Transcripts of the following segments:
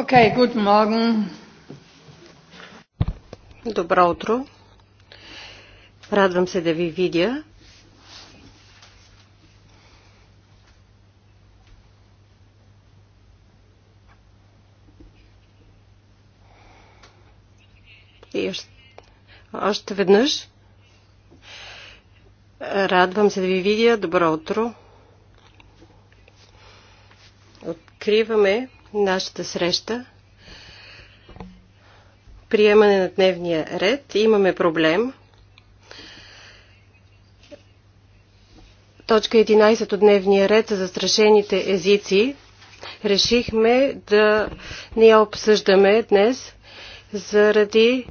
Okay, guten Morgen. Добро утро. Радвам се да ви видя. И още, още веднъж. Радвам се да ви видя. Добро утро. Откриваме нашата среща. Приемане на дневния ред. Имаме проблем. Точка 11 от дневния ред за застрашените езици. Решихме да не я обсъждаме днес заради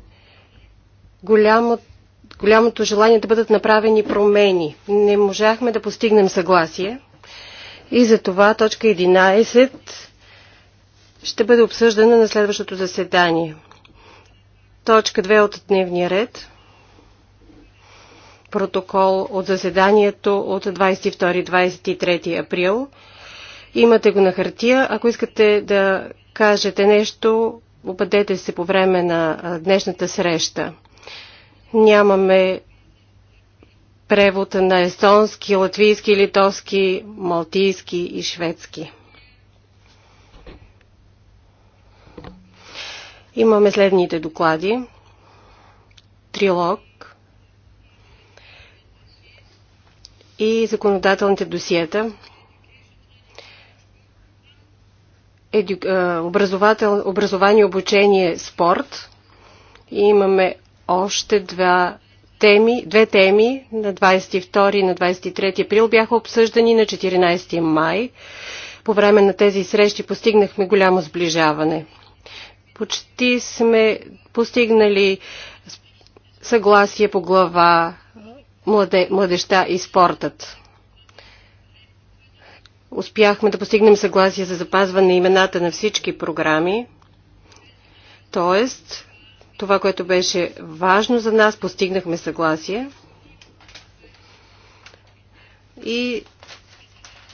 голямо, голямото желание да бъдат направени промени. Не можахме да постигнем съгласие. И за това точка 11 ще бъде обсъждана на следващото заседание. Точка 2 от дневния ред. Протокол от заседанието от 22-23 април. Имате го на хартия. Ако искате да кажете нещо, обадете се по време на днешната среща. Нямаме превод на естонски, латвийски, литовски, малтийски и шведски. Имаме следните доклади. Трилог и законодателните досиета. Еди... Образовател... Образование, обучение, спорт. И имаме още два теми, две теми на 22 и на 23 април бяха обсъждани на 14 май. По време на тези срещи постигнахме голямо сближаване. Почти сме постигнали съгласие по глава младе, младеща и спортът. Успяхме да постигнем съгласие за запазване имената на всички програми. Тоест, това, което беше важно за нас, постигнахме съгласие. И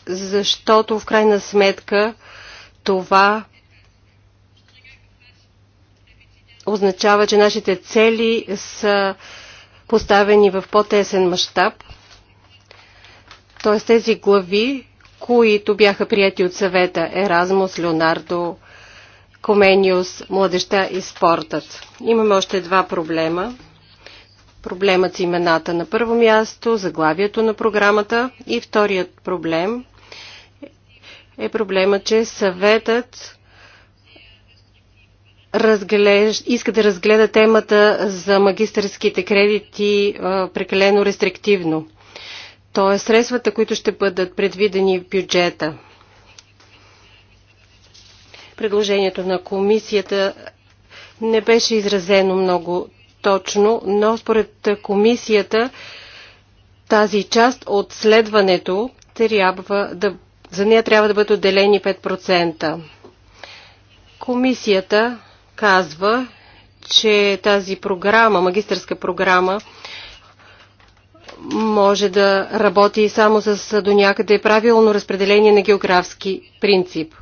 защото в крайна сметка това означава, че нашите цели са поставени в по-тесен мащаб. Т.е. тези глави, които бяха прияти от съвета Еразмус, Леонардо, Комениус, младеща и спортът. Имаме още два проблема. Проблемът с имената на първо място, заглавието на програмата и вторият проблем е проблема, че съветът разглеж... иска да разгледа темата за магистърските кредити а, прекалено рестриктивно. Т.е. средствата, които ще бъдат предвидени в бюджета. Предложението на комисията не беше изразено много точно, но според комисията тази част от следването трябва да, за нея трябва да бъдат отделени 5%. Комисията казва, че тази програма, магистърска програма, може да работи само с до някъде правилно разпределение на географски принцип.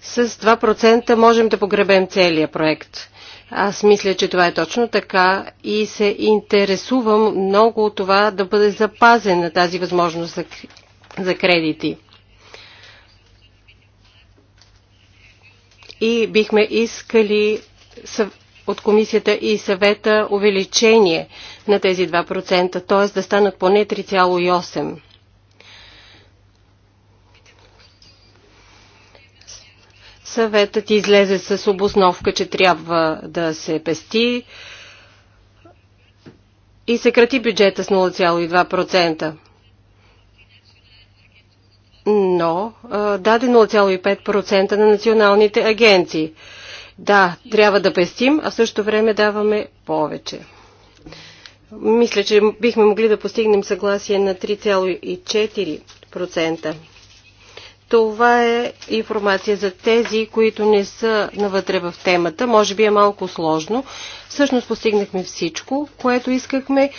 С 2% можем да погребем целия проект. Аз мисля, че това е точно така и се интересувам много от това да бъде запазена тази възможност за кредити. и бихме искали от комисията и съвета увеличение на тези 2%, т.е. да станат поне 3,8%. Съветът излезе с обосновка, че трябва да се пести и съкрати бюджета с 0,2% но даде 0,5% на националните агенции. Да, трябва да пестим, а в същото време даваме повече. Мисля, че бихме могли да постигнем съгласие на 3,4%. Това е информация за тези, които не са навътре в темата. Може би е малко сложно. Всъщност постигнахме всичко, което искахме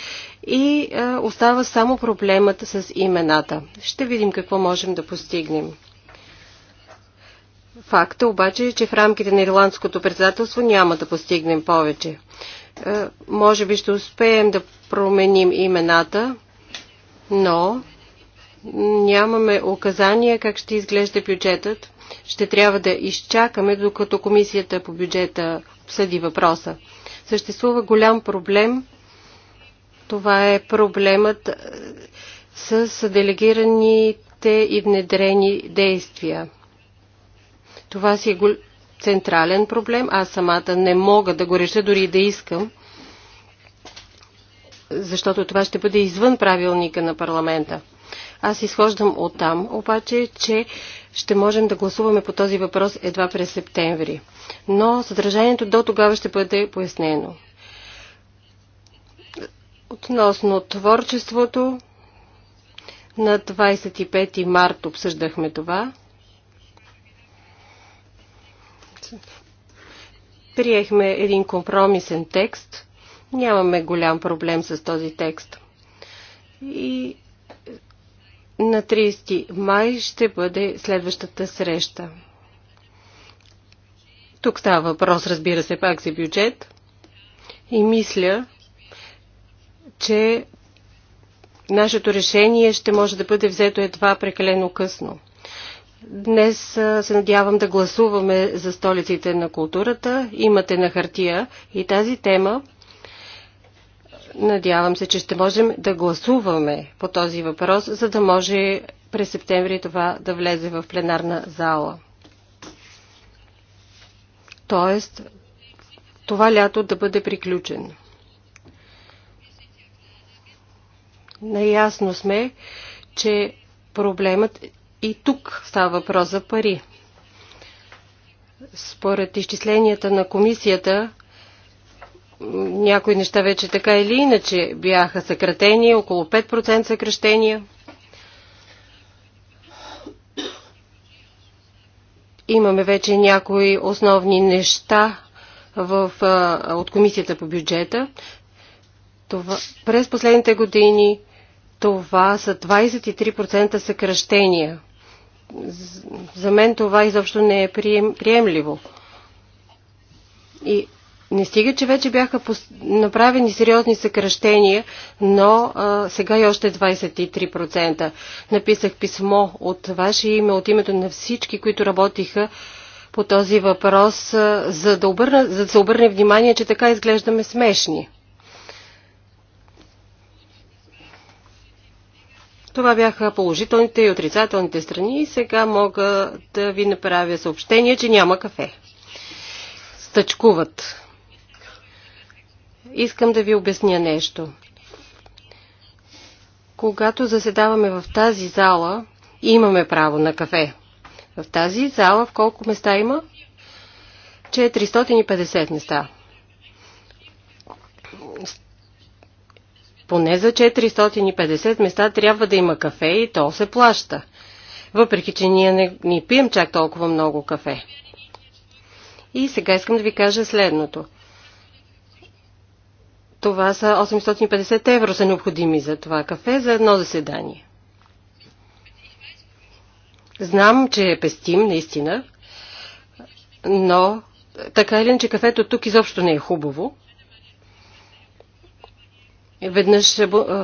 и е, остава само проблемата с имената. Ще видим какво можем да постигнем. обаче е обаче, че в рамките на ирландското председателство няма да постигнем повече. Е, може би ще успеем да променим имената, но нямаме указания как ще изглежда бюджетът. Ще трябва да изчакаме, докато комисията по бюджета обсъди въпроса. Съществува голям проблем това е проблемът е, с делегираните и внедрени действия. Това си е централен проблем. Аз самата не мога да го реша, дори да искам, защото това ще бъде извън правилника на парламента. Аз изхождам от там, обаче, че ще можем да гласуваме по този въпрос едва през септември. Но съдържанието до тогава ще бъде пояснено. Относно творчеството, на 25 март обсъждахме това. Приехме един компромисен текст. Нямаме голям проблем с този текст. И на 30 май ще бъде следващата среща. Тук става въпрос, разбира се, пак за бюджет. И мисля, че нашето решение ще може да бъде взето едва прекалено късно. Днес се надявам да гласуваме за столиците на културата. Имате на хартия и тази тема. Надявам се, че ще можем да гласуваме по този въпрос, за да може през септември това да влезе в пленарна зала. Тоест, това лято да бъде приключено. Наясно сме, че проблемът и тук става въпрос за пари. Според изчисленията на комисията, някои неща вече така или иначе бяха съкратени, около 5% съкрещения Имаме вече някои основни неща в, от комисията по бюджета. Това, през последните години това са 23% съкръщения. За мен това изобщо не е прием, приемливо. И не стига, че вече бяха направени сериозни съкръщения, но а, сега и още 23%. Написах писмо от ваше име, от името на всички, които работиха по този въпрос, а, за, да обърна, за да се обърне внимание, че така изглеждаме смешни. Това бяха положителните и отрицателните страни и сега мога да ви направя съобщение, че няма кафе. Стъчкуват. Искам да ви обясня нещо. Когато заседаваме в тази зала, имаме право на кафе. В тази зала в колко места има? 450 места. Поне за 450 места трябва да има кафе и то се плаща. Въпреки, че ние не ни пием чак толкова много кафе. И сега искам да ви кажа следното. Това са 850 евро са необходими за това кафе за едно заседание. Знам, че е пестим, наистина, но така или иначе кафето тук изобщо не е хубаво. Веднъж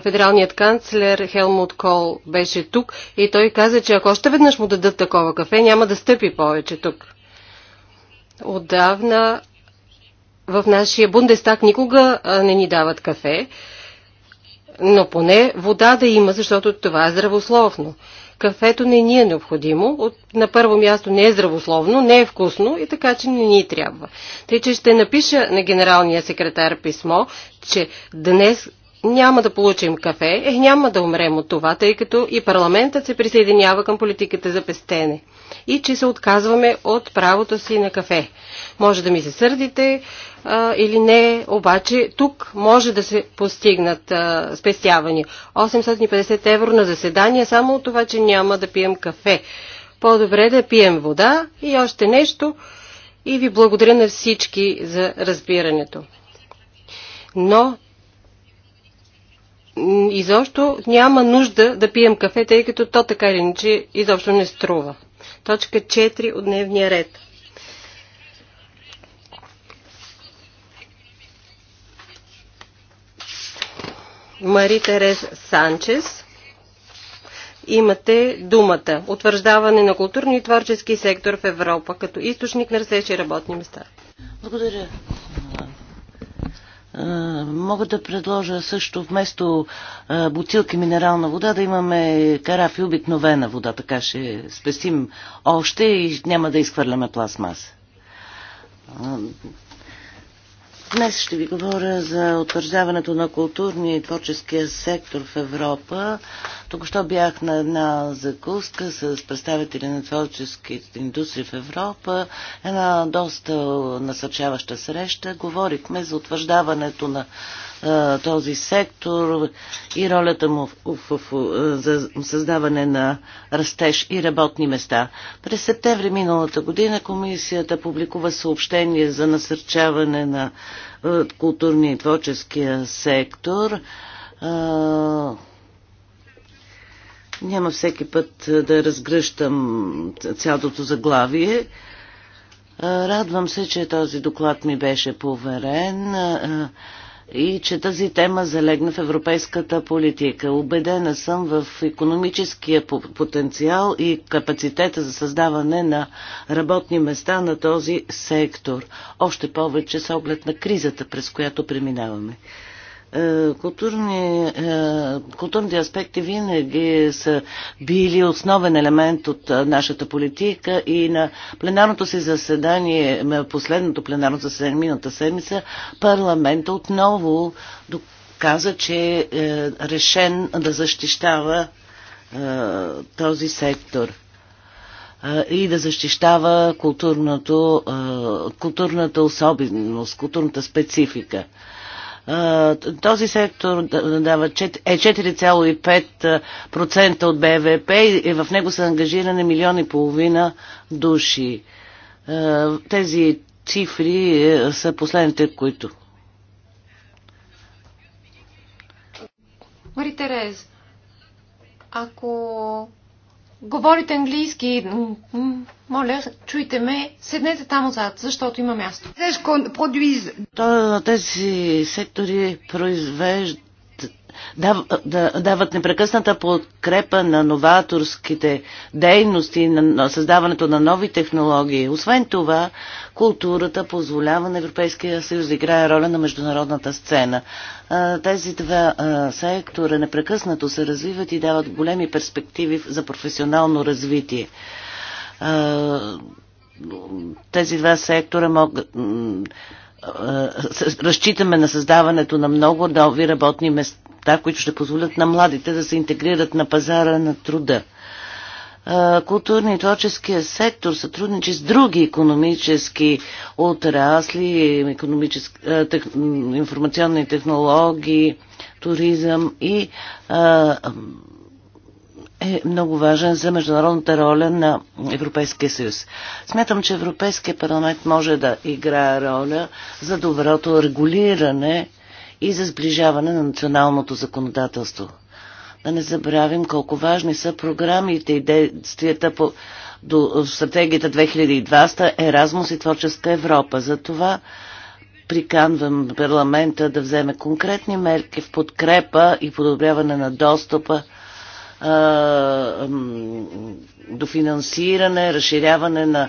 федералният канцлер Хелмут Кол беше тук и той каза, че ако още веднъж му дадат такова кафе, няма да стъпи повече тук. Отдавна в нашия Бундестаг никога не ни дават кафе, но поне вода да има, защото това е здравословно. Кафето не ни е необходимо, от, на първо място не е здравословно, не е вкусно и така, че не ни трябва. Тъй, че ще напиша на генералния секретар писмо, че днес няма да получим кафе, е, няма да умрем от това, тъй като и парламентът се присъединява към политиката за пестене и че се отказваме от правото си на кафе. Може да ми се сърдите а, или не, обаче тук може да се постигнат а, спестявания. 850 евро на заседание само от това, че няма да пием кафе. По-добре да пием вода и още нещо. И ви благодаря на всички за разбирането. Но изобщо няма нужда да пием кафе, тъй като то така или иначе изобщо не струва. Точка 4 от дневния ред. Мари Терес Санчес. Имате думата. Утвърждаване на културни и творчески сектор в Европа като източник на растеж и работни места. Благодаря, е, мога да предложа също вместо е, бутилки минерална вода да имаме карафи обикновена вода, така ще спесим още и няма да изхвърляме пластмаса. Е, Днес ще ви говоря за утвърждаването на културния и творческия сектор в Европа. Тук що бях на една закуска с представители на творческите индустрии в Европа. Една доста насърчаваща среща. Говорихме за утвърждаването на този сектор и ролята му за създаване на растеж и работни места. През септември миналата година комисията публикува съобщение за насърчаване на културния и творческия сектор. Няма всеки път да разгръщам цялото заглавие. Радвам се, че този доклад ми беше поверен и че тази тема залегна в европейската политика. Обедена съм в економическия потенциал и капацитета за създаване на работни места на този сектор, още повече с оглед на кризата, през която преминаваме. Е, културни, е, културните аспекти винаги са били основен елемент от е, нашата политика и на пленарното си заседание, последното пленарно заседание миналата седмица, парламента отново каза, че е решен да защищава е, този сектор и да защищава културната особеност, културната специфика. Този сектор е 4,5% от БВП и в него са ангажирани милион и половина души. Тези цифри е, са последните, които. Мари Терез, ако Говорите английски. Моля, чуйте ме. Седнете там отзад, защото има място. Тези е сектори произвеждат дав, да, дават непрекъсната подкрепа на новаторските дейности, на, на създаването на нови технологии. Освен това, културата позволява на Европейския съюз да играе роля на международната сцена. Тези два сектора непрекъснато се развиват и дават големи перспективи за професионално развитие тези два сектора могат разчитаме на създаването на много нови работни места неща, които ще позволят на младите да се интегрират на пазара на труда. Културният и творческия сектор сътрудничи с други економически отрасли, економически, тех, информационни технологии, туризъм и е много важен за международната роля на Европейския съюз. Смятам, че Европейския парламент може да играе роля за доброто регулиране и за сближаване на националното законодателство. Да не забравим колко важни са програмите и действията по до стратегията 2020, Еразмус и Творческа Европа. За това приканвам парламента да вземе конкретни мерки в подкрепа и подобряване на достъпа до финансиране, разширяване на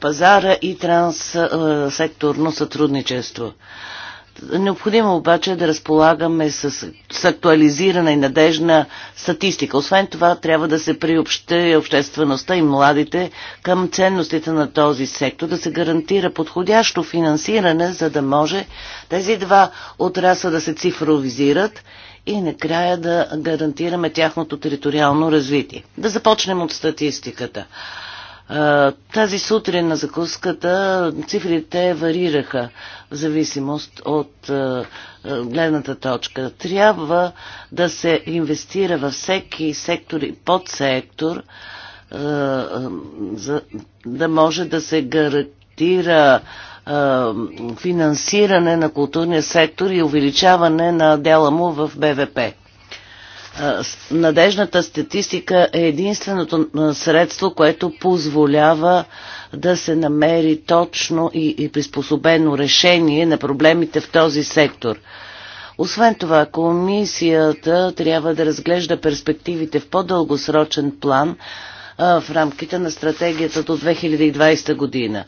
пазара и транссекторно сътрудничество. Необходимо е обаче е да разполагаме с, с актуализирана и надежна статистика. Освен това, трябва да се приобщи обществеността и младите към ценностите на този сектор, да се гарантира подходящо финансиране, за да може тези два отраса да се цифровизират и накрая да гарантираме тяхното териториално развитие. Да започнем от статистиката. Тази сутрин на закуската цифрите варираха в зависимост от гледната точка. Трябва да се инвестира във всеки сектор и подсектор, за да може да се гарантира финансиране на културния сектор и увеличаване на дела му в БВП. Е, надежната статистика е единственото е, средство, което позволява да се намери точно и, и приспособено решение на проблемите в този сектор. Освен това, комисията трябва да разглежда перспективите в по-дългосрочен план а, е, в рамките на стратегията до 2020 година.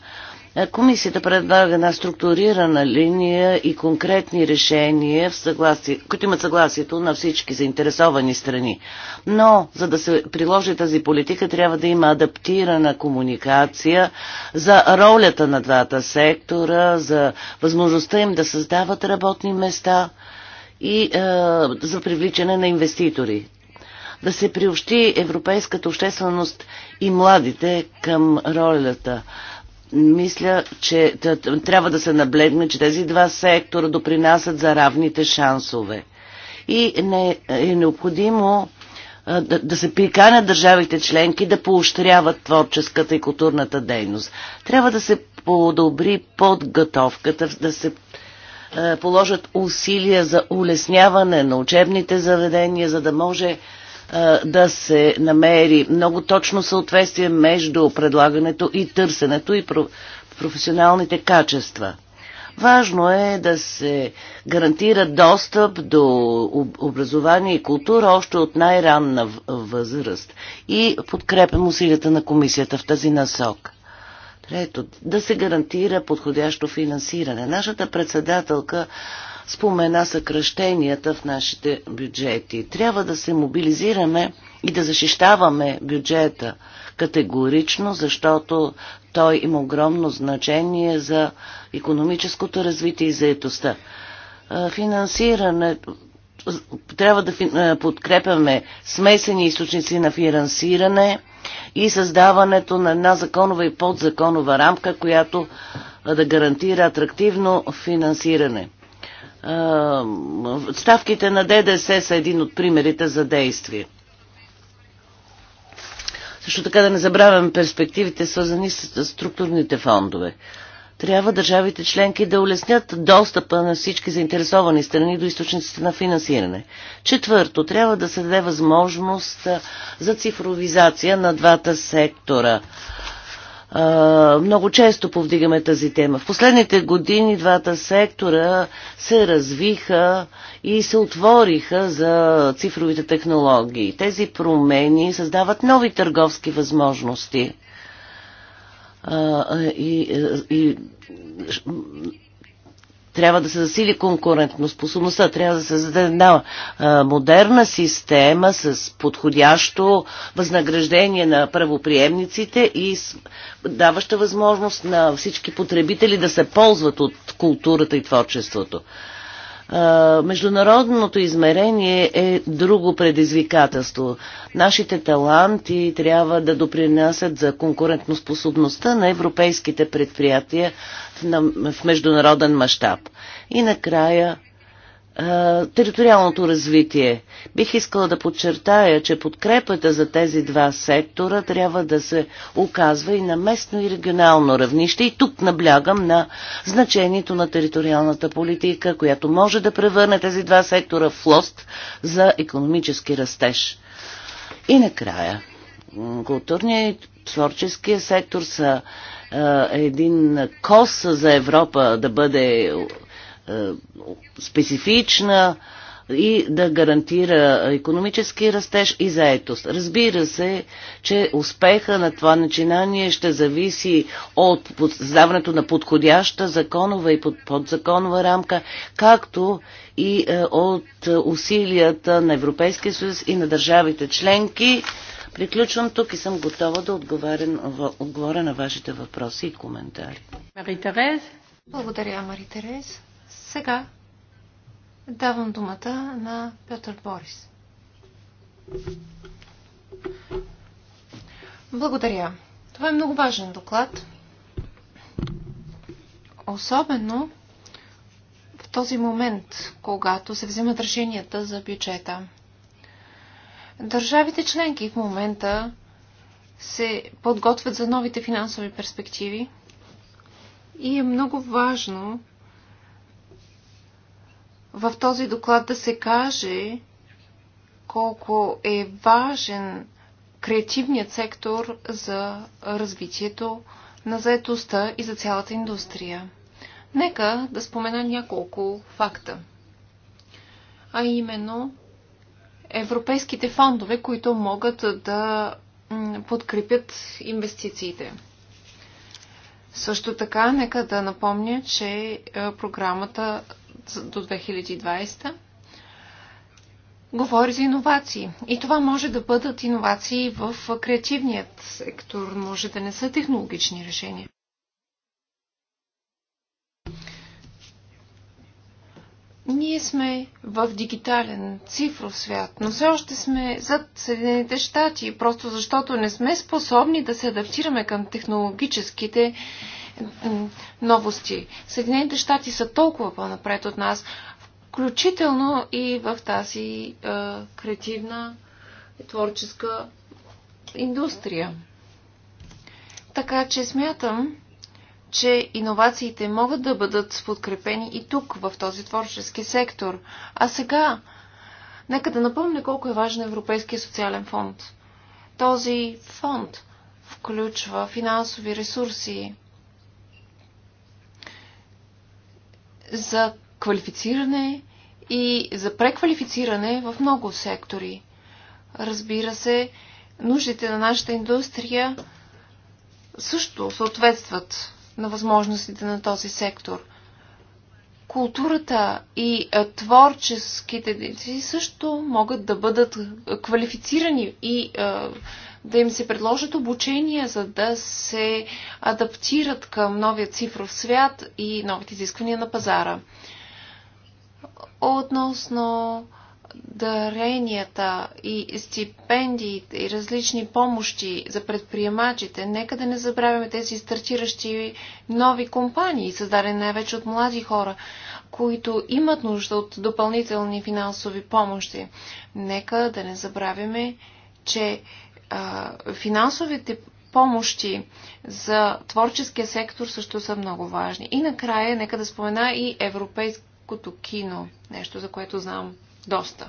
Комисията предлага една структурирана линия и конкретни решения, в съгласие, които имат съгласието на всички заинтересовани страни. Но, за да се приложи тази политика, трябва да има адаптирана комуникация за ролята на двата сектора, за възможността им да създават работни места и е, за привличане на инвеститори да се приобщи европейската общественост и младите към ролята мисля, че трябва да се наблегне, че тези два сектора допринасят за равните шансове. И не, е необходимо да, да се приканят държавите членки да поощряват творческата и културната дейност. Трябва да се подобри подготовката, да се е, положат усилия за улесняване на учебните заведения, за да може да се намери много точно съответствие между предлагането и търсенето и професионалните качества. Важно е да се гарантира достъп до образование и култура още от най-ранна възраст и подкрепям усилията на комисията в тази насок. Трето, да се гарантира подходящо финансиране. Нашата председателка спомена съкръщенията в нашите бюджети. Трябва да се мобилизираме и да защищаваме бюджета категорично, защото той има огромно значение за економическото развитие и заетостта. Финансирането трябва да подкрепяме смесени източници на финансиране и създаването на една законова и подзаконова рамка, която да гарантира атрактивно финансиране ставките на ДДС са един от примерите за действие. Също така да не забравяме перспективите, свързани с структурните фондове. Трябва държавите членки да улеснят достъпа на всички заинтересовани страни до източниците на финансиране. Четвърто, трябва да се даде възможност за цифровизация на двата сектора. Много често повдигаме тази тема. В последните години двата сектора се развиха и се отвориха за цифровите технологии. Тези промени създават нови търговски възможности. И, и трябва да се засили конкурентноспособността, трябва да се създаде една модерна система с подходящо възнаграждение на правоприемниците и даваща възможност на всички потребители да се ползват от културата и творчеството. Международното измерение е друго предизвикателство. Нашите таланти трябва да допринасят за конкурентноспособността на европейските предприятия в международен мащаб. И накрая териториалното развитие. Бих искала да подчертая, че подкрепата за тези два сектора трябва да се оказва и на местно и регионално равнище. И тук наблягам на значението на териториалната политика, която може да превърне тези два сектора в лост за економически растеж. И накрая, културният и творческия сектор са един кос за Европа да бъде е, специфична и да гарантира економически растеж и заетост. Разбира се, че успеха на това начинание ще зависи от създаването на подходяща законова и подзаконова рамка, както и е, от усилията на Европейския съюз и на държавите членки. Приключвам тук и съм готова да отговоря на вашите въпроси и коментари. Мари Терез. Благодаря, Мари Терез. Сега давам думата на Петър Борис. Благодаря. Това е много важен доклад. Особено в този момент, когато се взимат решенията за бюджета. Държавите членки в момента се подготвят за новите финансови перспективи и е много важно в този доклад да се каже колко е важен креативният сектор за развитието на заетостта и за цялата индустрия. Нека да спомена няколко факта. А именно европейските фондове, които могат да подкрепят инвестициите. Също така, нека да напомня, че е, програмата до 2020 говори за иновации. И това може да бъдат иновации в креативният сектор, може да не са технологични решения. Ние сме в дигитален, цифров свят, но все още сме зад Съединените щати, просто защото не сме способни да се адаптираме към технологическите новости. Съединените щати са толкова по-напред от нас, включително и в тази е, креативна и творческа индустрия. Така че смятам, че иновациите могат да бъдат подкрепени и тук, в този творчески сектор. А сега, нека да напомня колко е важен Европейския социален фонд. Този фонд включва финансови ресурси, за квалифициране и за преквалифициране в много сектори. Разбира се, нуждите на нашата индустрия също съответстват на възможностите на този сектор културата и творческите дейци също могат да бъдат квалифицирани и да им се предложат обучения, за да се адаптират към новия цифров свят и новите изисквания на пазара. Относно даренията и стипендиите и различни помощи за предприемачите, нека да не забравяме тези стартиращи нови компании, създадени най-вече от млади хора, които имат нужда от допълнителни финансови помощи. Нека да не забравяме, че а, финансовите помощи за творческия сектор също са много важни. И накрая, нека да спомена и европейското кино, нещо за което знам доста.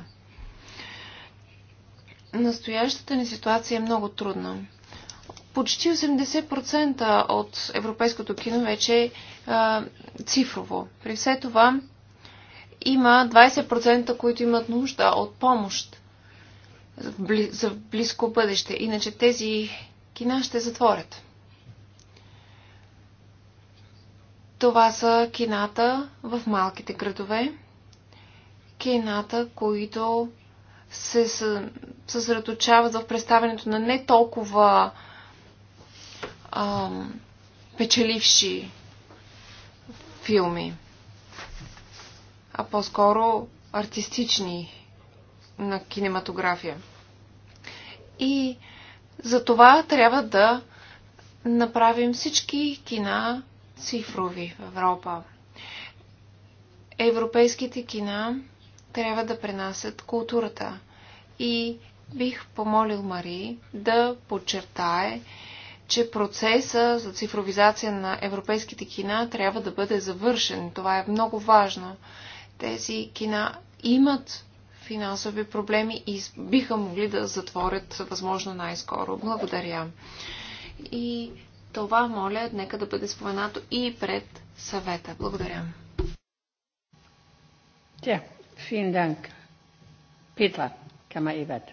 Настоящата ни ситуация е много трудна. Почти 80% от европейското кино вече е цифрово. При все това има 20%, които имат нужда от помощ за близко бъдеще. Иначе тези кина ще затворят. Това са кината в малките градове кината, които се съсредоточават в представянето на не толкова ам, печеливши филми, а по-скоро артистични на кинематография. И за това трябва да направим всички кина цифрови в Европа. Европейските кина трябва да пренасят културата. И бих помолил Мари да подчертае, че процеса за цифровизация на европейските кина трябва да бъде завършен. Това е много важно. Тези кина имат финансови проблеми и биха могли да затворят възможно най-скоро. Благодаря. И това, моля, нека да бъде споменато и пред съвета. Благодаря. Vielen Dank. Petra Kammer-Ebert.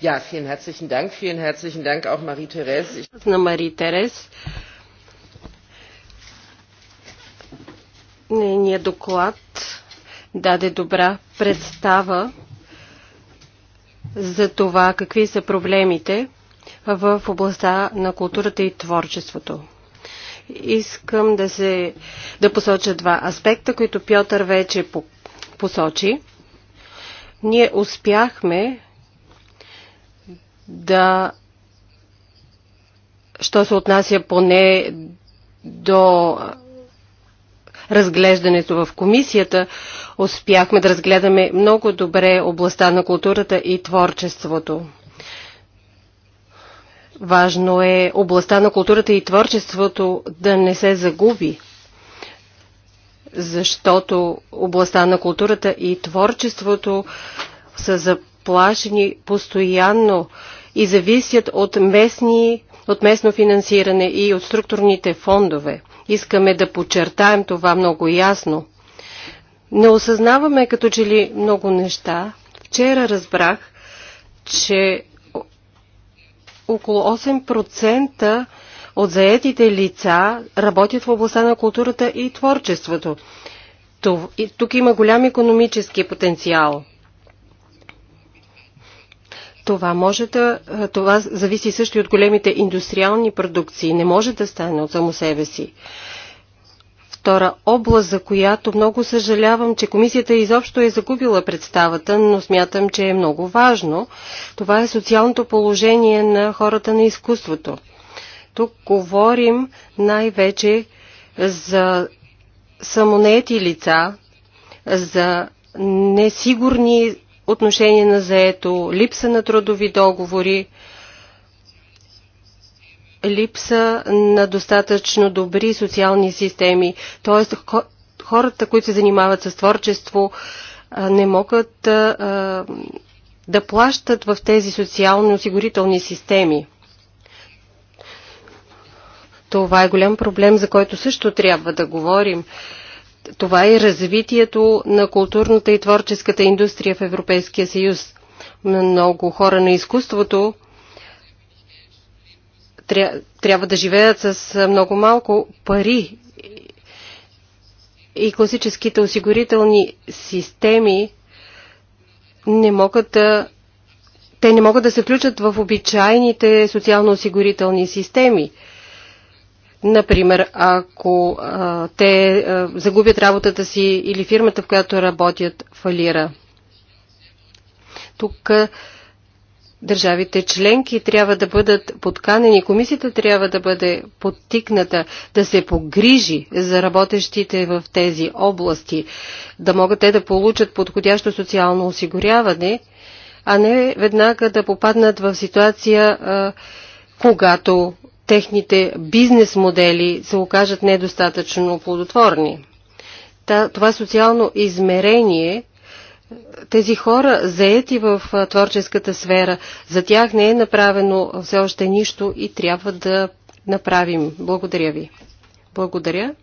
Ja, vielen herzlichen Dank. Vielen herzlichen Dank auch Marie-Therese. Marie-Therese. Нейният доклад даде добра представа за това какви са проблемите в областта на културата и творчеството. Искам да, се, да посоча два аспекта, които Пьотър вече посочи. Ние успяхме да, що се отнася поне до разглеждането в комисията, успяхме да разгледаме много добре областта на културата и творчеството. Важно е областта на културата и творчеството да не се загуби, защото областта на културата и творчеството са заплашени постоянно и зависят от, местни, от местно финансиране и от структурните фондове. Искаме да подчертаем това много ясно. Не осъзнаваме като че ли много неща. Вчера разбрах, че около 8% от заетите лица работят в областта на културата и творчеството. Тук има голям економически потенциал. Това може да. Това зависи също и от големите индустриални продукции. Не може да стане от само себе си втора област, за която много съжалявам, че комисията изобщо е загубила представата, но смятам, че е много важно. Това е социалното положение на хората на изкуството. Тук говорим най-вече за самонети лица, за несигурни отношения на заето, липса на трудови договори, липса на достатъчно добри социални системи. Тоест, хората, които се занимават с творчество, не могат да, да плащат в тези социално-осигурителни системи. Това е голям проблем, за който също трябва да говорим. Това е развитието на културната и творческата индустрия в Европейския съюз. Много хора на изкуството тря, трябва да живеят с много малко пари. И класическите осигурителни системи не могат да. Те не могат да се включат в обичайните социално-осигурителни системи. Например, ако а, те а, загубят работата си или фирмата, в която работят, фалира. Тук а, държавите членки трябва да бъдат подканени, комисията трябва да бъде подтикната да се погрижи за работещите в тези области, да могат те да получат подходящо социално осигуряване, а не веднага да попаднат в ситуация, когато техните бизнес модели се окажат недостатъчно плодотворни. Това социално измерение – тези хора, заети в творческата сфера, за тях не е направено все още нищо и трябва да направим. Благодаря ви. Благодаря.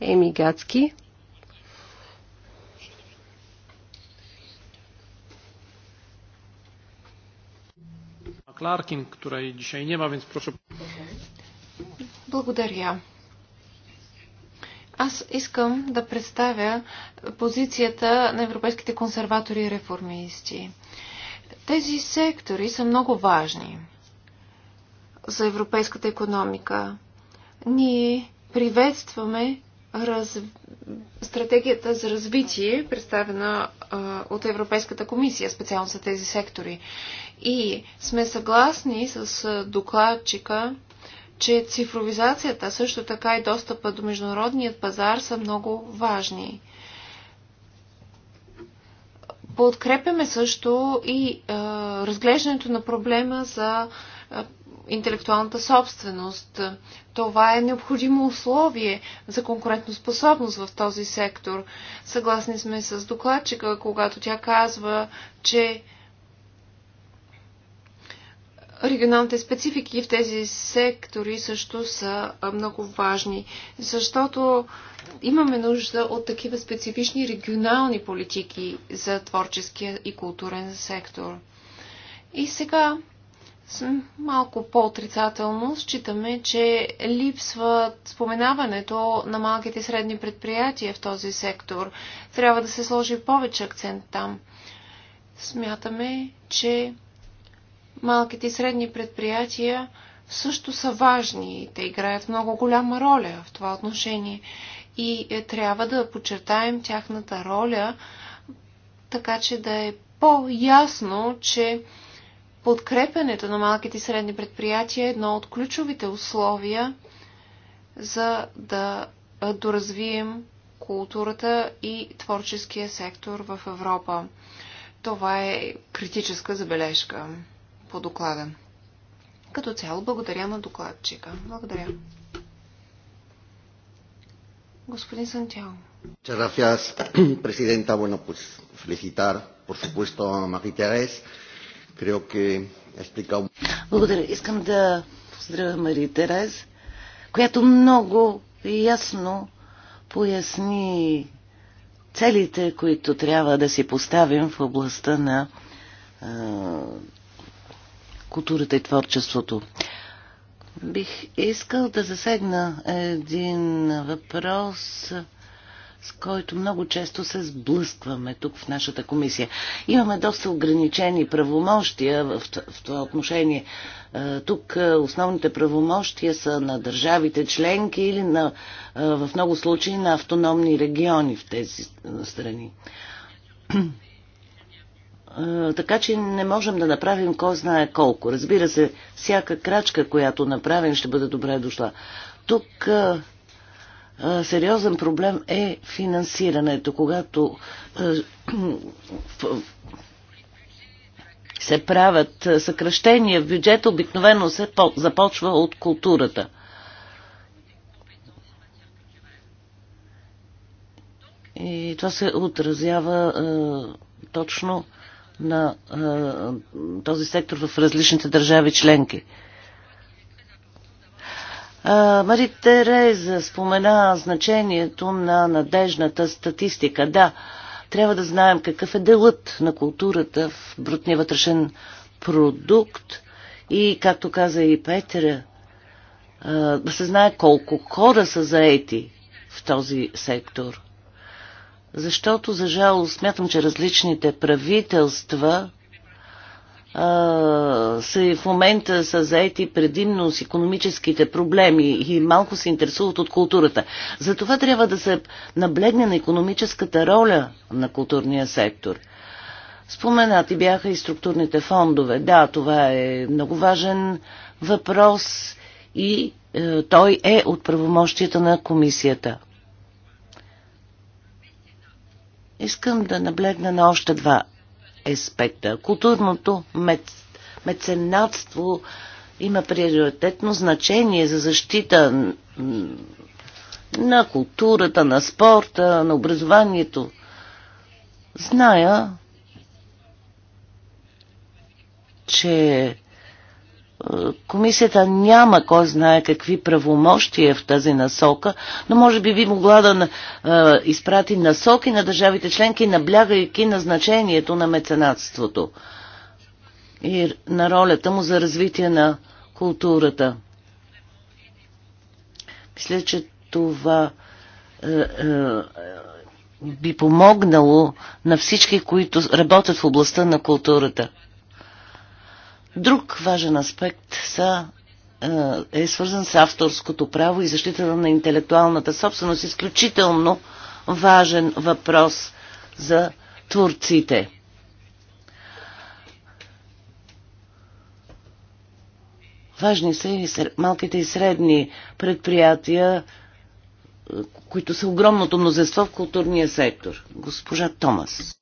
Еми Гацки. Кларкин, która jej dzisiaj nie więc proszę. Благодаря. Аз искам да представя позицията на европейските консерватори и реформисти. Тези сектори са много важни за европейската економика. Ние приветстваме раз... стратегията за развитие, представена а, от Европейската комисия, специално за тези сектори. И сме съгласни с докладчика че цифровизацията, също така и достъпа до международният пазар са много важни. Подкрепяме също и е, разглеждането на проблема за е, интелектуалната собственост. Това е необходимо условие за конкурентоспособност в този сектор. Съгласни сме с докладчика, когато тя казва, че регионалните специфики в тези сектори също са много важни, защото имаме нужда от такива специфични регионални политики за творческия и културен сектор. И сега малко по-отрицателно считаме, че липсват споменаването на малките и средни предприятия в този сектор. Трябва да се сложи повече акцент там. Смятаме, че малките и средни предприятия също са важни и те играят много голяма роля в това отношение. И е, трябва да подчертаем тяхната роля, така че да е по-ясно, че подкрепенето на малките и средни предприятия е едно от ключовите условия за да е, доразвием културата и творческия сектор в Европа. Това е критическа забележка по доклада. Като цяло благодаря на докладчика. Благодаря. Господин Сантьяо. Muchas gracias, Presidenta. Bueno, pues felicitar, por supuesto, a Marie Thérèse. Creo que ha explicado... Благодаря. Искам да поздравя Мари Терез, която много ясно поясни целите, които трябва да си поставим в областта на културата и творчеството. Бих искал да засегна един въпрос, с който много често се сблъскваме тук в нашата комисия. Имаме доста ограничени правомощия в, това отношение. Тук основните правомощия са на държавите членки или на, в много случаи на автономни региони в тези страни така че не можем да направим кой знае колко. Разбира се, всяка крачка, която направим, ще бъде добре дошла. Тук а, а, сериозен проблем е финансирането. Когато а, се правят съкръщения в бюджета, обикновено се по, започва от културата. И това се отразява а, точно на а, този сектор в различните държави членки. Мари Тереза спомена значението на надежната статистика. Да, трябва да знаем какъв е делът на културата в брутния вътрешен продукт и, както каза и Петера, да се знае колко хора са заети в този сектор. Защото, за жало, смятам, че различните правителства са в момента са заети предимно с економическите проблеми и малко се интересуват от културата. Затова трябва да се наблегне на економическата роля на културния сектор. Споменати бяха и структурните фондове. Да, това е много важен въпрос и е, той е от правомощията на комисията. Искам да наблегна на още два аспекта. Културното мец... меценатство има приоритетно значение за защита на културата, на спорта, на образованието. Зная, че Комисията няма кой знае какви правомощия в тази насока, но може би би могла да е, изпрати насоки на държавите членки, наблягайки на значението на меценатството и на ролята му за развитие на културата. Мисля, че това е, е, би помогнало на всички, които работят в областта на културата. Друг важен аспект са е, е свързан с авторското право и защитата на интелектуалната собственост. Изключително важен въпрос за творците. Важни са и малките и средни предприятия, е, които са огромното мнозинство в културния сектор. Госпожа Томас.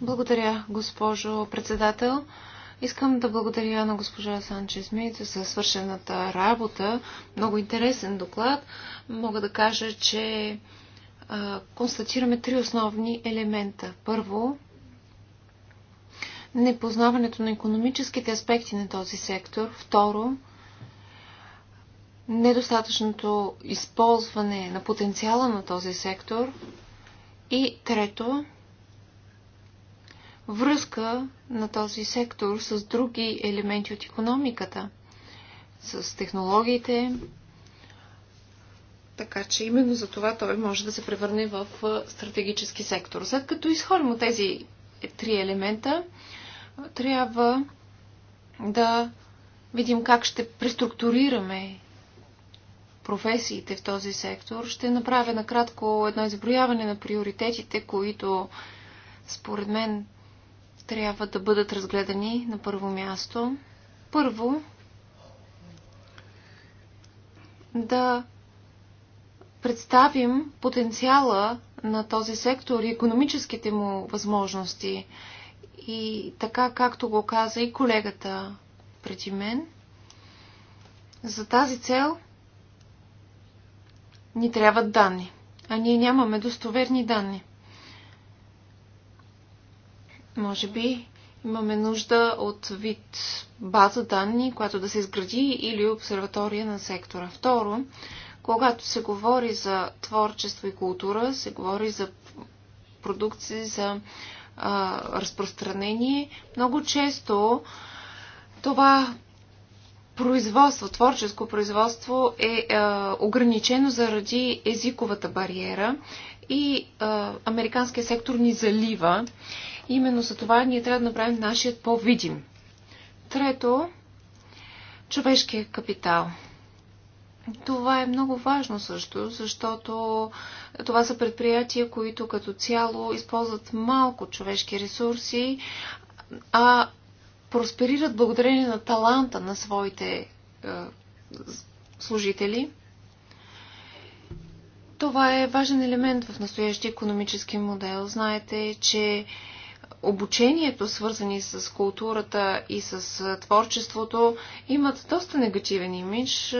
Благодаря, госпожо председател. Искам да благодаря на госпожа Санчес Мит за свършената работа. Много интересен доклад. Мога да кажа, че а, констатираме три основни елемента. Първо, непознаването на економическите аспекти на този сектор. Второ, недостатъчното използване на потенциала на този сектор. И трето, връзка на този сектор с други елементи от економиката, с технологиите. Така че именно за това той може да се превърне в стратегически сектор. След като изходим от тези три елемента, трябва да видим как ще преструктурираме професиите в този сектор. Ще направя накратко едно изброяване на приоритетите, които според мен трябва да бъдат разгледани на първо място. Първо, да представим потенциала на този сектор и економическите му възможности. И така, както го каза и колегата преди мен, за тази цел ни трябват данни, а ние нямаме достоверни данни. Може би имаме нужда от вид база данни, която да се изгради или обсерватория на сектора. Второ, когато се говори за творчество и култура, се говори за продукции, за а, разпространение, много често това производство, творческо производство е а, ограничено заради езиковата бариера и а, американския сектор ни залива. Именно за това ние трябва да направим нашият по-видим. Трето, човешкият капитал. Това е много важно също, защото това са предприятия, които като цяло използват малко човешки ресурси, а просперират благодарение на таланта на своите е, служители. Това е важен елемент в настоящия економически модел. Знаете, че обучението, свързани с културата и с творчеството, имат доста негативен имидж.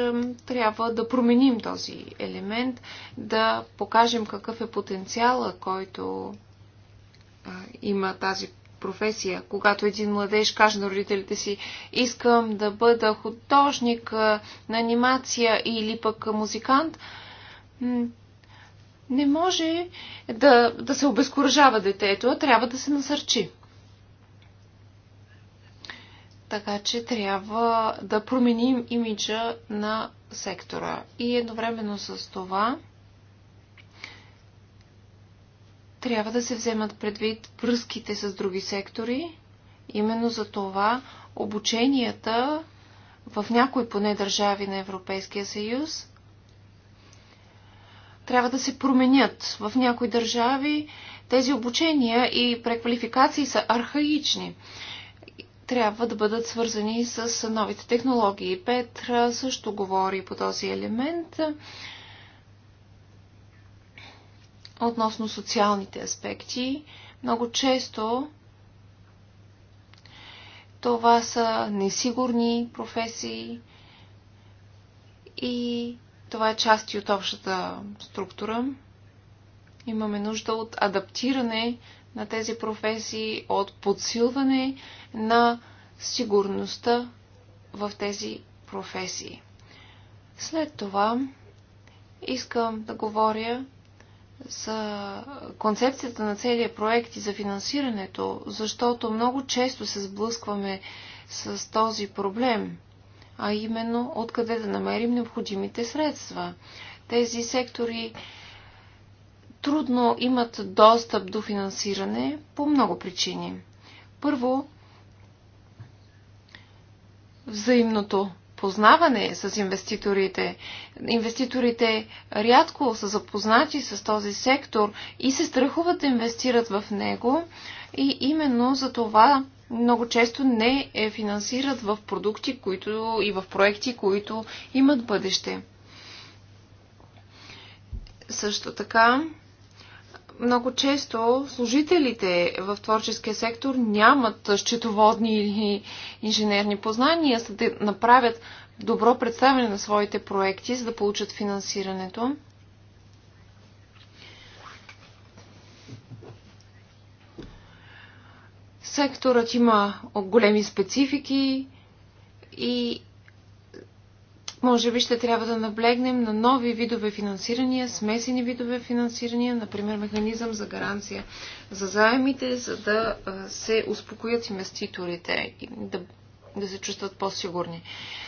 Трябва да променим този елемент, да покажем какъв е потенциала, който има тази професия. Когато един младеж каже на родителите си, искам да бъда художник на анимация или пък музикант, не може да, да се обезкуражава детето, а трябва да се насърчи. Така че трябва да променим имиджа на сектора. И едновременно с това трябва да се вземат предвид връзките с други сектори. Именно за това обученията в някои поне държави на Европейския съюз трябва да се променят. В някои държави тези обучения и преквалификации са архаични. Трябва да бъдат свързани с новите технологии. Петра също говори по този елемент относно социалните аспекти. Много често това са несигурни професии и това е част и от общата структура. Имаме нужда от адаптиране на тези професии, от подсилване на сигурността в тези професии. След това искам да говоря за концепцията на целия проект и за финансирането, защото много често се сблъскваме с този проблем а именно откъде да намерим необходимите средства. Тези сектори трудно имат достъп до финансиране по много причини. Първо, взаимното познаване с инвеститорите. Инвеститорите рядко са запознати с този сектор и се страхуват да инвестират в него, и именно за това много често не е финансират в продукти които, и в проекти, които имат бъдеще. Също така, много често служителите в творческия сектор нямат счетоводни или инженерни познания, за да направят добро представяне на своите проекти, за да получат финансирането. Секторът има големи специфики и може би ще трябва да наблегнем на нови видове финансирания, смесени видове финансирания, например механизъм за гаранция за заемите, за да се успокоят инвеститорите и да, да се чувстват по-сигурни.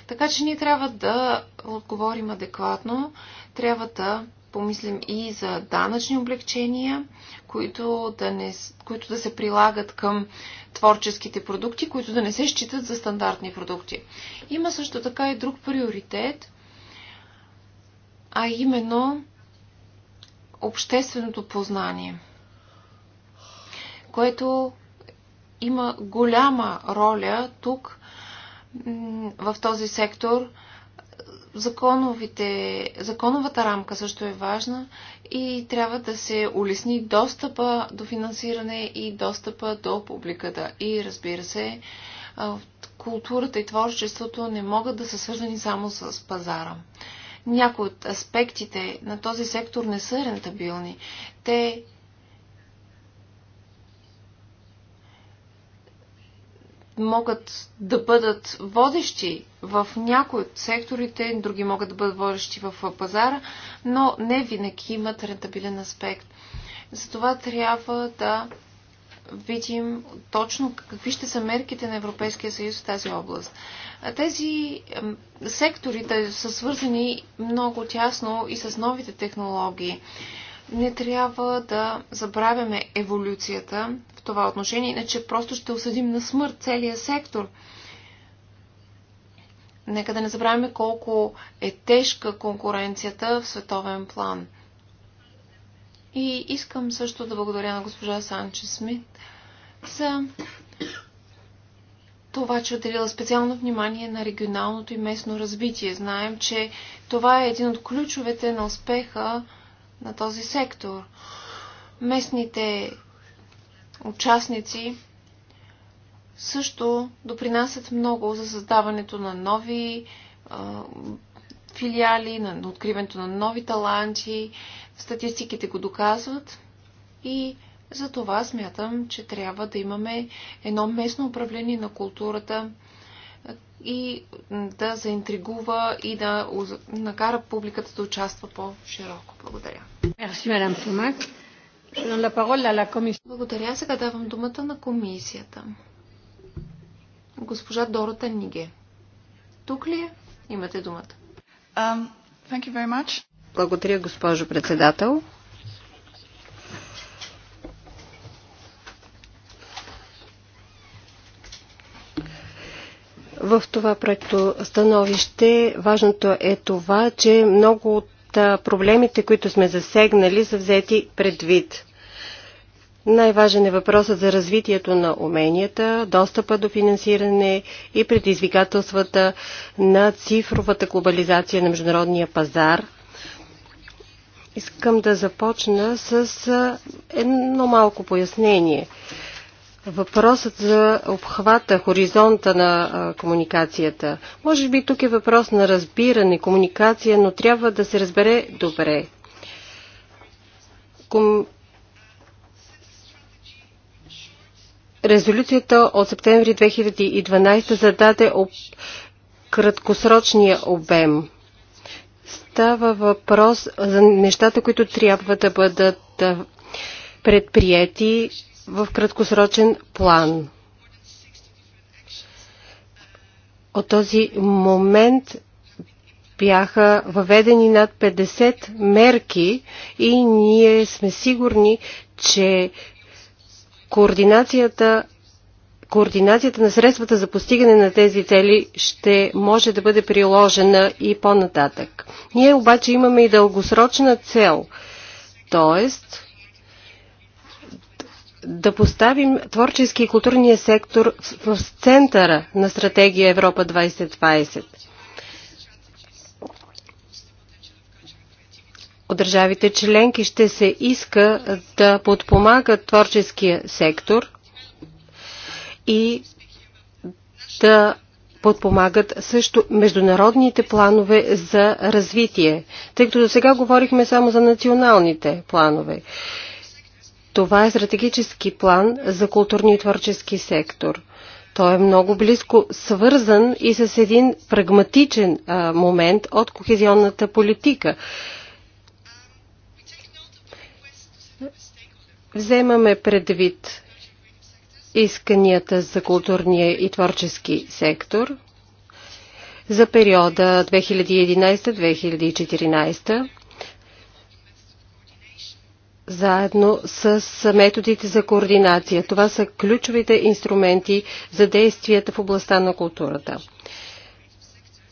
Така че ние трябва да отговорим адекватно, трябва да помислим и за данъчни облегчения, които да, не, които да се прилагат към творческите продукти, които да не се считат за стандартни продукти. Има също така и друг приоритет, а именно общественото познание, което има голяма роля тук в този сектор – Законовите, законовата рамка също е важна и трябва да се улесни достъпа до финансиране и достъпа до публиката. И разбира се, културата и творчеството не могат да са свързани само с пазара. Някои от аспектите на този сектор не са рентабилни. Те могат да бъдат водещи в някои от секторите, други могат да бъдат водещи в пазара, но не винаги имат рентабилен аспект. Затова трябва да видим точно какви ще са мерките на Европейския съюз в тази област. Тези секторите са свързани много тясно и с новите технологии не трябва да забравяме еволюцията в това отношение, иначе просто ще осъдим на смърт целия сектор. Нека да не забравяме колко е тежка конкуренцията в световен план. И искам също да благодаря на госпожа Санче Смит за това, че отделила специално внимание на регионалното и местно развитие. Знаем, че това е един от ключовете на успеха на този сектор. Местните участници също допринасят много за създаването на нови а, филиали, на откриването на нови таланти. Статистиките го доказват и за това смятам, че трябва да имаме едно местно управление на културата, и да заинтригува и да накара публиката да участва по-широко. Благодаря. Благодаря. Сега давам думата на комисията. Госпожа Дорота Ниге. Тук ли е? Имате думата. Um, Благодаря, госпожо председател. В това проекто становище важното е това, че много от проблемите, които сме засегнали, са взети предвид. Най-важен е въпросът за развитието на уменията, достъпа до финансиране и предизвикателствата на цифровата глобализация на международния пазар. Искам да започна с едно малко пояснение. Въпросът за обхвата, хоризонта на а, комуникацията. Може би тук е въпрос на разбиране, комуникация, но трябва да се разбере добре. Ком... Резолюцията от септември 2012 зададе об... краткосрочния обем. Става въпрос за нещата, които трябва да бъдат предприяти в краткосрочен план. От този момент бяха въведени над 50 мерки и ние сме сигурни, че координацията координацията на средствата за постигане на тези цели ще може да бъде приложена и по-нататък. Ние обаче имаме и дългосрочна цел, т.е да поставим творчески и културния сектор в центъра на стратегия Европа 2020. От държавите членки ще се иска да подпомагат творческия сектор и да подпомагат също международните планове за развитие, тъй като до сега говорихме само за националните планове. Това е стратегически план за културния и творчески сектор. Той е много близко свързан и с един прагматичен а, момент от кохезионната политика. Вземаме предвид исканията за културния и творчески сектор за периода 2011-2014 заедно с методите за координация. Това са ключовите инструменти за действията в областта на културата.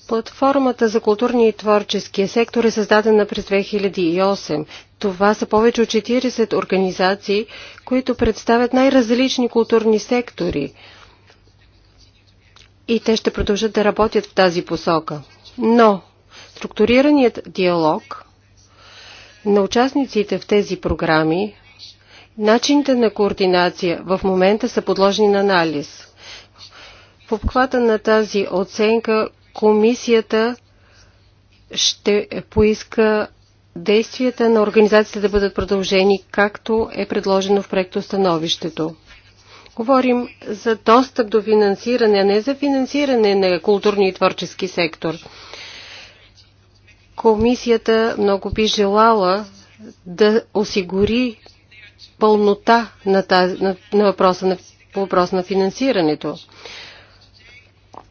Платформата за културния и творческия сектор е създадена през 2008. Това са повече от 40 организации, които представят най-различни културни сектори. И те ще продължат да работят в тази посока. Но структурираният диалог – на участниците в тези програми, начините на координация в момента са подложени на анализ. В обхвата на тази оценка комисията ще поиска действията на организацията да бъдат продължени, както е предложено в становището. Говорим за достъп до финансиране, а не за финансиране на културния и творчески сектор. Комисията много би желала да осигури пълнота на, тази, на, на, въпроса, на по въпрос на финансирането.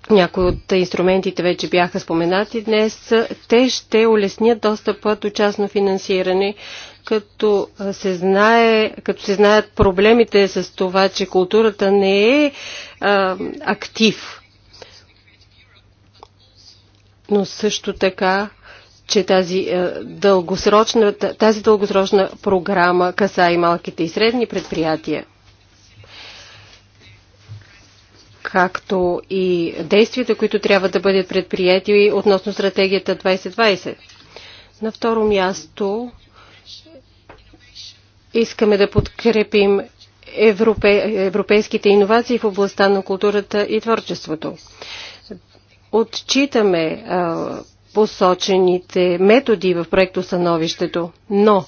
Някои от инструментите вече бяха споменати днес. Те ще улеснят достъпа до частно финансиране, като се, знае, като се знаят проблемите с това, че културата не е а, актив. Но също така че тази е, дългосрочна, тази дългосрочна програма каса и малките и средни предприятия, както и действията, които трябва да бъдат предприяти относно стратегията 2020. На второ място искаме да подкрепим европе, европейските иновации в областта на културата и творчеството. Отчитаме посочените методи в проекто становището, но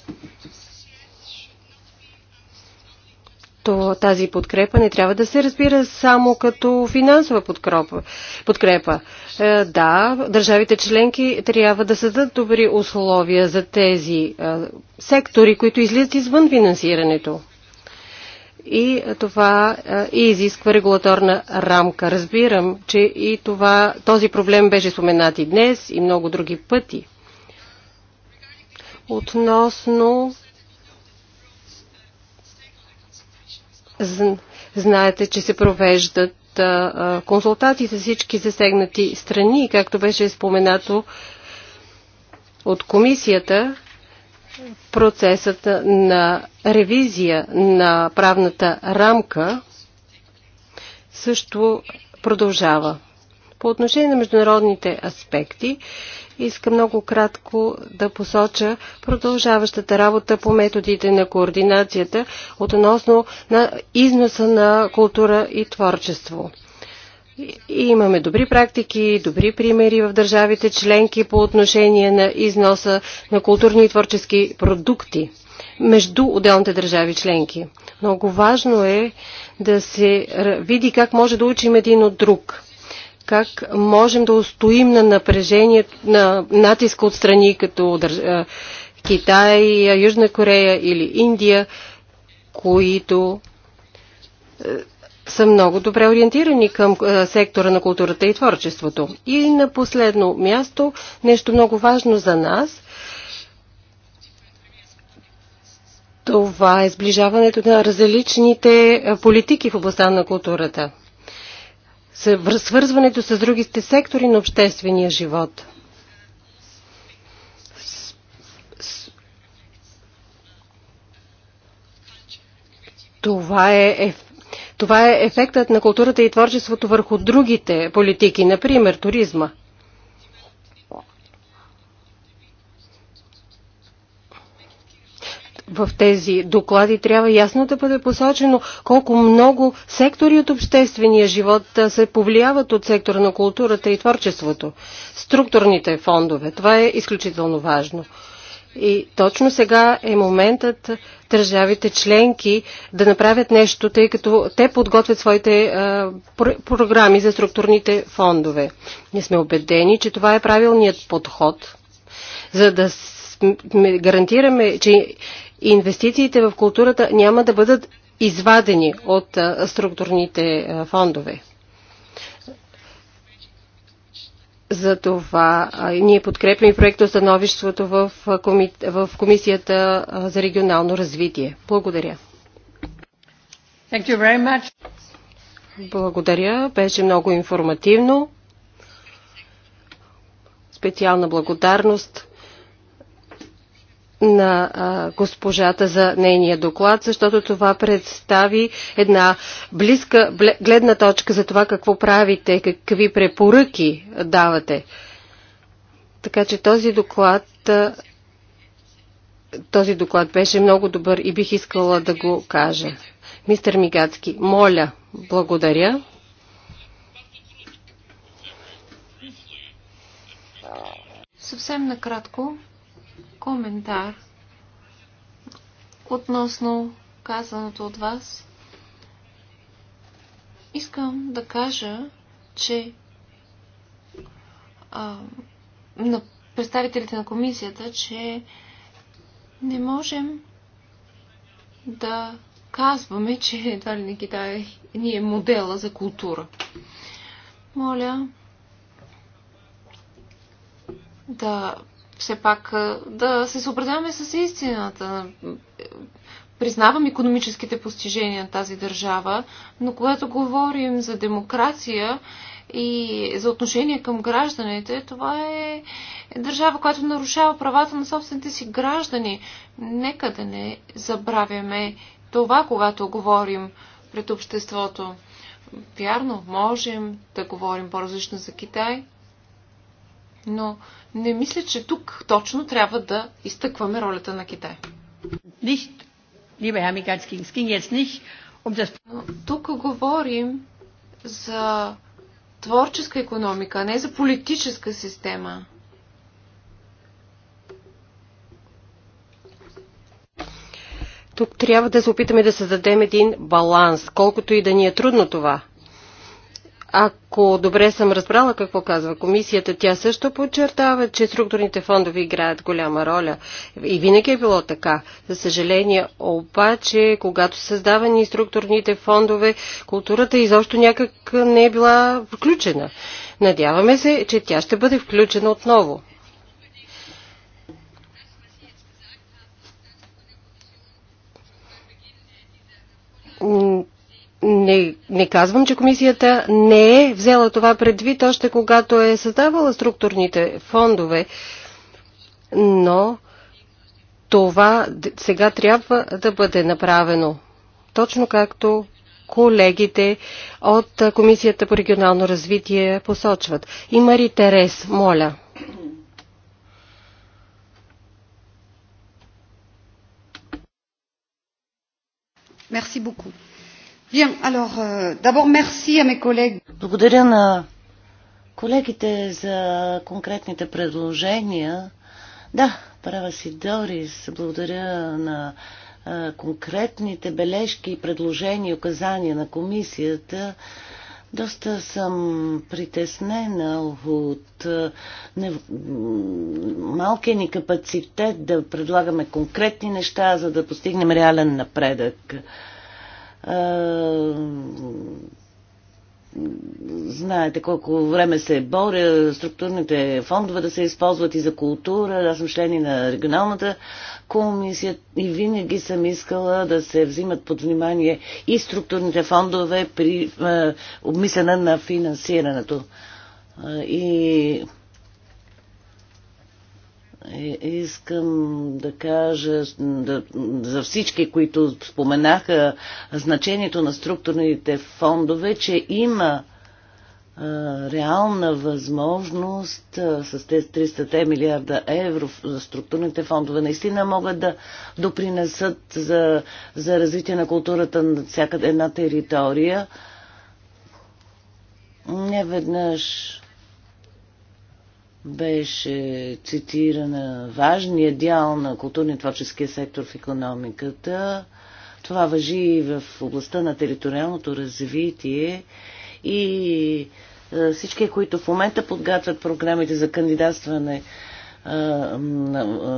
то тази подкрепа не трябва да се разбира само като финансова подкрепа. подкрепа. Е, да, държавите членки трябва да създадат добри условия за тези е, сектори, които излизат извън финансирането и това е, и изисква регулаторна рамка. Разбирам, че и това, този проблем беше споменат и днес и много други пъти. Относно знаете, че се провеждат е, е, консултации с всички засегнати страни, както беше споменато от комисията, процесът на ревизия на правната рамка също продължава. По отношение на международните аспекти, искам много кратко да посоча продължаващата работа по методите на координацията относно на износа на култура и творчество. И имаме добри практики, добри примери в държавите членки по отношение на износа на културни и творчески продукти между отделните държави членки. Много важно е да се види как може да учим един от друг. Как можем да устоим на напрежение, на натиска от страни като Китай, Южна Корея или Индия, които са много добре ориентирани към е, сектора на културата и творчеството. И на последно място, нещо много важно за нас, това е сближаването на различните е, политики в областта на културата. Свързването с другите сектори на обществения живот. Това е това е ефектът на културата и творчеството върху другите политики, например туризма. в тези доклади трябва ясно да бъде посочено колко много сектори от обществения живот се повлияват от сектора на културата и творчеството. Структурните фондове, това е изключително важно. И точно сега е моментът държавите членки да направят нещо, тъй като те подготвят своите а, пр- програми за структурните фондове. Ние сме убедени, че това е правилният подход, за да гарантираме, че инвестициите в културата няма да бъдат извадени от а, структурните а, фондове. За това ние подкрепим проекта становището в, в Комисията за регионално развитие. Благодаря. Thank you very much. Благодаря. Беше много информативно. Специална благодарност на госпожата за нейния доклад, защото това представи една близка гледна точка за това какво правите, какви препоръки давате. Така че този доклад, този доклад беше много добър и бих искала да го кажа. Мистер Мигацки, моля, благодаря. Съвсем накратко коментар относно казаното от вас. Искам да кажа, че а, на представителите на комисията, че не можем да казваме, че едва ли не Китай ни е модела за култура. Моля да все пак да се съобразяваме с истината. Признавам економическите постижения на тази държава, но когато говорим за демокрация и за отношение към гражданите, това е държава, която нарушава правата на собствените си граждани. Нека да не забравяме това, когато говорим пред обществото. Вярно, можем да говорим по-различно за Китай, но не мисля, че тук точно трябва да изтъкваме ролята на Китай. Um но тук говорим за творческа економика, не за политическа система. Тук трябва да се опитаме да създадем един баланс, колкото и да ни е трудно това – ако добре съм разбрала какво казва комисията, тя също подчертава, че структурните фондове играят голяма роля. И винаги е било така. За съжаление, обаче, когато са създавани структурните фондове, културата изобщо някак не е била включена. Надяваме се, че тя ще бъде включена отново. Не, не казвам, че комисията не е взела това предвид, още когато е създавала структурните фондове, но това сега трябва да бъде направено. Точно както колегите от Комисията по регионално развитие посочват. И Мари Терес, моля. Мерси буку. Euh, благодаря на колегите за конкретните предложения. Да, права си Дорис. Благодаря на конкретните бележки, предложения и указания на комисията. Доста съм притеснена от не, малкия ни капацитет да предлагаме конкретни неща, за да постигнем реален напредък знаете колко време се боря структурните фондове да се използват и за култура. Аз съм член и на регионалната комисия и винаги съм искала да се взимат под внимание и структурните фондове при е, обмислене на финансирането. И е, искам да кажа да, за всички, които споменаха значението на структурните фондове, че има а, реална възможност а, с тези 300 милиарда евро за структурните фондове наистина могат да допринесат за, за развитие на културата на всяка една територия. Не веднъж беше цитирана важния дял на културно-творческия сектор в економиката. Това въжи и в областта на териториалното развитие и всички, които в момента подготвят програмите за кандидатстване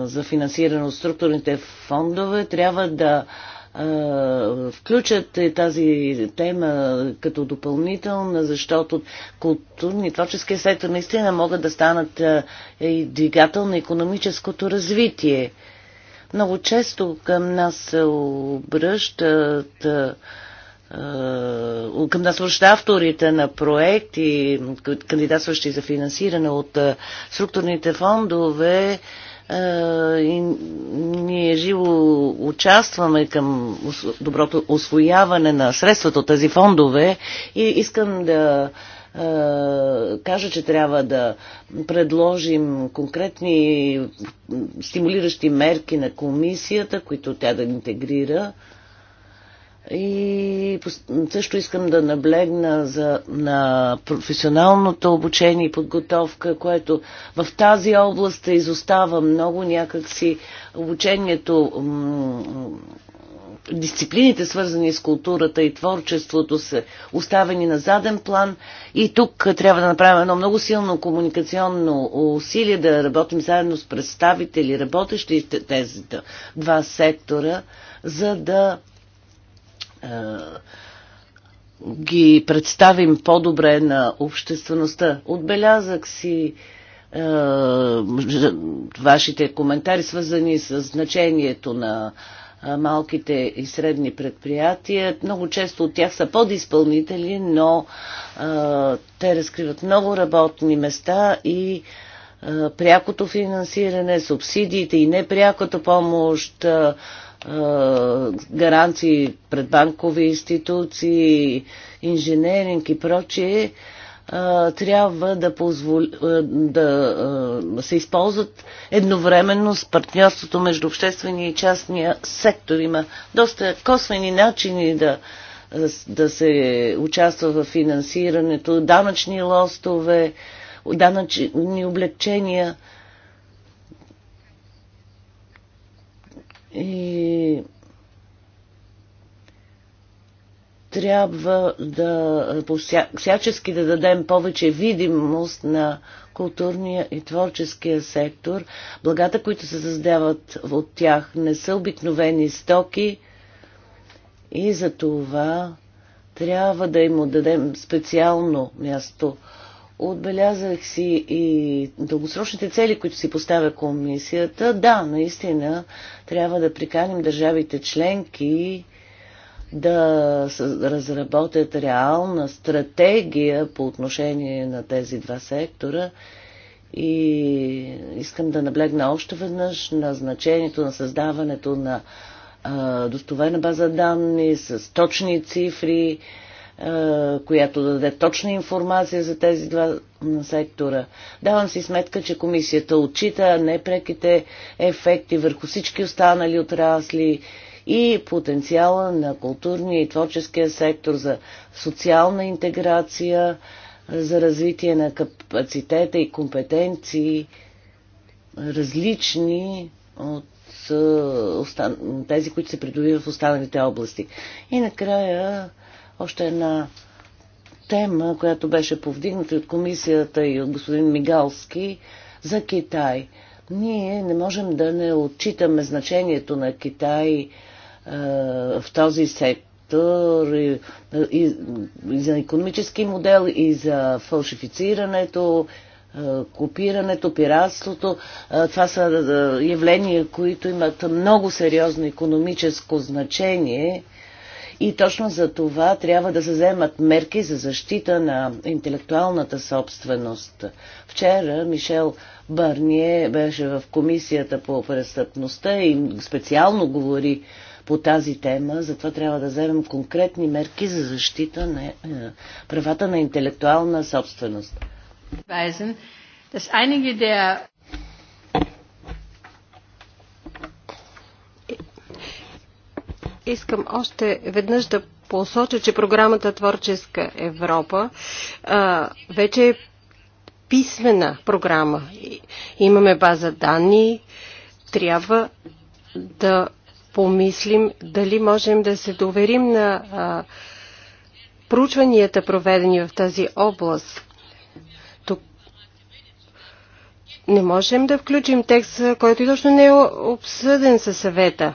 за финансиране от структурните фондове, трябва да включат тази тема като допълнителна, защото културни и творческия сектор наистина могат да станат и двигател на економическото развитие. Много често към нас се обръщат към нас връща авторите на проекти, кандидатстващи за финансиране от структурните фондове, и ние живо участваме към доброто освояване на средствата от тези фондове и искам да кажа, че трябва да предложим конкретни стимулиращи мерки на комисията, които тя да интегрира и също искам да наблегна за, на професионалното обучение и подготовка, което в тази област изостава много някакси обучението дисциплините, свързани с културата и творчеството, са оставени на заден план. И тук трябва да направим едно много силно комуникационно усилие да работим заедно с представители, работещи тези два сектора, за да е, ги представим по-добре на обществеността. Отбелязах си е, вашите коментари, свързани с значението на е, малките и средни предприятия. Много често от тях са подизпълнители, но е, те разкриват много работни места и е, прякото финансиране, субсидиите и непрякото помощ. Е, гаранции пред банкови институции, инженеринг и прочие, трябва да, позволи, да се използват едновременно с партньорството между обществения и частния сектор. Има доста косвени начини да, да се участва в финансирането, данъчни лостове, данъчни облегчения – И трябва да всячески да дадем повече видимост на културния и творческия сектор. Благата, които се създават от тях, не са обикновени стоки и за това трябва да им отдадем специално място Отбелязах си и дългосрочните цели, които си поставя комисията. Да, наистина трябва да приканим държавите членки да разработят реална стратегия по отношение на тези два сектора. И искам да наблегна още веднъж на значението на създаването на достоверна база данни с точни цифри, която да даде точна информация за тези два сектора. Давам си сметка, че комисията отчита непреките ефекти върху всички останали отрасли и потенциала на културния и творческия сектор за социална интеграция, за развитие на капацитета и компетенции, различни от тези, които се придобиват в останалите области. И накрая още една тема, която беше повдигната от комисията и от господин Мигалски за Китай. Ние не можем да не отчитаме значението на Китай е, в този сектор и, и, и за економически модел, и за фалшифицирането, е, копирането, пиратството. Е, това са е, явления, които имат много сериозно економическо значение. Е, и точно за това трябва да се вземат мерки за защита на интелектуалната собственост. Вчера Мишел Барние беше в комисията по престъпността и специално говори по тази тема, затова трябва да вземем конкретни мерки за защита на е, правата на интелектуална собственост. Искам още веднъж да посоча, че програмата Творческа Европа а, вече е писмена програма. Имаме база данни. Трябва да помислим дали можем да се доверим на а, проучванията, проведени в тази област. Тук не можем да включим текст, който точно не е обсъден със съвета.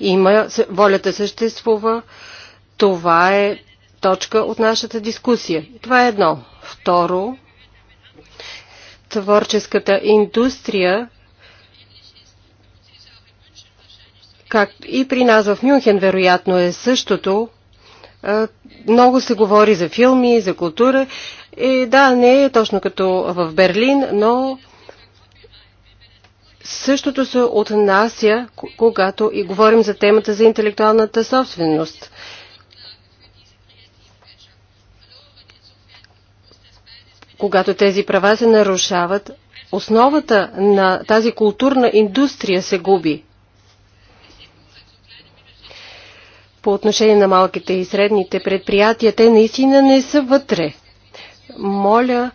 Има, волята съществува. Това е точка от нашата дискусия. Това е едно. Второ, творческата индустрия, как и при нас в Мюнхен вероятно е същото, много се говори за филми, за култура. И е, да, не е точно като в Берлин, но Същото се отнася, когато и говорим за темата за интелектуалната собственост. Когато тези права се нарушават, основата на тази културна индустрия се губи. По отношение на малките и средните предприятия, те наистина не са вътре. Моля,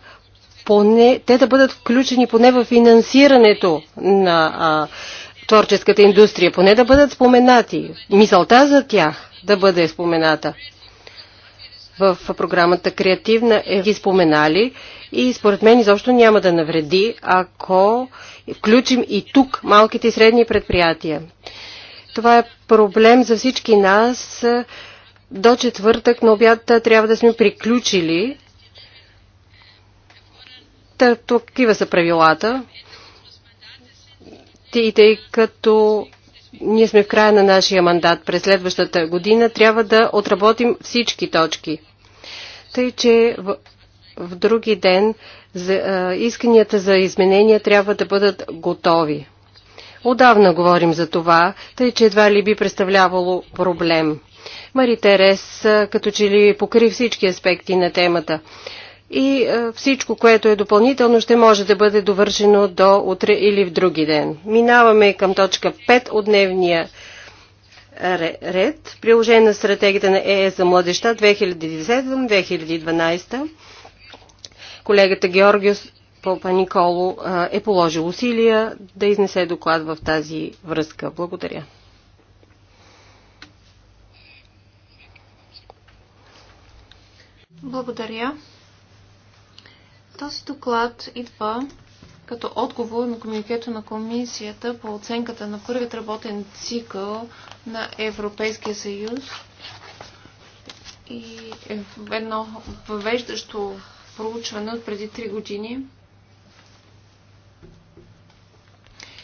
поне, те да бъдат включени поне в финансирането на а, творческата индустрия, поне да бъдат споменати. Мисълта за тях да бъде спомената. В програмата Креативна е ги споменали и според мен изобщо няма да навреди, ако включим и тук малките и средни предприятия. Това е проблем за всички нас. До четвъртък на обяд трябва да сме приключили такива са правилата. И тъй като ние сме в края на нашия мандат през следващата година, трябва да отработим всички точки. Тъй, че в, в други ден за, а, исканията за изменения трябва да бъдат готови. Отдавна говорим за това, тъй, че едва ли би представлявало проблем. Мари Терес като че ли покри всички аспекти на темата и е, всичко, което е допълнително, ще може да бъде довършено до утре или в други ден. Минаваме към точка 5 от дневния ред. Приложение на стратегията на ЕС за младеща 2010-2012. Колегата Георгиос Николо е, е положил усилия да изнесе доклад в тази връзка. Благодаря. Благодаря. Този доклад идва като отговор на комуникето на комисията по оценката на първият работен цикъл на Европейския съюз и е едно въвеждащо проучване от преди 3 години.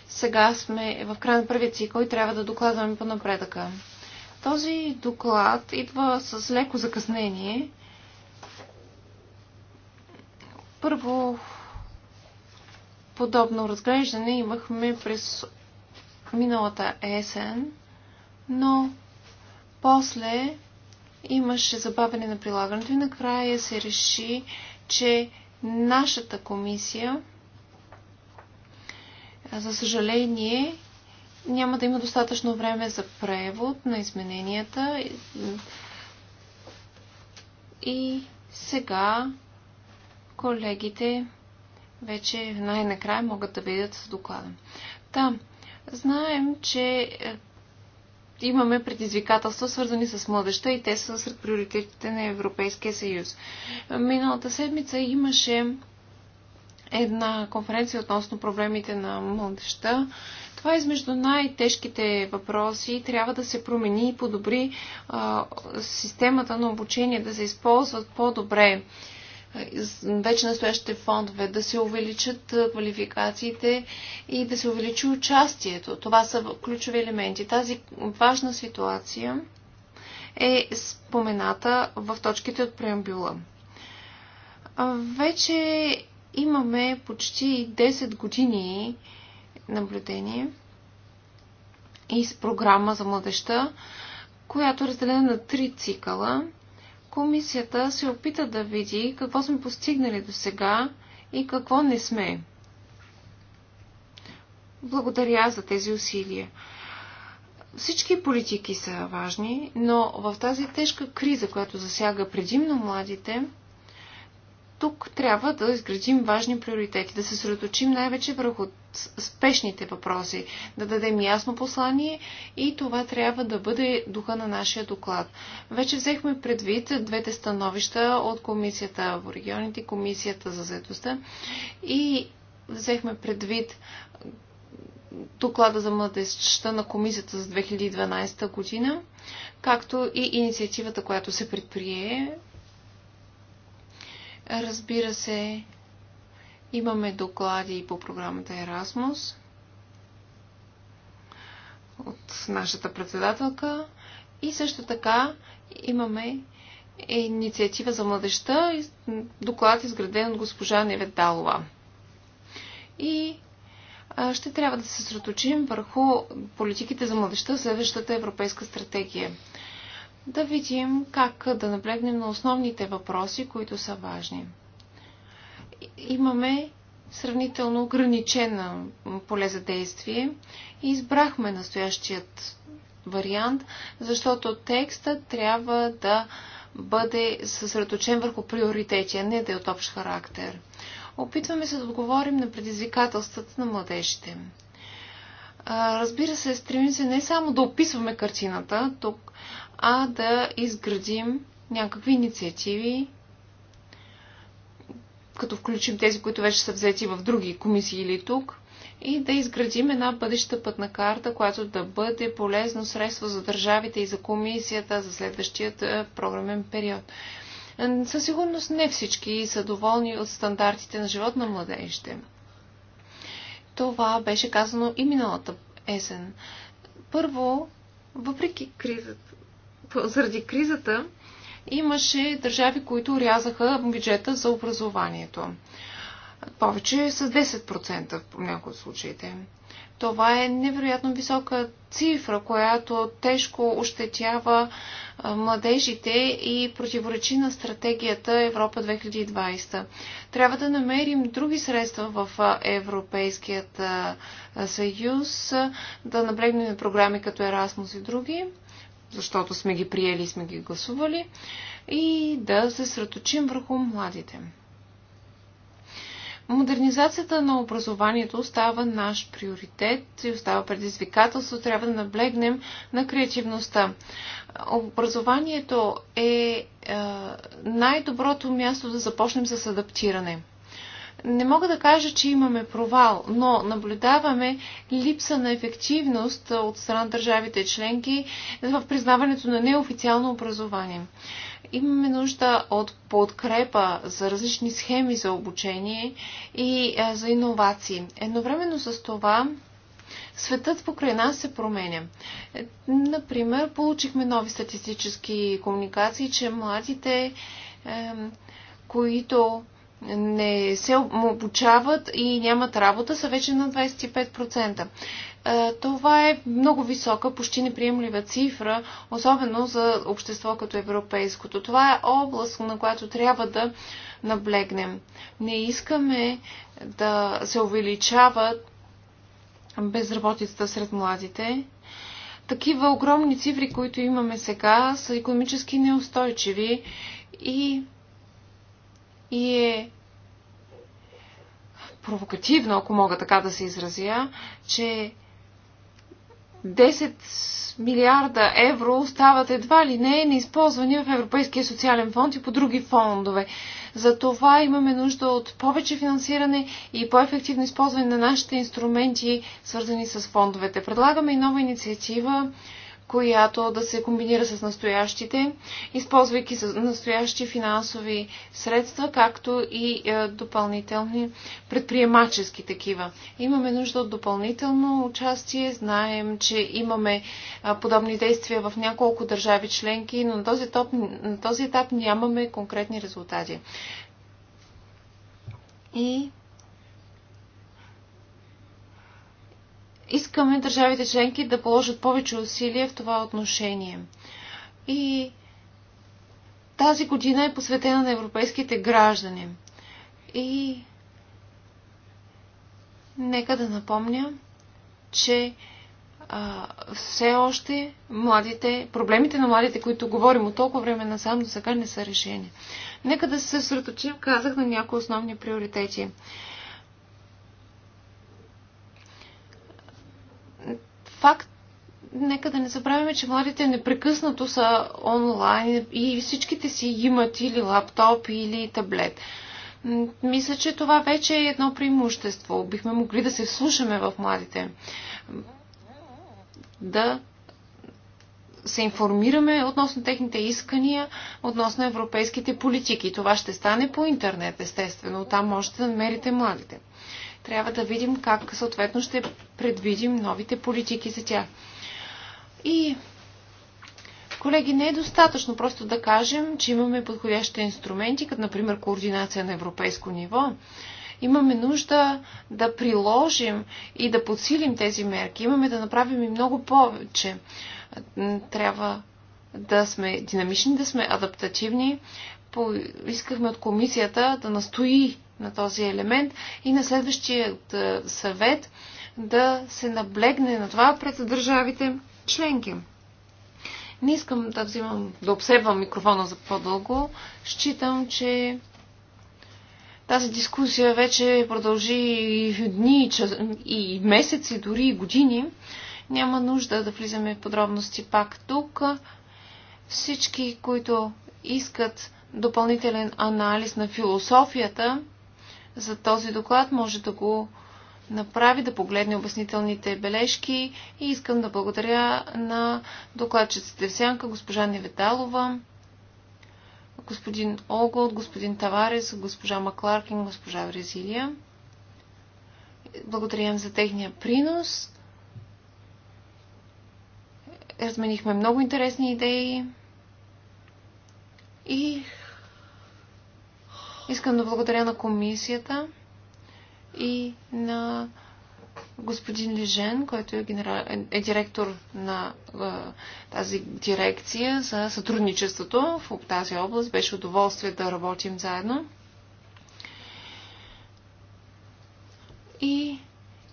Сега сме в края на първия цикъл и трябва да докладваме по напредъка. Този доклад идва с леко закъснение – първо, подобно разглеждане имахме през миналата есен, но после имаше забавяне на прилагането и накрая се реши, че нашата комисия, за съжаление, няма да има достатъчно време за превод на измененията. И сега колегите вече най-накрая могат да видят с доклада. Та, знаем, че е, имаме предизвикателства, свързани с младеща и те са сред приоритетите на Европейския съюз. Миналата седмица имаше една конференция относно проблемите на младеща. Това е между най-тежките въпроси. Трябва да се промени и подобри а, системата на обучение, да се използват по-добре вече настоящите фондове, да се увеличат квалификациите и да се увеличи участието. Това са ключови елементи. Тази важна ситуация е спомената в точките от преамбюла. Вече имаме почти 10 години наблюдение и с програма за младеща, която е разделена на три цикъла – комисията се опита да види какво сме постигнали до сега и какво не сме. Благодаря за тези усилия. Всички политики са важни, но в тази тежка криза, която засяга предимно младите, тук трябва да изградим важни приоритети, да се средоточим най-вече върху спешните въпроси, да дадем ясно послание и това трябва да бъде духа на нашия доклад. Вече взехме предвид двете становища от Комисията в регионите, Комисията за заедостта и взехме предвид доклада за младежта на комисията за 2012 година, както и инициативата, която се предприе Разбира се, имаме доклади по програмата Erasmus от нашата председателка и също така имаме инициатива за младеща, доклад изграден от госпожа Неведалова. И ще трябва да се съсредоточим върху политиките за младеща в следващата европейска стратегия да видим как да наблегнем на основните въпроси, които са важни. Имаме сравнително ограничена поле за действие и избрахме настоящият вариант, защото текстът трябва да бъде съсредоточен върху приоритети, а не да е от общ характер. Опитваме се да отговорим на предизвикателствата на младежите разбира се, стремим се не само да описваме картината тук, а да изградим някакви инициативи, като включим тези, които вече са взети в други комисии или тук, и да изградим една бъдеща пътна карта, която да бъде полезно средство за държавите и за комисията за следващият е, програмен период. Със сигурност не всички са доволни от стандартите на живот на младежите. Това беше казано и миналата есен. Първо, въпреки кризата, заради кризата, имаше държави, които рязаха бюджета за образованието. Повече с 10% в някои от случаите. Това е невероятно висока цифра, която тежко ощетява младежите и противоречи на стратегията Европа 2020. Трябва да намерим други средства в Европейският съюз, да наблегнем на програми като Erasmus и други, защото сме ги приели и сме ги гласували, и да се сръточим върху младите. Модернизацията на образованието остава наш приоритет и остава предизвикателство. Трябва да наблегнем на креативността. Образованието е, е най-доброто място да започнем с адаптиране. Не мога да кажа, че имаме провал, но наблюдаваме липса на ефективност от страна на държавите членки в признаването на неофициално образование. Имаме нужда от подкрепа за различни схеми за обучение и за иновации. Едновременно с това светът покрай нас се променя. Е, например, получихме нови статистически комуникации, че младите, които не се обучават и нямат работа, са вече на 25%. Е, това е много висока, почти неприемлива цифра, особено за общество като европейското. Това е област, на която трябва да наблегнем. Не искаме да се увеличават безработицата сред младите. Такива огромни цифри, които имаме сега, са економически неустойчиви и, и е провокативно, ако мога така да се изразя, че 10 милиарда евро остават едва ли не неизползвани в Европейския социален фонд и по други фондове. За това имаме нужда от повече финансиране и по-ефективно използване на нашите инструменти, свързани с фондовете. Предлагаме и нова инициатива която да се комбинира с настоящите, използвайки настоящи финансови средства, както и е, допълнителни предприемачески такива. Имаме нужда от допълнително участие. Знаем, че имаме подобни действия в няколко държави членки, но на този, етап, на този етап нямаме конкретни резултати. И искаме държавите членки да положат повече усилия в това отношение. И тази година е посветена на европейските граждани. И нека да напомня, че а, все още младите, проблемите на младите, които говорим от толкова време насам до сега не са решени. Нека да се съсредоточим, казах, на някои основни приоритети. Факт, нека да не забравяме, че младите непрекъснато са онлайн и всичките си имат или лаптоп, или таблет. Мисля, че това вече е едно преимущество. Бихме могли да се вслушаме в младите. Да се информираме относно техните искания, относно европейските политики. Това ще стане по интернет, естествено. Там можете да намерите младите. Трябва да видим как съответно ще предвидим новите политики за тях. И, колеги, не е достатъчно просто да кажем, че имаме подходящите инструменти, като например координация на европейско ниво. Имаме нужда да приложим и да подсилим тези мерки. Имаме да направим и много повече. Трябва да сме динамични, да сме адаптативни. Искахме от комисията да настои на този елемент и на следващия е, съвет да се наблегне на това пред държавите членки. Не искам да взимам, да обсебвам микрофона за по-дълго. Считам, че тази дискусия вече продължи и дни, и месеци, дори и години. Няма нужда да влизаме в подробности пак тук. Всички, които искат допълнителен анализ на философията за този доклад. Може да го направи, да погледне обяснителните бележки и искам да благодаря на докладчиците Всянка, сянка, госпожа Неветалова, господин Олголд, господин Таварес, госпожа Макларкин, госпожа Врезилия. Благодаря им за техния принос. Разменихме много интересни идеи и Искам да благодаря на комисията и на господин Лежен, който е, генерал, е директор на е, тази дирекция за сътрудничеството в тази област. Беше удоволствие да работим заедно. И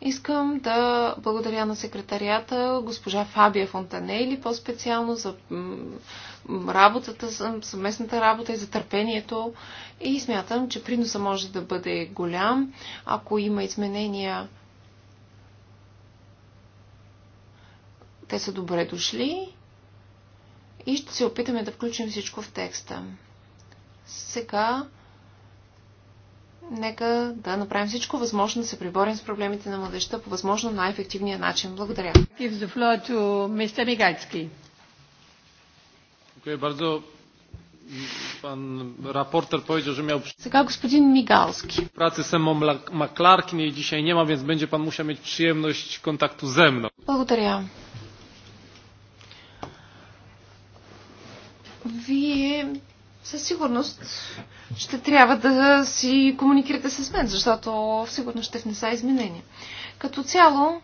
Искам да благодаря на секретарията госпожа Фабия Фонтанели по-специално за работата, съвместната работа и за търпението. И смятам, че приноса може да бъде голям. Ако има изменения, те са добре дошли. И ще се опитаме да включим всичко в текста. Сега нека да направим всичко възможно да се приборим с проблемите на младежта по възможно най-ефективния начин. Благодаря. Сега господин Migalski. Pracy z Emmą Maklarkin jej dzisiaj nie ma, więc będzie pan musiał mieć przyjemność контакту ze mną. Благодаря. Вие със сигурност ще трябва да си комуникирате с мен, защото сигурно ще внеса изменения. Като цяло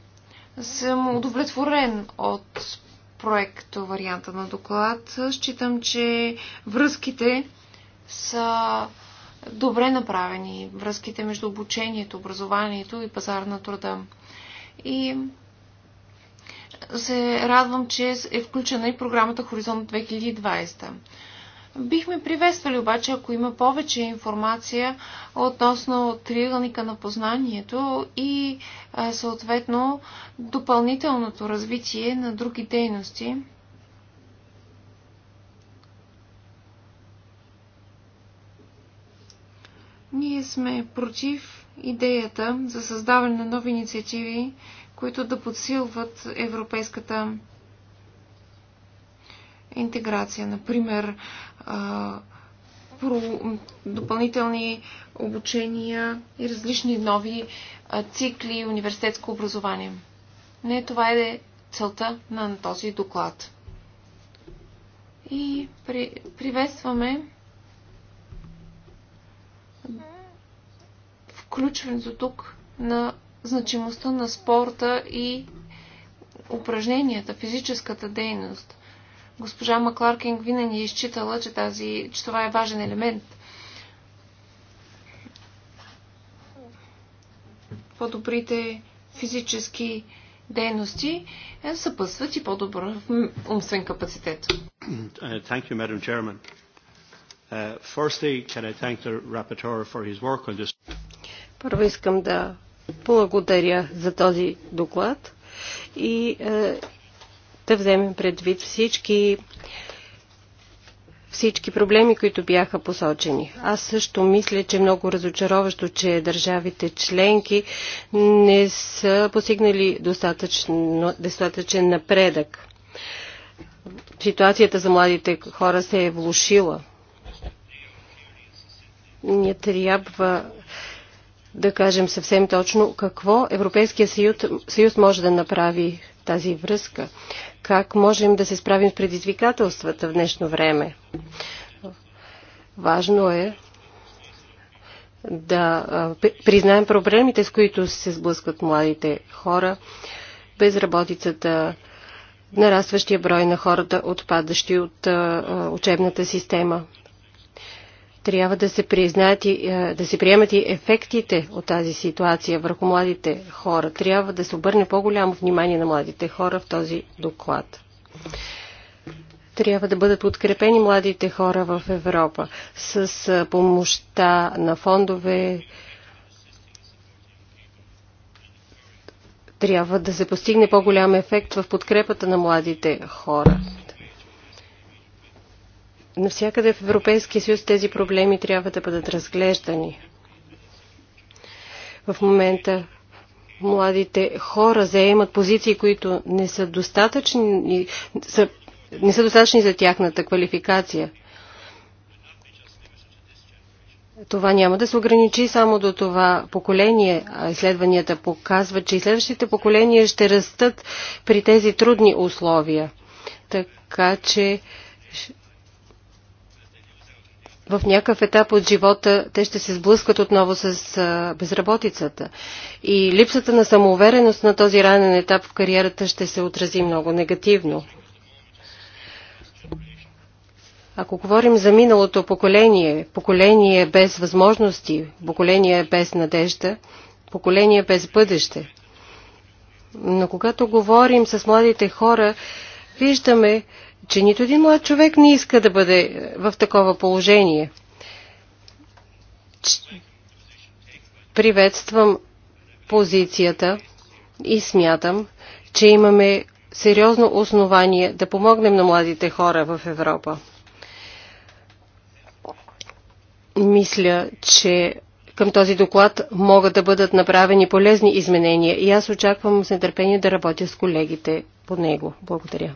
съм удовлетворен от проекто варианта на доклад. Считам, че връзките са добре направени. Връзките между обучението, образованието и пазар на труда. И се радвам, че е включена и програмата Хоризонт 2020. Бихме приветствали обаче, ако има повече информация относно триъгълника на познанието и съответно допълнителното развитие на други дейности. Ние сме против идеята за създаване на нови инициативи, които да подсилват европейската интеграция. Например, допълнителни обучения и различни нови цикли университетско образование. Не, това е целта на този доклад. И при, приветстваме включването тук на значимостта на спорта и упражненията, физическата дейност. Госпожа Макларкинг винаги е изчитала, че, тази, че това е важен елемент. По-добрите физически дейности е, съпъсват и по-добър умствен капацитет. Uh, thank you, Madam Chairman. Uh, firstly, can I thank the rapporteur for his work on this? Първо искам да благодаря за този доклад и е, да вземем предвид всички всички проблеми, които бяха посочени. Аз също мисля, че е много разочароващо, че държавите членки не са постигнали достатъчно, достатъчен напредък. Ситуацията за младите хора се е влушила. Ние трябва да кажем съвсем точно какво Европейския съюз, съюз може да направи тази връзка как можем да се справим с предизвикателствата в днешно време. Важно е да признаем проблемите, с които се сблъскват младите хора, безработицата, нарастващия брой на хората, отпадащи от учебната система трябва да се, признаят и, е, да се приемат и ефектите от тази ситуация върху младите хора. Трябва да се обърне по-голямо внимание на младите хора в този доклад. Трябва да бъдат подкрепени младите хора в Европа с е, помощта на фондове. Трябва да се постигне по-голям ефект в подкрепата на младите хора. Навсякъде в Европейския съюз тези проблеми трябва да бъдат разглеждани. В момента младите хора заемат позиции, които не са достатъчни, са, не са достатъчни за тяхната квалификация. Това няма да се ограничи само до това поколение. Изследванията показват, че и следващите поколения ще растат при тези трудни условия. Така че в някакъв етап от живота те ще се сблъскат отново с безработицата. И липсата на самоувереност на този ранен етап в кариерата ще се отрази много негативно. Ако говорим за миналото поколение, поколение без възможности, поколение без надежда, поколение без бъдеще. Но когато говорим с младите хора, виждаме, че нито един млад човек не иска да бъде е, в такова положение. Приветствам позицията и смятам, че имаме сериозно основание да помогнем на младите хора в Европа. Мисля, че към този доклад могат да бъдат направени полезни изменения и аз очаквам с нетърпение да работя с колегите по него. Благодаря.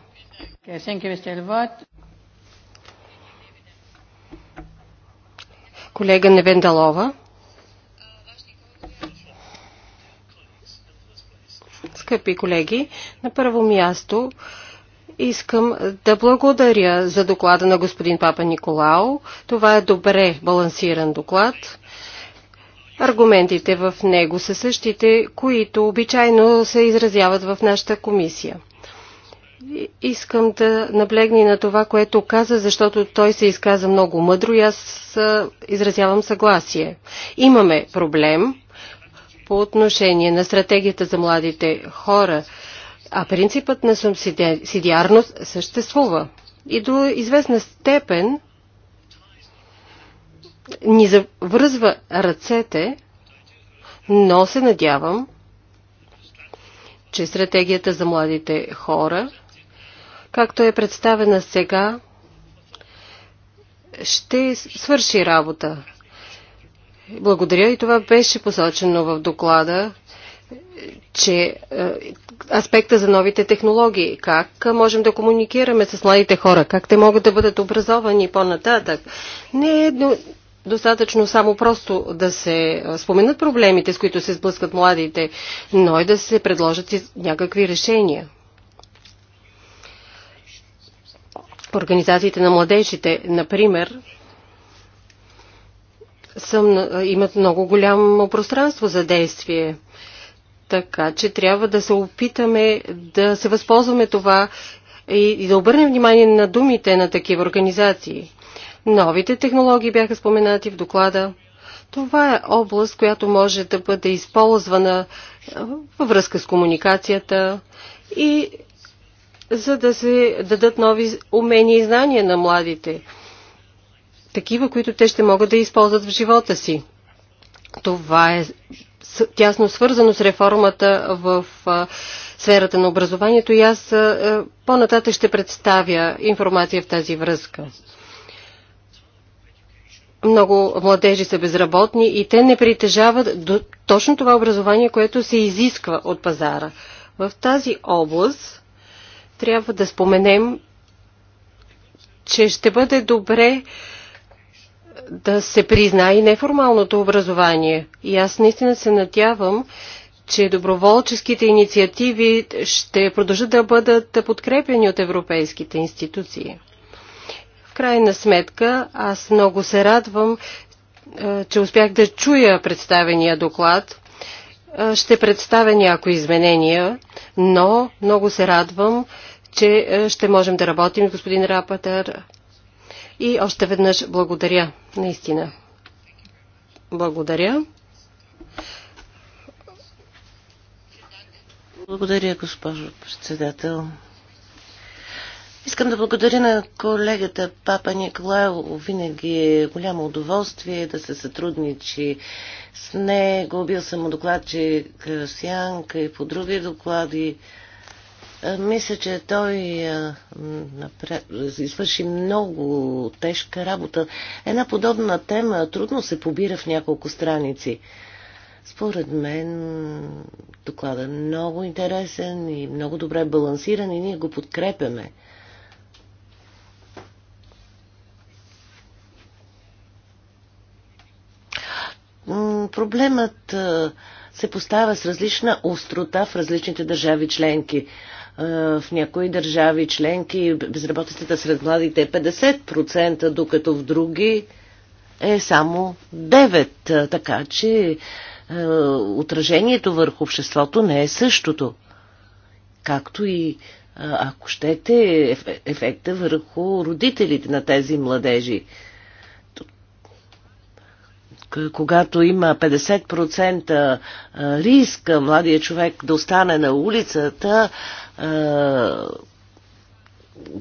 Колега Невендалова. Скъпи колеги, на първо място искам да благодаря за доклада на господин Папа Николао. Това е добре балансиран доклад. Аргументите в него са същите, които обичайно се изразяват в нашата комисия. Искам да наблегни на това, което каза, защото той се изказа много мъдро и аз изразявам съгласие. Имаме проблем по отношение на стратегията за младите хора, а принципът на субсидиарност съществува. И до известна степен ни завръзва ръцете, но се надявам, че стратегията за младите хора както е представена сега, ще свърши работа. Благодаря и това беше посочено в доклада, че е, аспекта за новите технологии, как можем да комуникираме с младите хора, как те могат да бъдат образовани по-нататък. Не е достатъчно само просто да се е, споменат проблемите, с които се сблъскат младите, но и да се предложат и някакви решения. Организациите на младежите, например, съм, имат много голямо пространство за действие. Така че трябва да се опитаме да се възползваме това и, и да обърнем внимание на думите на такива организации. Новите технологии бяха споменати в доклада. Това е област, която може да бъде използвана във връзка с комуникацията и за да се дадат нови умения и знания на младите. Такива, които те ще могат да използват в живота си. Това е тясно свързано с реформата в сферата на образованието и аз по-нататък ще представя информация в тази връзка. Много младежи са безработни и те не притежават до точно това образование, което се изисква от пазара. В тази област трябва да споменем, че ще бъде добре да се признае и неформалното образование. И аз наистина се надявам, че доброволческите инициативи ще продължат да бъдат подкрепени от европейските институции. В крайна сметка, аз много се радвам, е, че успях да чуя представения доклад. Е, ще представя някои изменения, но много се радвам, че е, ще можем да работим с господин Рапатър. И още веднъж благодаря, наистина. Благодаря. Благодаря, госпожо председател. Искам да благодаря на колегата Папа Николао. Винаги е голямо удоволствие да се сътрудничи с него. Бил съм му докладчик Сянка и по други доклади. Е, мисля, че той е, извърши много тежка работа. Една подобна тема трудно се побира в няколко страници. Според мен докладът е много интересен и много добре балансиран и ние го подкрепяме. Проблемът е, се поставя с различна острота в различните държави членки в някои държави членки безработицата сред младите е 50%, докато в други е само 9%. Така че отражението върху обществото не е същото. Както и, ако щете, ефекта върху родителите на тези младежи когато има 50% риск младия човек да остане на улицата,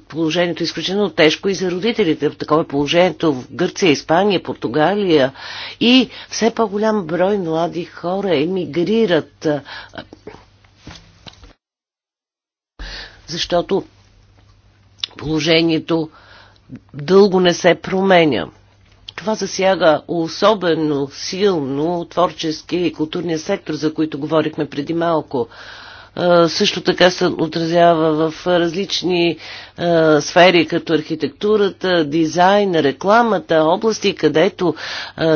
положението е изключително тежко и за родителите. В такова е положението в Гърция, Испания, Португалия и все по-голям брой млади хора емигрират. Защото положението дълго не се променя. Това засяга особено силно творчески и културния сектор, за които говорихме преди малко. Също така се отразява в различни сфери, като архитектурата, дизайн, рекламата, области, където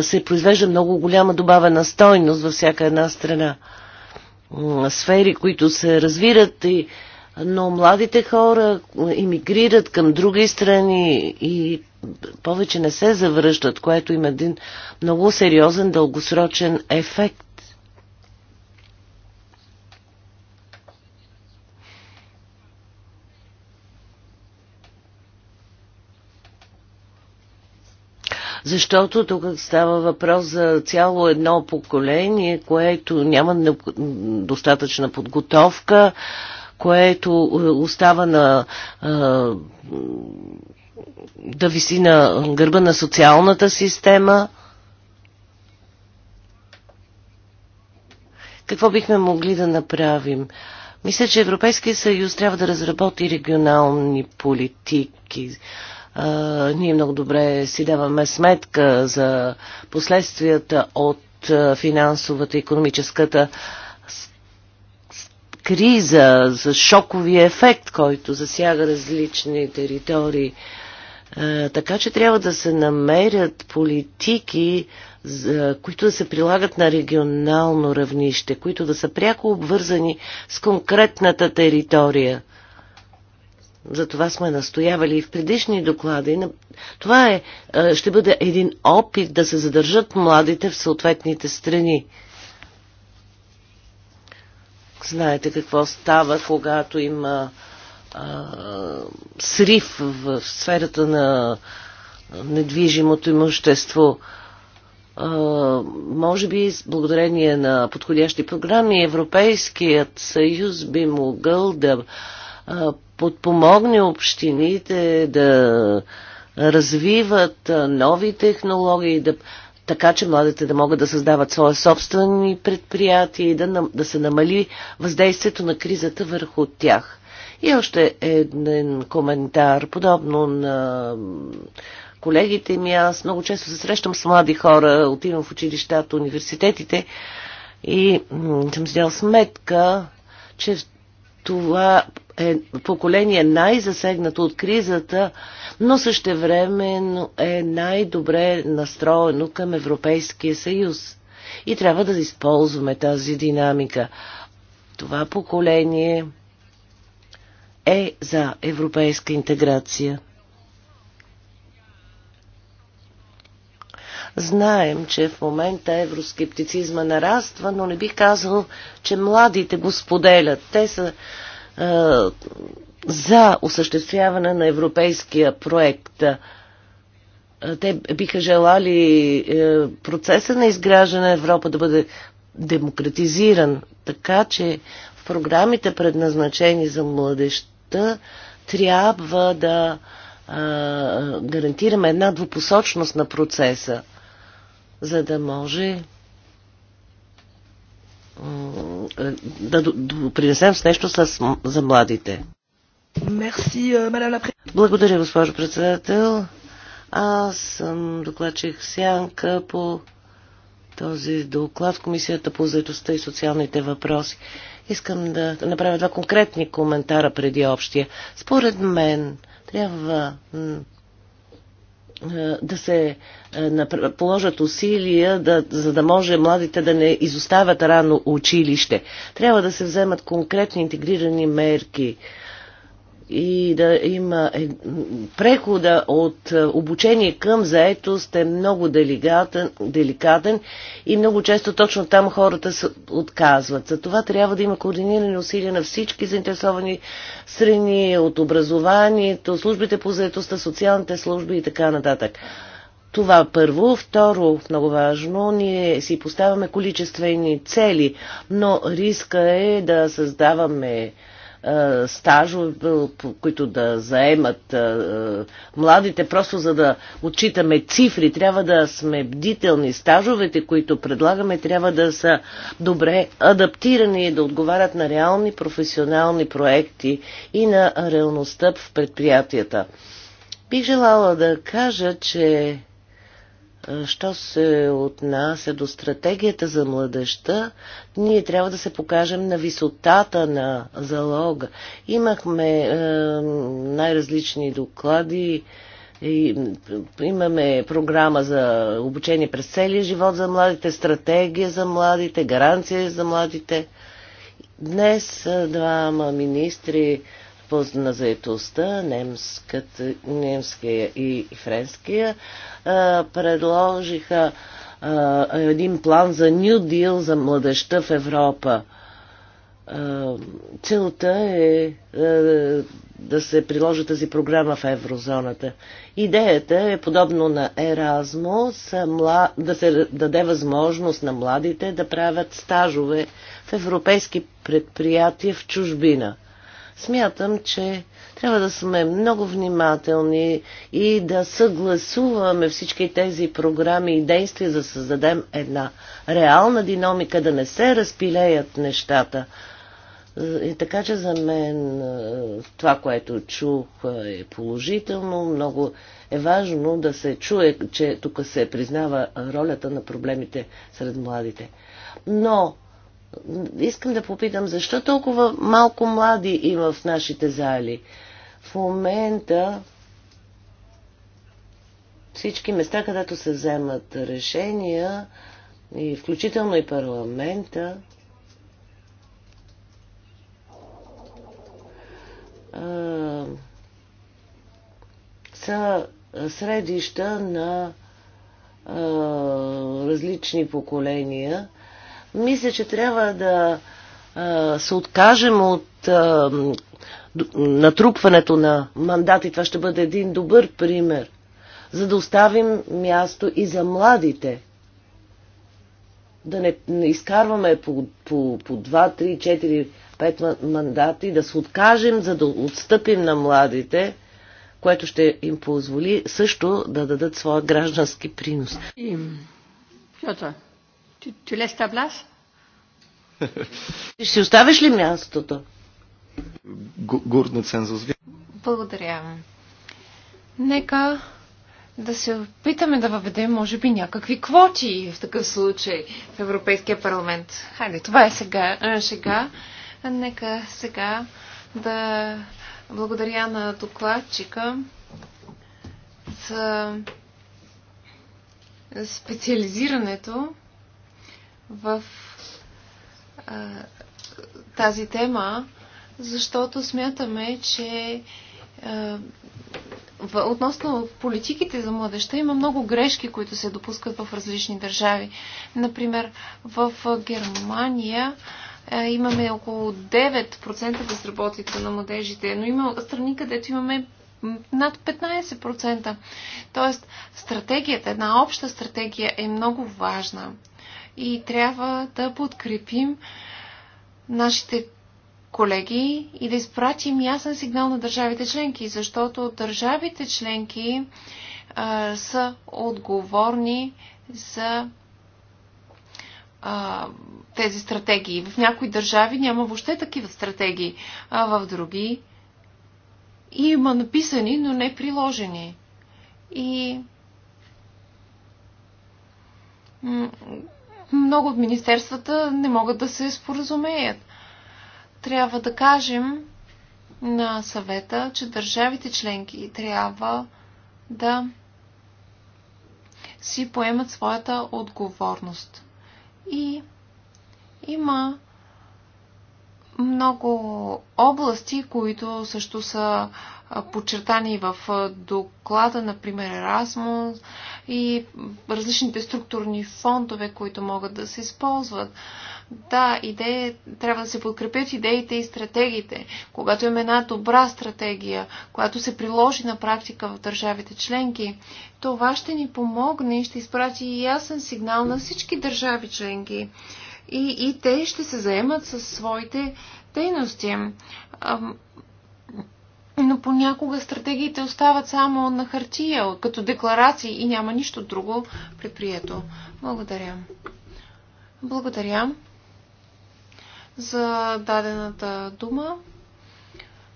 се произвежда много голяма добавена стойност във всяка една страна. Сфери, които се развират и но младите хора иммигрират към други страни и повече не се завръщат, което има един много сериозен дългосрочен ефект. защото тук става въпрос за цяло едно поколение, което няма достатъчна подготовка, което е, остава на да виси на гърба на социалната система. Какво бихме могли да направим? Мисля, че Европейския съюз трябва да разработи регионални политики. А, ние много добре си даваме сметка за последствията от финансовата и економическата криза, за шоковия ефект, който засяга различни територии. А, е, така че трябва да се намерят политики, е, които да се прилагат на регионално равнище, които да са пряко обвързани с конкретната територия. За това сме настоявали и в предишни доклади. Това е, е, ще бъде един опит да се задържат младите в съответните страни. Знаете какво става, когато има срив в сферата на недвижимото имущество. Може би благодарение на подходящи програми Европейският съюз би могъл да подпомогне общините да развиват нови технологии, да, така че младите да могат да създават свои собствени предприятия и да, да се намали въздействието на кризата върху тях. И още един коментар, подобно на колегите ми. Аз много често се срещам с млади хора, отивам в училищата, университетите и съм си сметка, че това е поколение най-засегнато от кризата, но същевременно е най-добре настроено към Европейския съюз. И трябва да използваме тази динамика. Това поколение е за европейска интеграция. Знаем, че в момента евроскептицизма нараства, но не би казал, че младите го споделят. Те са е, за осъществяване на европейския проект. Те биха желали е, процеса на изграждане на Европа да бъде демократизиран, така че в програмите предназначени за младещ целта трябва да а, гарантираме една двупосочност на процеса, за да може да принесем с нещо с, за младите. Мерси, euh, Благодаря, госпожо председател. Аз съм докладчик Сянка по този доклад в Комисията по заедостта и социалните въпроси. Искам да направя два конкретни коментара преди общия. Според мен трябва е, да се е, положат усилия, да, за да може младите да не изоставят рано училище. Трябва да се вземат конкретни интегрирани мерки и да има прехода от е, обучение към заетост е много деликатен, деликатен и много често точно там хората се отказват. За това трябва да има координирани усилия на всички заинтересовани страни, от образованието, службите по заетостта, социалните служби и така нататък. Това първо. Второ, много важно, ние си поставяме количествени цели, но риска е да създаваме е, стаж, е, които да заемат е, младите, просто за да отчитаме цифри. Трябва да сме бдителни. Стажовете, които предлагаме, трябва да са добре адаптирани и да отговарят на реални професионални проекти и на реалността в предприятията. Бих желала да кажа, че Що се отнася до стратегията за младеща, ние трябва да се покажем на висотата на залога. Имахме е, най-различни доклади, и, имаме програма за обучение през целия живот за младите, стратегия за младите, гаранция за младите. Днес е, двама министри на заетостта, немския и френския, предложиха един план за New Deal за младеща в Европа. Целта е да се приложи тази програма в еврозоната. Идеята е подобно на Еразмус, да се даде възможност на младите да правят стажове в европейски предприятия в чужбина. Смятам, че трябва да сме много внимателни и да съгласуваме всички тези програми и действия, за да създадем една реална динамика, да не се разпилеят нещата. И така че за мен това, което чух е положително. Много е важно да се чуе, че тук се признава ролята на проблемите сред младите. Но искам да попитам, защо толкова малко млади има в нашите зали? В момента всички места, където се вземат решения, и включително и парламента, са средища на различни поколения – мисля, че трябва да а, се откажем от а, натрупването на мандати. Това ще бъде един добър пример, за да оставим място и за младите. Да не, не изкарваме по, по, по 2, 3, 4, 5 мандати, да се откажем, за да отстъпим на младите което ще им позволи също да дадат своя граждански принос. И, Пьотър. Tu, tu laisses ta place Ще оставиш ли мястото? Горна цензус. Благодаря. Нека да се опитаме да въведем, може би, някакви квоти в такъв случай в Европейския парламент. Хайде, това е сега. сега. Нека сега да благодаря на докладчика за специализирането в а, тази тема, защото смятаме, че а, в, относно политиките за младеща има много грешки, които се допускат в различни държави. Например, в Германия а, имаме около 9% безработица на младежите, но има страни, където имаме над 15%. Тоест, стратегията, една обща стратегия е много важна и трябва да подкрепим нашите колеги и да изпратим ясен сигнал на държавите членки, защото държавите членки а, са отговорни за а, тези стратегии. В някои държави няма въобще такива стратегии, а в други има написани, но не приложени. И много от министерствата не могат да се споразумеят. Трябва да кажем на съвета, че държавите членки трябва да си поемат своята отговорност. И има много области, които също са подчертани в доклада, например Erasmus и различните структурни фондове, които могат да се използват. Да, идеи, трябва да се подкрепят идеите и стратегиите. Когато има една добра стратегия, която се приложи на практика в държавите членки, това ще ни помогне и ще изпрати ясен сигнал на всички държави членки. И, и те ще се заемат със своите дейности но понякога стратегиите остават само на хартия, като декларации и няма нищо друго предприето. Благодаря. Благодаря за дадената дума.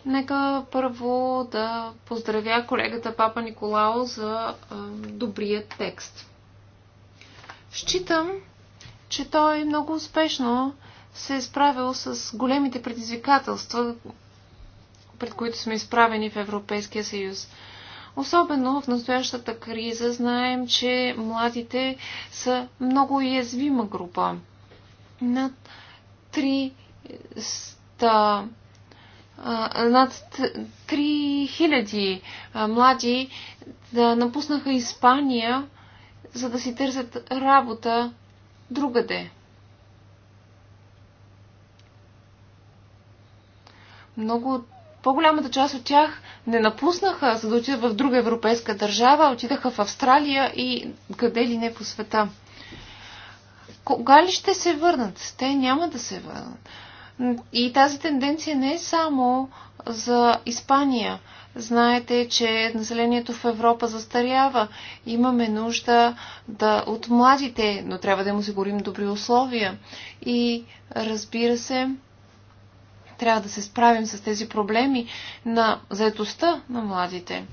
Нека първо да поздравя колегата Папа Николао за добрия текст. Считам, че той много успешно се е справил с големите предизвикателства, пред които сме изправени в Европейския съюз. Особено в настоящата криза знаем, че младите са много уязвима група. Над 300 над 3000 млади да напуснаха Испания, за да си търсят работа другаде. Много от по-голямата част от тях не напуснаха, за да отидат в друга европейска държава, отидаха в Австралия и къде ли не по света. Кога ли ще се върнат? Те няма да се върнат. И тази тенденция не е само за Испания. Знаете, че населението в Европа застарява. Имаме нужда да, от младите, но трябва да им осигурим добри условия. И разбира се, трябва да се справим с тези проблеми на заедостта на младите.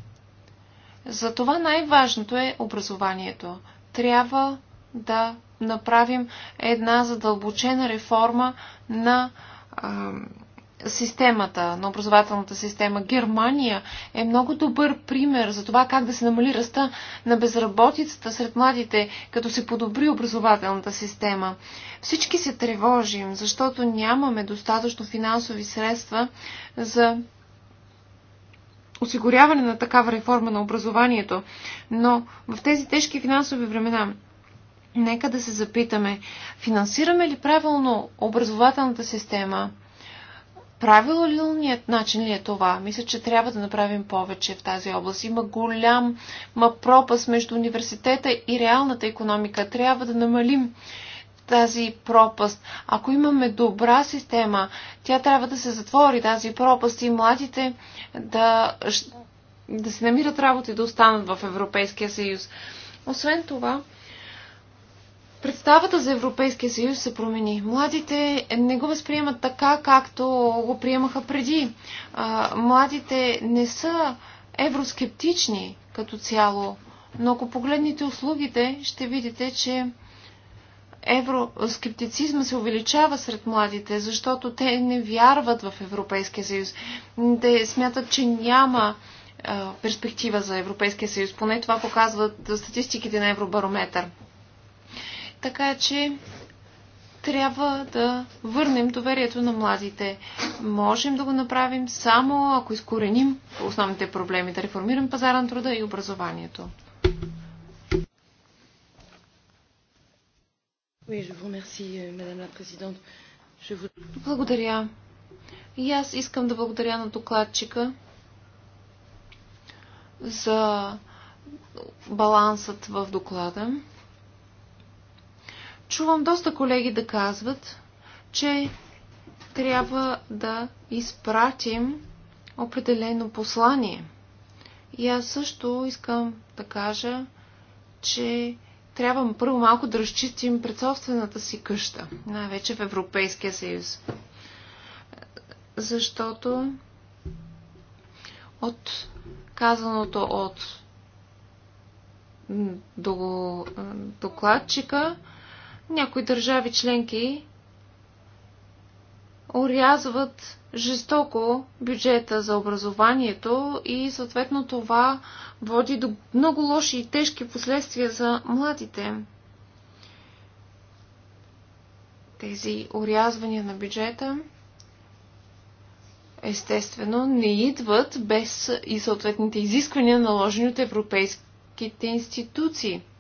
Затова най-важното е образованието. Трябва да направим една задълбочена реформа на системата, на образователната система. Германия е много добър пример за това как да се намали ръста на безработицата сред младите, като се подобри образователната система. Всички се тревожим, защото нямаме достатъчно финансови средства за осигуряване на такава реформа на образованието. Но в тези тежки финансови времена нека да се запитаме, финансираме ли правилно образователната система? правилният е, начин ли е това? Мисля, че трябва да направим повече в тази област. Има голям ма пропаст между университета и реалната економика. Трябва да намалим тази пропаст. Ако имаме добра система, тя трябва да се затвори тази пропаст и младите да, да се намират работа и да останат в Европейския съюз. Освен това, Представата за Европейския съюз се промени. Младите не го възприемат така, както го приемаха преди. Младите не са евроскептични като цяло, но ако погледнете услугите, ще видите, че евроскептицизма се увеличава сред младите, защото те не вярват в Европейския съюз. Те смятат, че няма перспектива за Европейския съюз. Поне това показват статистиките на Евробарометър. Така че трябва да върнем доверието на младите. Можем да го направим само ако изкореним основните проблеми, да реформираме пазара на труда и образованието. Euh, благодаря. И аз искам да благодаря на докладчика за балансът в доклада. Чувам доста колеги да казват, че трябва да изпратим определено послание. И аз също искам да кажа, че трябва първо малко да разчистим пред собствената си къща, най-вече в Европейския съюз. Защото от казаното от докладчика, някои държави членки орязват жестоко бюджета за образованието и съответно това води до много лоши и тежки последствия за младите. Тези орязвания на бюджета естествено не идват без и съответните изисквания наложени от европейските институции –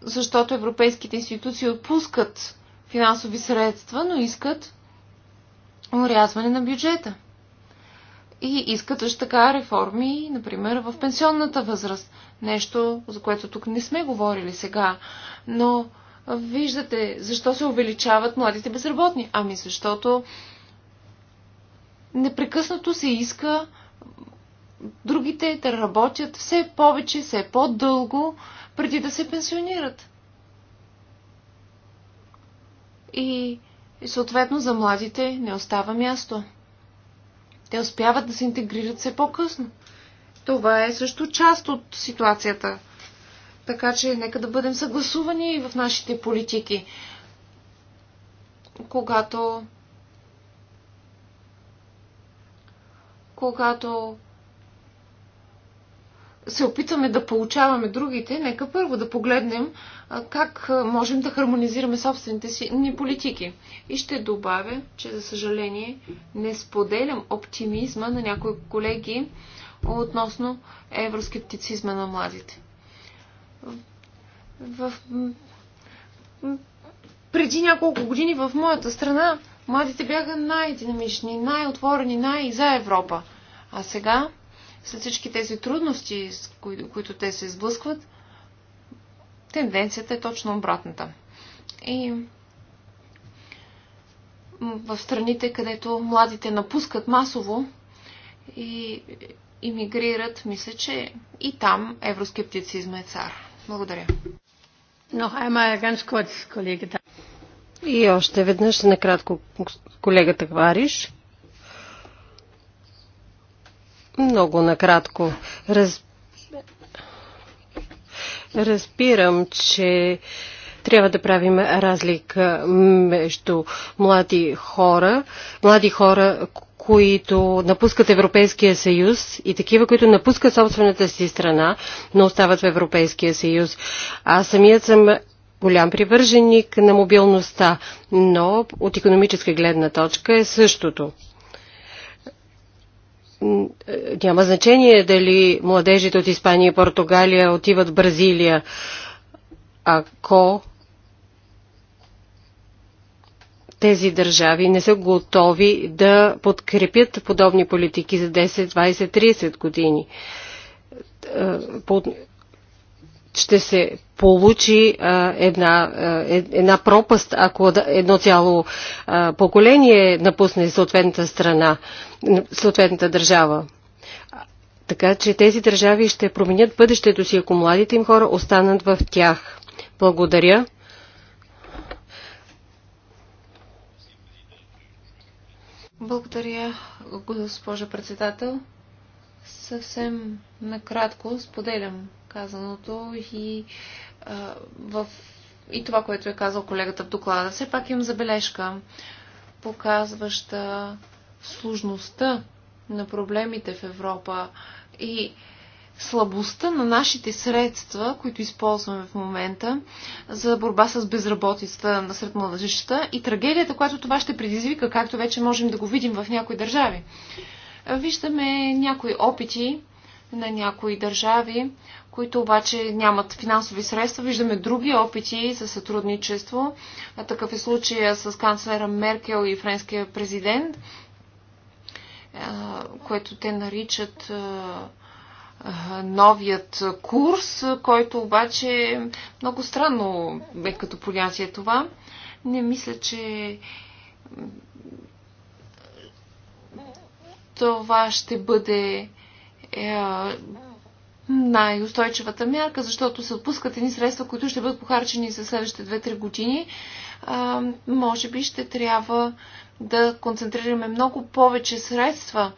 защото европейските институции отпускат финансови средства, но искат урязване на бюджета. И искат също така реформи, например, в пенсионната възраст. Нещо, за което тук не сме говорили сега. Но виждате, защо се увеличават младите безработни? Ами защото непрекъснато се иска другите да работят все повече, все по-дълго, преди да се пенсионират. И, и съответно за младите не остава място. Те успяват да се интегрират все по-късно. Това е също част от ситуацията. Така че нека да бъдем съгласувани в нашите политики. Когато когато се опитваме да получаваме другите, нека първо да погледнем как можем да хармонизираме собствените си ни политики. И ще добавя, че за съжаление не споделям оптимизма на някои колеги относно евроскептицизма на младите. В... Преди няколко години в моята страна младите бяха най-динамични, най-отворени, най-за Европа. А сега след всички тези трудности, с кои, които те се изблъскват, тенденцията е точно обратната. И в страните, където младите напускат масово и иммигрират, мисля, че и там евроскептицизма е цар. Благодаря. И още веднъж накратко колегата Квариш. Много накратко. Раз... Разбирам, че трябва да правим разлика между млади хора, млади хора, които напускат Европейския съюз и такива, които напускат собствената си страна, но остават в Европейския съюз. Аз самият съм голям привърженик на мобилността, но от економическа гледна точка е същото няма значение дали младежите от Испания и Португалия отиват в Бразилия. Ако тези държави не са готови да подкрепят подобни политики за 10, 20, 30 години. Ще се получи а, една, а, е, една пропаст, ако едно цяло а, поколение напусне съответната страна, съответната държава. Така че тези държави ще променят бъдещето си, ако младите им хора останат в тях. Благодаря. Благодаря, госпожа председател. Съвсем накратко споделям казаното и в... и това, което е казал колегата в доклада. Все пак имам забележка, показваща сложността на проблемите в Европа и слабостта на нашите средства, които използваме в момента за борба с безработицата сред младежищата и трагедията, която това ще предизвика, както вече можем да го видим в някои държави. Виждаме някои опити на някои държави които обаче нямат финансови средства. Виждаме други опити за сътрудничество. Такъв е случая с канцлера Меркел и френския президент, което те наричат новият курс, който обаче е много странно е като понятие това. Не мисля, че това ще бъде е, най-устойчивата мярка, защото се отпускат едни средства, които ще бъдат похарчени за следващите 2-3 години. А, може би ще трябва да концентрираме много повече средства,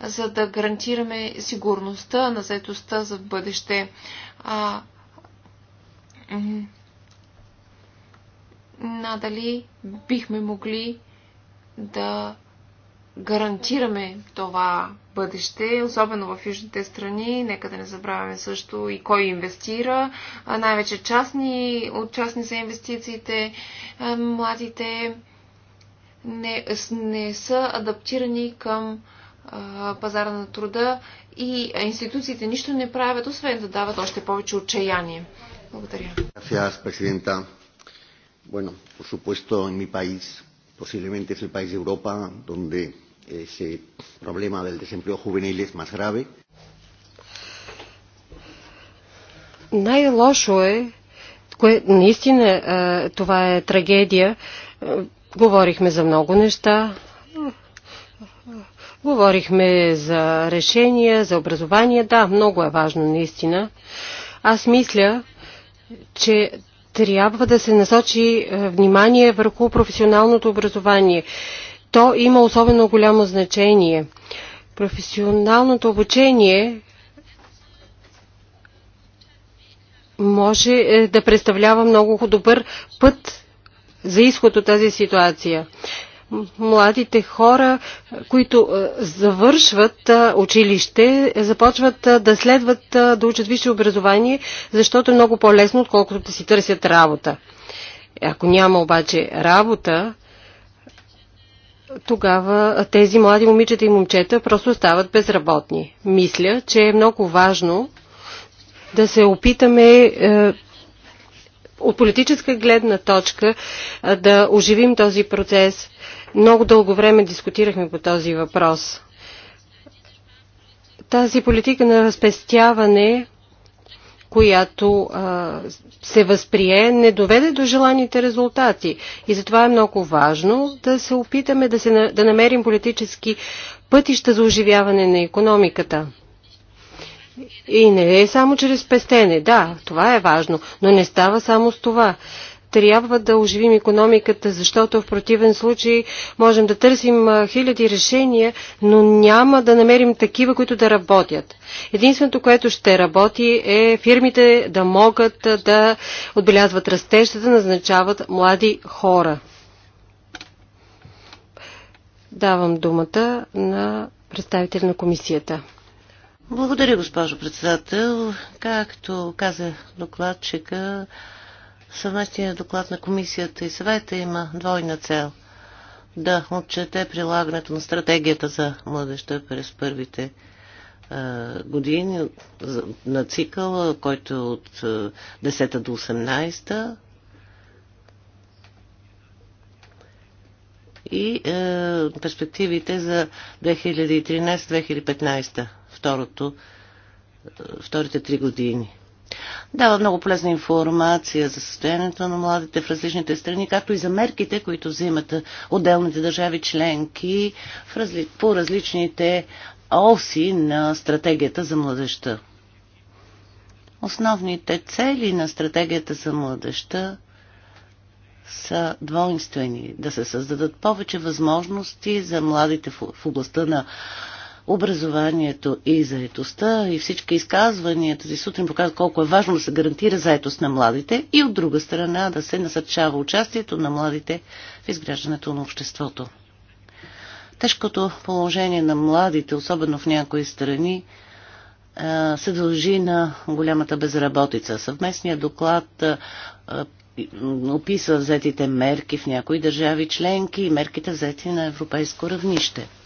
за да гарантираме сигурността на заедостта за бъдеще. А, надали бихме могли да гарантираме това бъдеще, особено в южните страни. Нека да не забравяме също и кой инвестира. Най-вече частни, от частни са инвестициите. Младите не, не са адаптирани към пазара на труда и институциите нищо не правят, освен да дават още повече отчаяние. Благодаря. Gracias, Presidenta. Bueno, por supuesto, en mi país, posiblemente es el país de Europa donde ese problema del desempleo juvenil es más grave. Най-лошо е, кое, наистина е, това е трагедия. Говорихме за много неща. Говорихме за решения, за образование. Да, много е важно, наистина. Аз мисля, че трябва да се насочи е, внимание върху професионалното образование то има особено голямо значение. Професионалното обучение може е, да представлява много добър път за изход от тази ситуация. Младите хора, които е, завършват е, училище, започват да следват да учат висше образование, защото е много по-лесно, отколкото да си търсят работа. Ако няма обаче работа, тогава тези млади момичета и момчета просто стават безработни. Мисля, че е много важно да се опитаме е, от политическа гледна точка е, да оживим този процес. Много дълго време дискутирахме по този въпрос. Тази политика на разпестяване която а, се възприе, не доведе до желаните резултати. И затова е много важно да се опитаме да, се, да намерим политически пътища за оживяване на економиката. И не е само чрез пестене, да, това е важно, но не става само с това трябва да оживим економиката, защото в противен случай можем да търсим хиляди решения, но няма да намерим такива, които да работят. Единственото, което ще работи е фирмите да могат да отбелязват растеж, да назначават млади хора. Давам думата на представител на комисията. Благодаря, госпожо председател. Както каза докладчика, Съвместният доклад на комисията и съвета има двойна цел да отчете прилагането на стратегията за младеща през първите години на цикъл, който е от 10 до 18 и е, перспективите за 2013-2015, второто, вторите три години. Дава много полезна информация за състоянието на младите в различните страни, както и за мерките, които взимат отделните държави членки разли... по различните оси на стратегията за младеща. Основните цели на стратегията за младеща са двойствени. Да се създадат повече възможности за младите в областта на образованието и заетостта и всички изказвания тази сутрин показват колко е важно да се гарантира заетост на младите и от друга страна да се насърчава участието на младите в изграждането на обществото. Тежкото положение на младите, особено в някои страни, се дължи на голямата безработица. Съвместният доклад описва взетите мерки в някои държави членки и мерките взети на европейско равнище –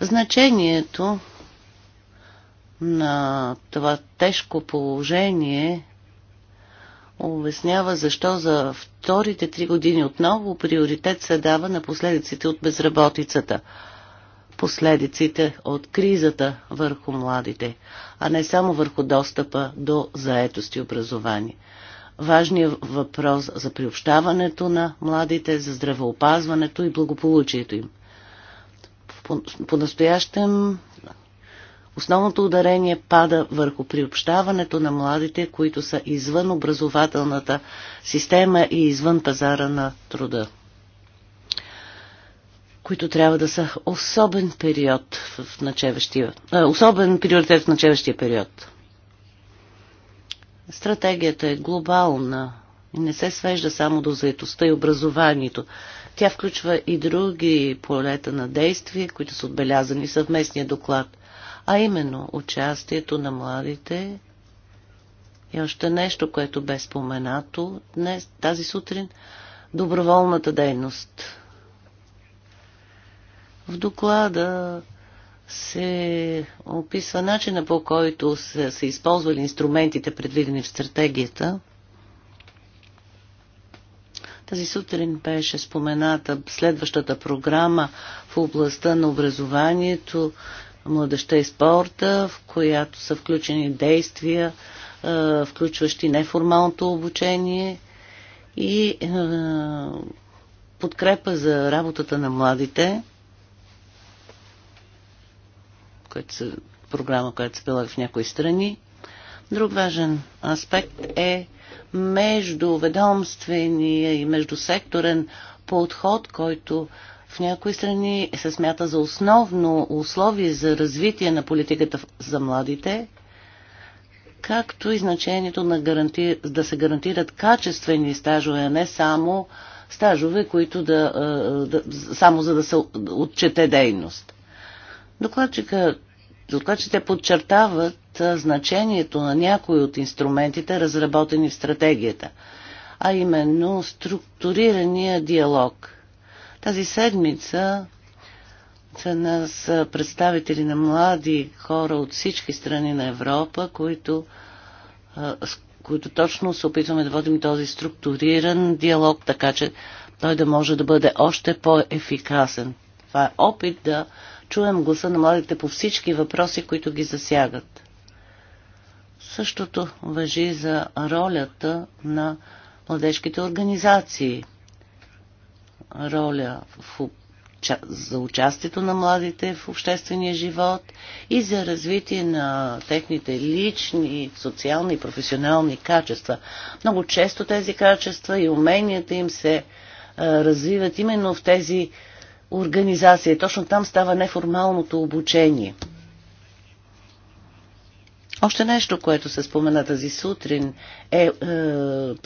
Значението на това тежко положение обяснява защо за вторите три години отново приоритет се дава на последиците от безработицата, последиците от кризата върху младите, а не само върху достъпа до заетост и образование. Важният въпрос за приобщаването на младите, за здравеопазването и благополучието им – по-настоящем основното ударение пада върху приобщаването на младите, които са извън образователната система и извън пазара на труда които трябва да са особен период в начеващия, особен приоритет в начеващия период. Стратегията е глобална и не се свежда само до заетостта и образованието. Тя включва и други полета на действие, които са отбелязани в съвместния доклад, а именно участието на младите и още нещо, което бе споменато днес, тази сутрин, доброволната дейност. В доклада се описва начина по който са се използвали инструментите, предвидени в стратегията – тази сутрин беше спомената следващата програма в областта на образованието, младеща и спорта, в която са включени действия, включващи неформалното обучение и подкрепа за работата на младите, която са програма, която се прилага в някои страни. Друг важен аспект е междуведомствения и междусекторен подход, който в някои страни се смята за основно условие за развитие на политиката за младите, както и значението на гаранти... да се гарантират качествени стажове, а не само стажове, които да, да, само за да се отчете дейност. Докладчика, докладчите подчертават, значението на някои от инструментите, разработени в стратегията, а именно структурирания диалог. Тази седмица са нас представители на млади хора от всички страни на Европа, които, с които точно се опитваме да водим този структуриран диалог, така че той да може да бъде още по-ефикасен. Това е опит да чуем гласа на младите по всички въпроси, които ги засягат. Същото въжи за ролята на младежките организации. Роля в, за участието на младите в обществения живот и за развитие на техните лични, социални и професионални качества. Много често тези качества и уменията им се развиват именно в тези организации. Точно там става неформалното обучение – още нещо, което се спомена тази сутрин е, е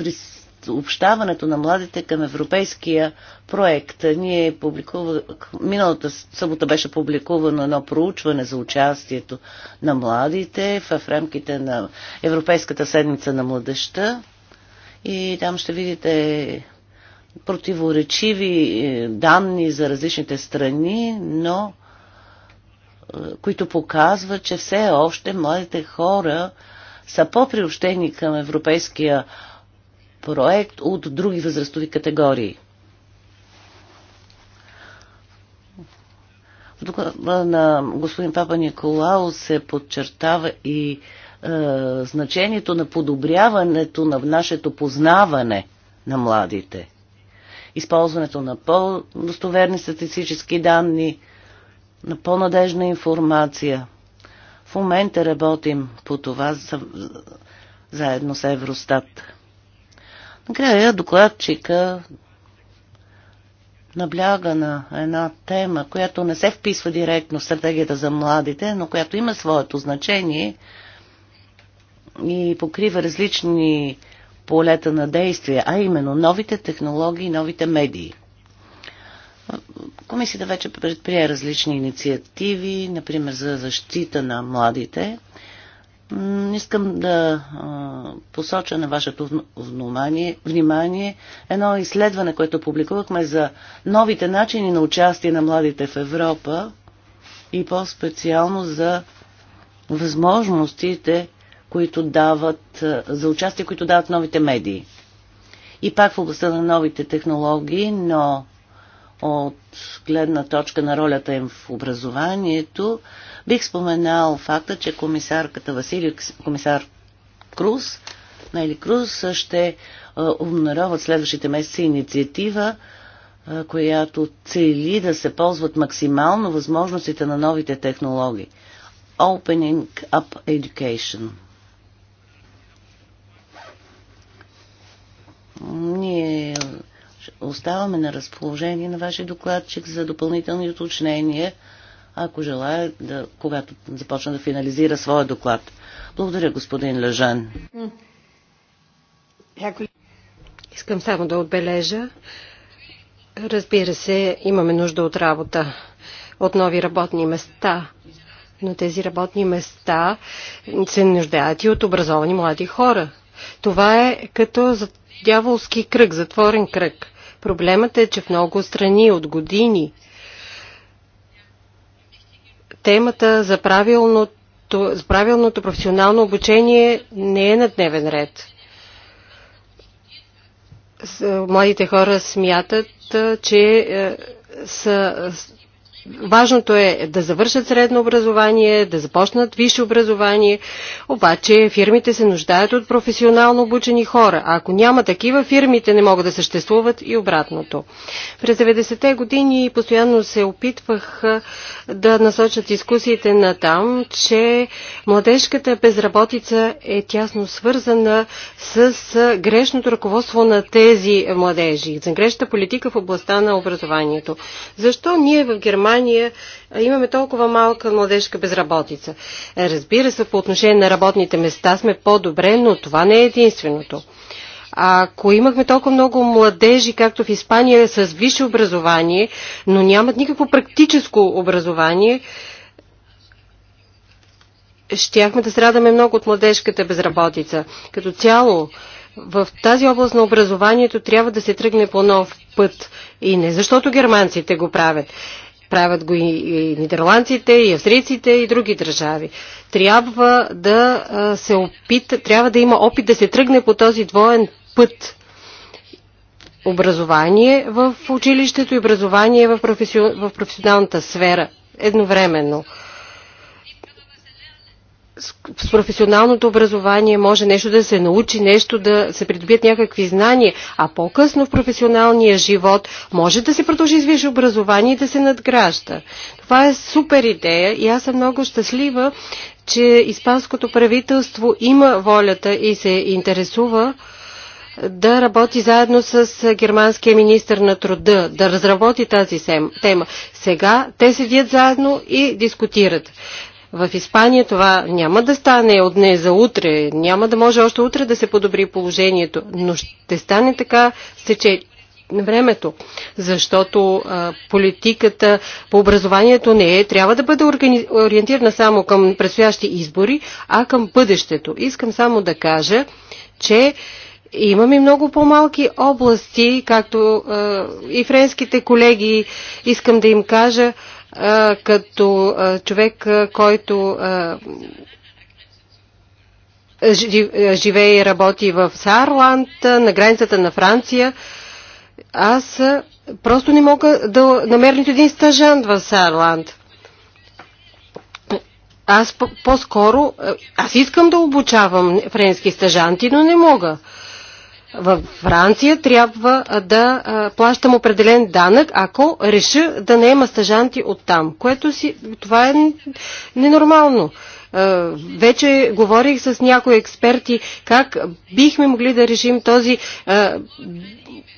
общаването на младите към европейския проект. Ние публикува... Миналата събота беше публикувано едно проучване за участието на младите в рамките на Европейската седмица на младеща. И там ще видите противоречиви е, данни за различните страни, но които показват, че все още младите хора са по-приобщени към европейския проект от други възрастови категории. В доклада на господин Папа Николао се подчертава и е, значението на подобряването на нашето познаване на младите. Използването на по-достоверни статистически данни – на по-надежна информация. В момента работим по това заедно с Евростат. Накрая докладчика набляга на една тема, която не се вписва директно в стратегията за младите, но която има своето значение и покрива различни полета на действие, а именно новите технологии, новите медии. Комисията вече предприе различни инициативи, например за защита на младите. Искам да посоча на вашето внимание, внимание едно изследване, което публикувахме за новите начини на участие на младите в Европа и по-специално за възможностите, които дават, за участие, които дават новите медии. И пак в областта на новите технологии, но от гледна точка на ролята им в образованието, бих споменал факта, че комисарката Василий, комисар Круз, Нели Круз ще е, обнароват следващите месеци инициатива, е, която цели да се ползват максимално възможностите на новите технологии. Opening up education. Ние Оставаме на разположение на вашия докладчик за допълнителни уточнения, ако желая, да, когато започна да финализира своя доклад. Благодаря, господин Лежан. Искам само да отбележа. Разбира се, имаме нужда от работа, от нови работни места, но тези работни места се нуждаят и от образовани млади хора. Това е като дяволски кръг, затворен кръг. Проблемът е, че в много страни от години темата за правилното, за правилното професионално обучение не е на дневен ред. Младите хора смятат, че е, са Важното е да завършат средно образование, да започнат висше образование, обаче фирмите се нуждаят от професионално обучени хора, а ако няма такива, фирмите не могат да съществуват и обратното. През 90-те години постоянно се опитвах да насочат дискусиите на там, че младежката безработица е тясно свързана с грешното ръководство на тези младежи, за грешната политика в областта на образованието. Защо ние в Германия Германия имаме толкова малка младежка безработица. Разбира се, по отношение на работните места сме по-добре, но това не е единственото. Ако имахме толкова много младежи, както в Испания, с висше образование, но нямат никакво практическо образование, щяхме да страдаме много от младежката безработица. Като цяло, в тази област на образованието трябва да се тръгне по нов път. И не защото германците го правят. Правят го и нидерландците, и австрийците, и други държави. Трябва да се опита, трябва да има опит да се тръгне по този двоен път. Образование в училището и образование в, професи... в професионалната сфера едновременно с професионалното образование може нещо да се научи, нещо да се придобият някакви знания, а по-късно в професионалния живот може да се продължи с висше образование и да се надгражда. Това е супер идея и аз съм много щастлива, че испанското правителство има волята и се интересува да работи заедно с германския министр на труда, да разработи тази тема. Сега те седят заедно и дискутират. В Испания това няма да стане от днес за утре, няма да може още утре да се подобри положението, но ще стане така с на времето, защото а, политиката по образованието не е, трябва да бъде органи... ориентирана само към предстоящи избори, а към бъдещето. Искам само да кажа, че имаме много по-малки области, както а, и френските колеги, искам да им кажа, като човек, който живее и работи в Сарланд, на границата на Франция. Аз просто не мога да намеря нито един стажант в Сарланд. Аз по-скоро, аз искам да обучавам френски стажанти, но не мога във Франция трябва да плащам определен данък, ако реша да наема стажанти от там, което си, това е ненормално. Вече говорих с някои експерти как бихме могли да решим този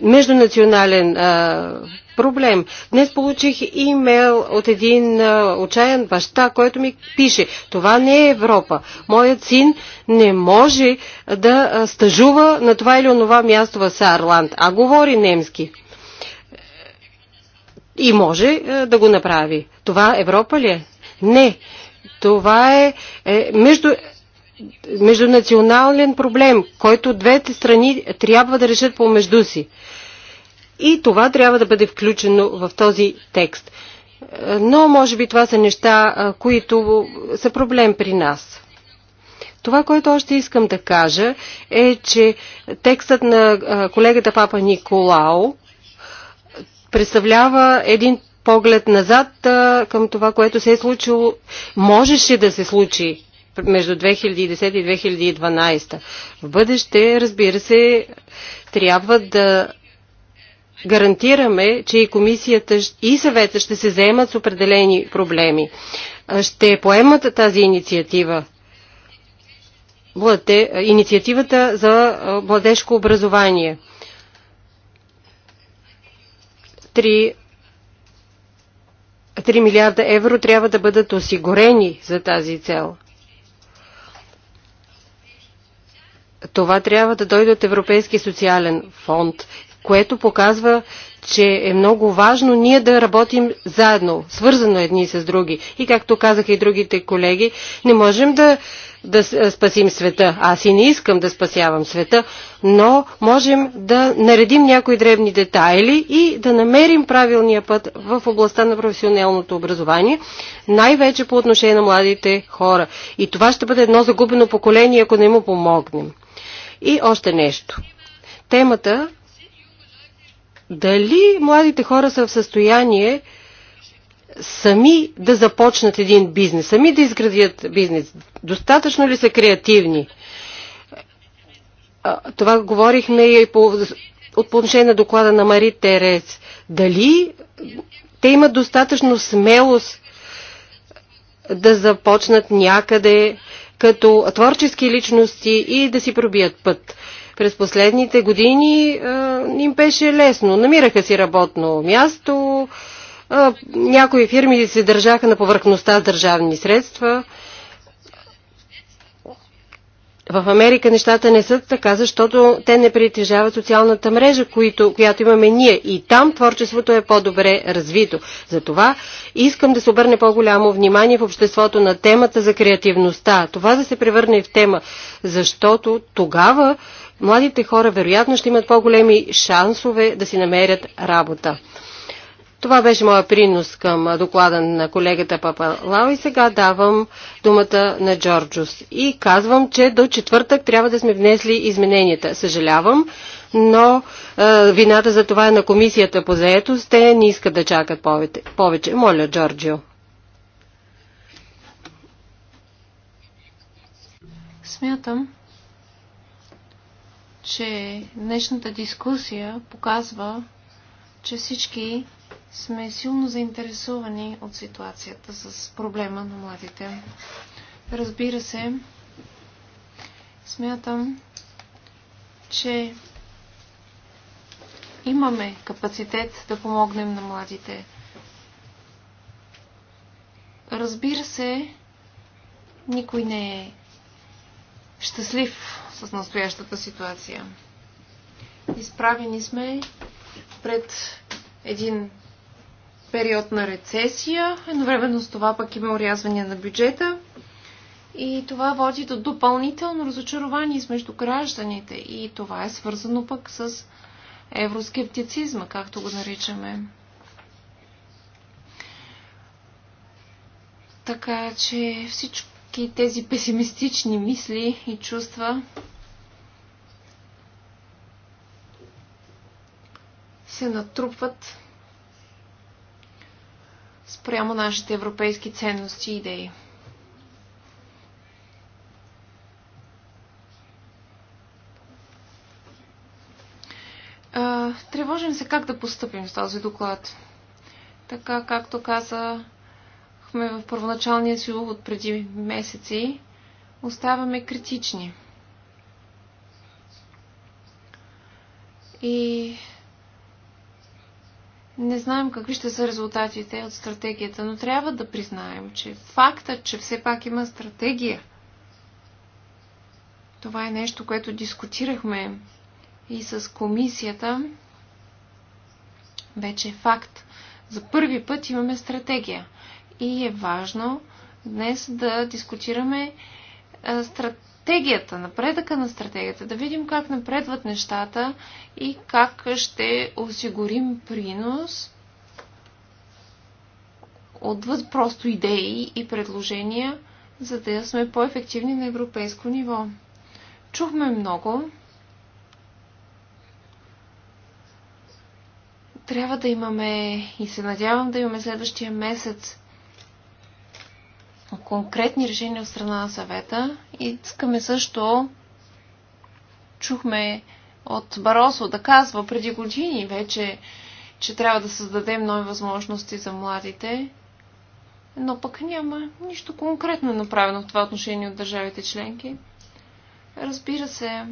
междунационален а, проблем. Днес получих имейл от един а, отчаян баща, който ми пише, това не е Европа. Моят син не може да стажува на това или онова място в Сарланд, а говори немски. И може а, да го направи. Това Европа ли е? Не. Това е, е между междунационален проблем, който двете страни трябва да решат помежду си. И това трябва да бъде включено в този текст. Но може би това са неща, които са проблем при нас. Това, което още искам да кажа е, че текстът на колегата Папа Николао представлява един поглед назад към това, което се е случило, можеше да се случи между 2010 и 2012. В бъдеще, разбира се, трябва да гарантираме, че и комисията и съвета ще се заемат с определени проблеми. Ще поемат тази инициатива. Младе, инициативата за младежко образование. Три 3 милиарда евро трябва да бъдат осигурени за тази цел. това трябва да дойде от Европейски социален фонд, което показва, че е много важно ние да работим заедно, свързано едни с други. И както казаха и другите колеги, не можем да, да спасим света. Аз и не искам да спасявам света, но можем да наредим някои дребни детайли и да намерим правилния път в областта на професионалното образование, най-вече по отношение на младите хора. И това ще бъде едно загубено поколение, ако не му помогнем. И още нещо. Темата дали младите хора са в състояние сами да започнат един бизнес, сами да изградят бизнес. Достатъчно ли са креативни? Това говорихме и по, от отношение на доклада на Мари Терец. Дали те имат достатъчно смелост да започнат някъде, като творчески личности и да си пробият път. През последните години а, им беше лесно. Намираха си работно място, а, някои фирми се държаха на повърхността с държавни средства – в Америка нещата не са така, защото те не притежават социалната мрежа, които, която имаме ние. И там творчеството е по-добре развито. Затова искам да се обърне по-голямо внимание в обществото на темата за креативността. Това да се превърне в тема, защото тогава младите хора вероятно ще имат по-големи шансове да си намерят работа. Това беше моя принос към доклада на колегата Папалао и сега давам думата на Джорджус. И казвам, че до четвъртък трябва да сме внесли измененията. Съжалявам, но е, вината за това е на комисията по заетост. Те не искат да чакат повече. Моля, Джорджио. Смятам, че днешната дискусия показва, че всички сме силно заинтересовани от ситуацията с проблема на младите. Разбира се, смятам, че имаме капацитет да помогнем на младите. Разбира се, никой не е щастлив с настоящата ситуация. Изправени сме пред един период на рецесия, едновременно с това пък има урязване на бюджета и това води до допълнително разочарование между гражданите и това е свързано пък с евроскептицизма, както го наричаме. Така че всички тези песимистични мисли и чувства се натрупват спрямо нашите европейски ценности и идеи. Тревожим се как да поступим с този доклад. Така както казахме в първоначалния си от преди месеци, оставаме критични. И не знаем какви ще са резултатите от стратегията, но трябва да признаем, че фактът, че все пак има стратегия, това е нещо, което дискутирахме и с комисията. Вече е факт. За първи път имаме стратегия. И е важно днес да дискутираме стратегията, напредъка на стратегията, да видим как напредват нещата и как ще осигурим принос отвъд просто идеи и предложения, за да сме по-ефективни на европейско ниво. Чухме много. Трябва да имаме и се надявам да имаме следващия месец конкретни решения от страна на съвета. Искаме също, чухме от Баросо да казва преди години вече, че трябва да създадем нови възможности за младите, но пък няма нищо конкретно направено в това отношение от държавите членки. Разбира се,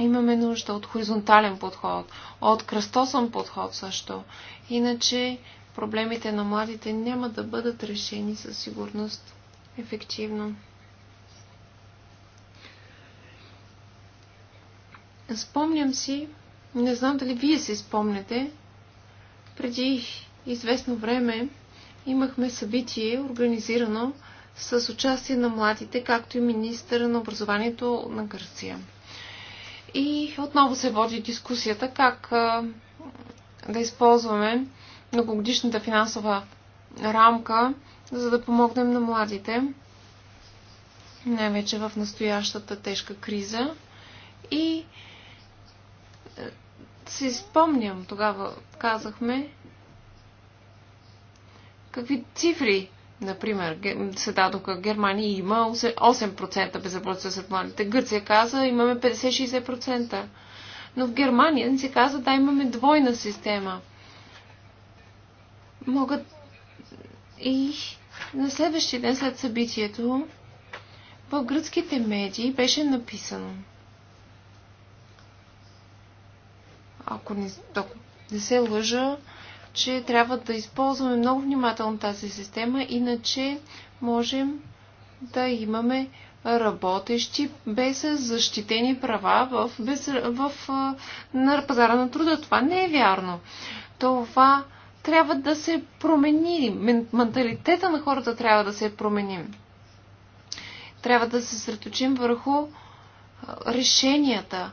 имаме нужда от хоризонтален подход, от кръстосан подход също. Иначе проблемите на младите няма да бъдат решени със сигурност ефективно. Спомням си, не знам дали вие се спомняте, преди известно време имахме събитие, организирано с участие на младите, както и министъра на образованието на Гърция. И отново се води дискусията как да използваме многогодишната финансова рамка, за да помогнем на младите, най-вече в настоящата тежка криза. И е, си спомням, тогава казахме, какви цифри, например, се дадоха Германия има 8% безработица сред младите. Гърция каза, имаме 50-60%. Но в Германия не се каза, да, имаме двойна система – могат и на следващия ден след събитието в гръцките медии беше написано. Ако не, ако не се лъжа, че трябва да използваме много внимателно тази система, иначе можем да имаме работещи без защитени права в, без, в, на пазара на труда. Това не е вярно. Това трябва да се промени. Менталитета на хората трябва да се промени. Трябва да се среточим върху решенията.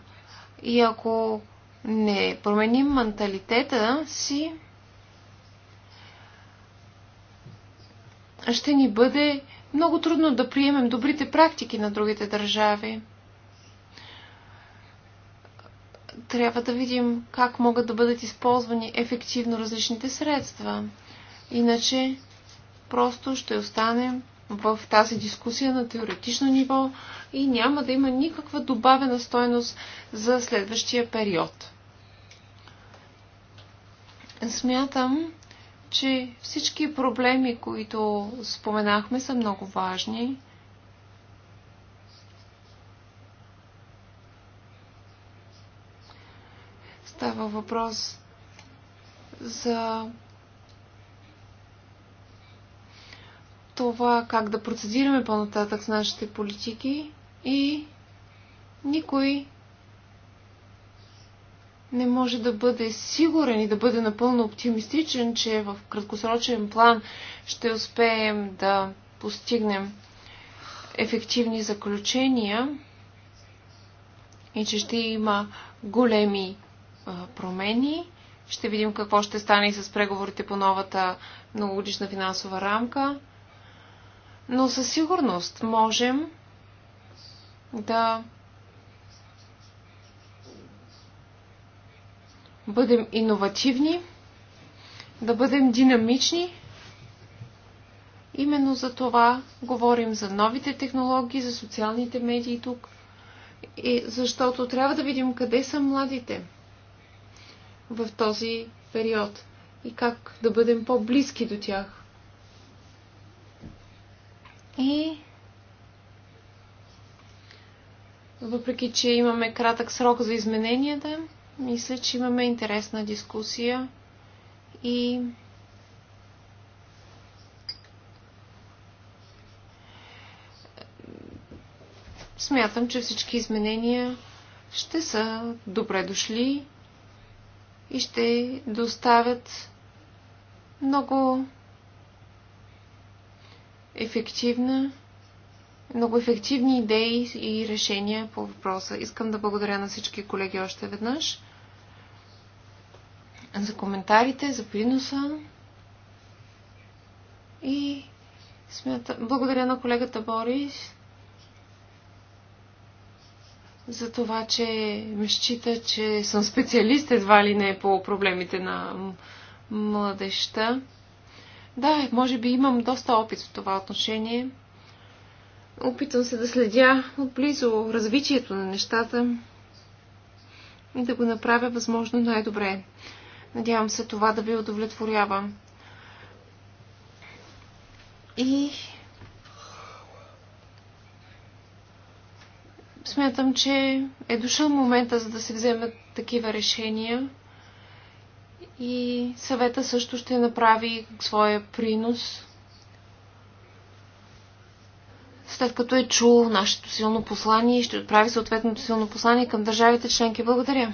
И ако не променим менталитета си, ще ни бъде много трудно да приемем добрите практики на другите държави. трябва да видим как могат да бъдат използвани ефективно различните средства. Иначе просто ще останем в тази дискусия на теоретично ниво и няма да има никаква добавена стойност за следващия период. Смятам, че всички проблеми, които споменахме, са много важни Става въпрос за това как да процедираме по-нататък с нашите политики и никой не може да бъде сигурен и да бъде напълно оптимистичен, че в краткосрочен план ще успеем да постигнем ефективни заключения и че ще има големи промени. Ще видим какво ще стане и с преговорите по новата многогодишна финансова рамка. Но със сигурност можем да бъдем иновативни, да бъдем динамични. Именно за това говорим за новите технологии, за социалните медии тук. И защото трябва да видим къде са младите в този период и как да бъдем по-близки до тях. И въпреки, че имаме кратък срок за измененията, мисля, че имаме интересна дискусия и смятам, че всички изменения ще са добре дошли и ще доставят много ефективна, много ефективни идеи и решения по въпроса. Искам да благодаря на всички колеги още веднъж за коментарите, за приноса и смятам, благодаря на колегата Борис за това, че ме счита, че съм специалист едва ли не по проблемите на младеща. Да, може би имам доста опит в това отношение. Опитвам се да следя отблизо развитието на нещата и да го направя възможно най-добре. Надявам се това да ви удовлетворява. И смятам, че е дошъл момента, за да се вземат такива решения. И съвета също ще направи своя принос, след като е чул нашето силно послание и ще отправи съответното силно послание към държавите членки. Благодаря.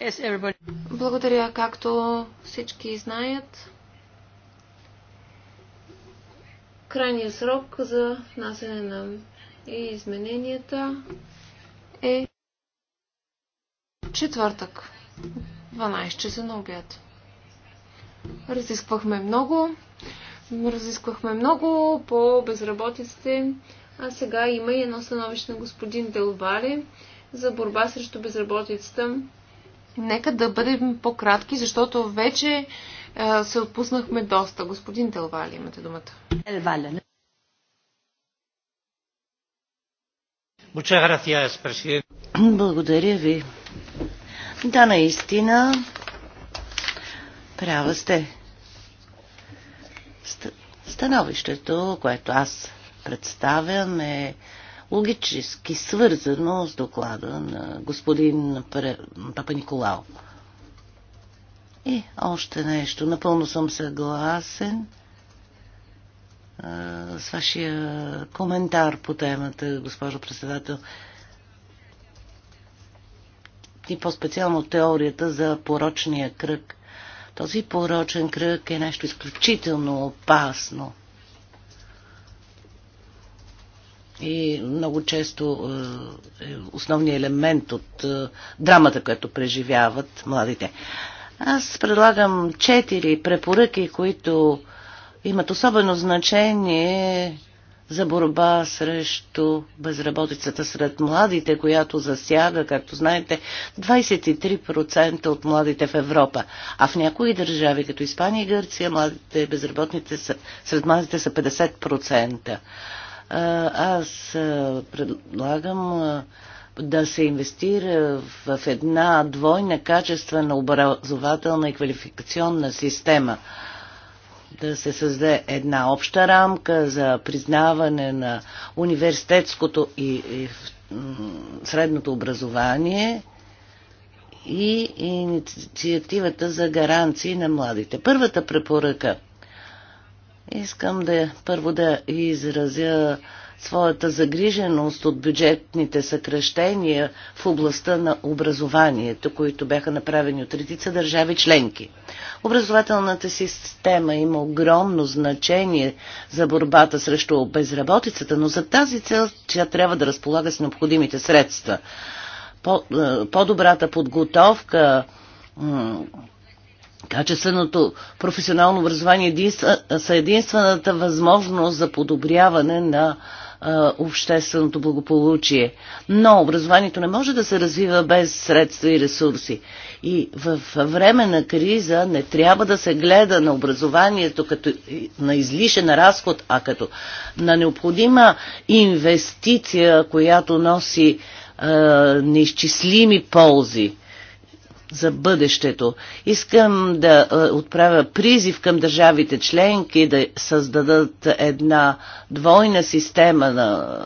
Yes, Благодаря, както всички знаят. Крайният срок за внасяне на и измененията е четвъртък, 12 часа на обяд. Разисквахме много, разисквахме много по безработиците, а сега има и едно становище на господин Делвале за борба срещу безработицата. Нека да бъдем по-кратки, защото вече се отпуснахме доста. Господин Делвали, имате думата. не? Благодаря ви. Да, наистина. Права сте. Становището, което аз представям, е логически свързано с доклада на господин Папа Николао. И още нещо. Напълно съм съгласен с вашия коментар по темата, госпожо председател. И по-специално теорията за порочния кръг. Този порочен кръг е нещо изключително опасно. И много често е основният елемент от драмата, която преживяват младите. Аз предлагам четири препоръки, които имат особено значение за борба срещу безработицата сред младите, която засяга, както знаете, 23% от младите в Европа. А в някои държави, като Испания и Гърция, младите безработните са, сред младите са 50%. Аз предлагам да се инвестира в една двойна качествена образователна и квалификационна система – да се създаде една обща рамка за признаване на университетското и, и средното образование и инициативата за гаранции на младите. Първата препоръка. Искам да първо да изразя своята загриженост от бюджетните съкръщения в областта на образованието, които бяха направени от редица държави членки. Образователната система има огромно значение за борбата срещу безработицата, но за тази цел тя трябва да разполага с необходимите средства. Е, по-добрата по подготовка, Качественото професионално образование са единствената възможност за подобряване на общественото благополучие. Но образованието не може да се развива без средства и ресурси. И в време на криза не трябва да се гледа на образованието като на излишен разход, а като на необходима инвестиция, която носи неизчислими ползи за бъдещето. Искам да е, отправя призив към държавите членки да създадат една двойна система на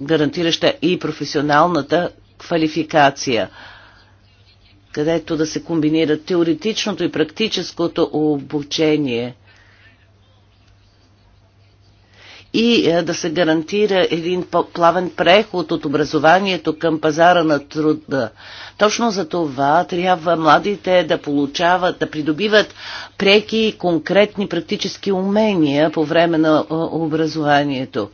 гарантираща и професионалната квалификация, където да се комбинират теоретичното и практическото обучение и е, да се гарантира един плавен преход от образованието към пазара на труда. Точно за това трябва младите да получават, да придобиват преки и конкретни практически умения по време на е, образованието.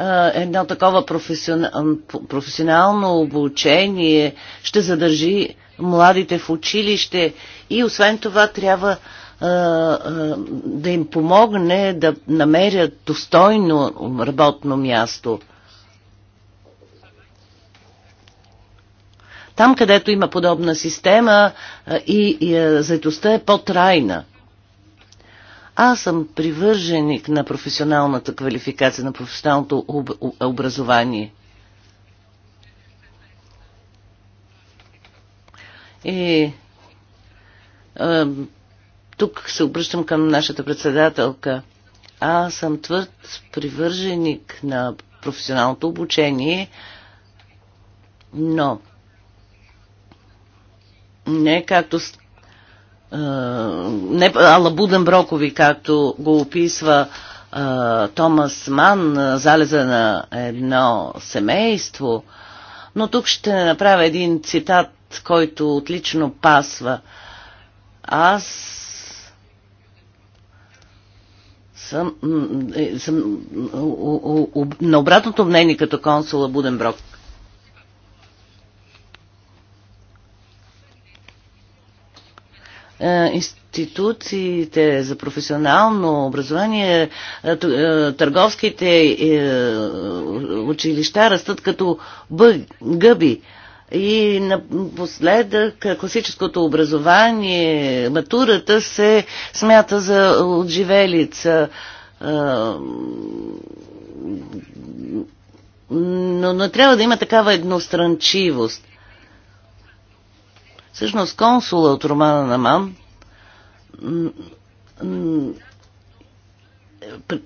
Е, едно такова професионал, професионално обучение ще задържи младите в училище и освен това трябва да им помогне да намерят достойно работно място. Там, където има подобна система и, и заедостта е по-трайна. Аз съм привърженик на професионалната квалификация, на професионалното об, образование. И е, тук се обръщам към нашата председателка. Аз съм твърд привърженик на професионалното обучение, но не както не Алабуден Брокови, както го описва Томас Ман, залеза на едно семейство, но тук ще направя един цитат, който отлично пасва. Аз съм, е, съм на обратното мнение като консула Буденброк. Е, институциите за професионално образование, е, търговските училища растат като гъби. И напоследък класическото образование, матурата се смята за отживелица. Но, но трябва да има такава едностранчивост. Всъщност консула от романа на Ман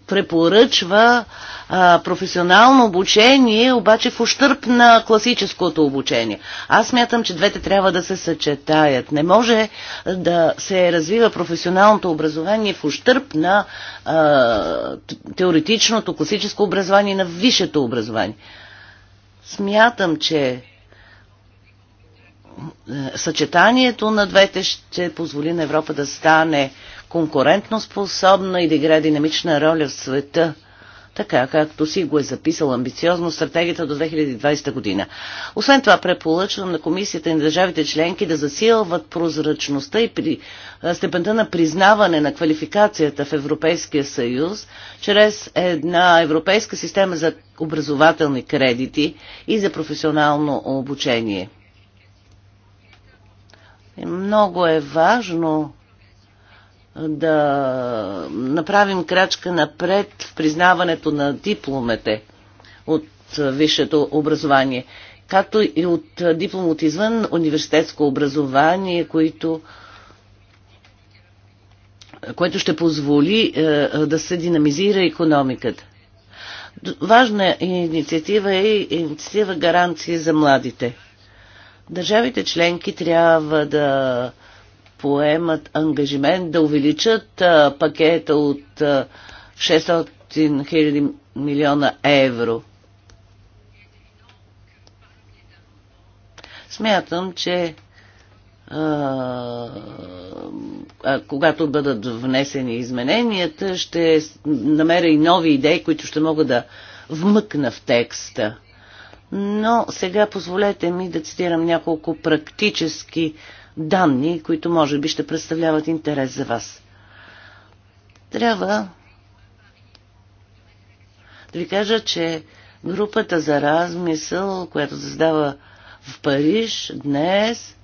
препоръчва а, професионално обучение, обаче в ущърп на класическото обучение. Аз мятам, че двете трябва да се съчетаят. Не може да се развива професионалното образование в ущърп на а, теоретичното класическо образование, на висшето образование. Смятам, че съчетанието на двете ще позволи на Европа да стане конкурентно способна и да играе динамична роля в света, така както си го е записал амбициозно стратегията до 2020 година. Освен това, препоръчвам на комисията и на държавите членки да засилват прозрачността и при степента на признаване на квалификацията в Европейския съюз чрез една европейска система за образователни кредити и за професионално обучение. Много е важно да направим крачка напред в признаването на дипломете от висшето образование, както и от диплом от извън университетско образование, които, което ще позволи е, да се динамизира економиката. Важна инициатива е инициатива гаранции за младите. Държавите членки трябва да поемат ангажимент да увеличат а, пакета от а, 600 000 милиона евро. Смятам, че а, а, когато бъдат внесени измененията, ще намеря и нови идеи, които ще мога да вмъкна в текста. Но сега позволете ми да цитирам няколко практически а, данни, които може би ще представляват интерес за вас. Трябва да ви кажа, че групата за размисъл, която се създава в Париж днес,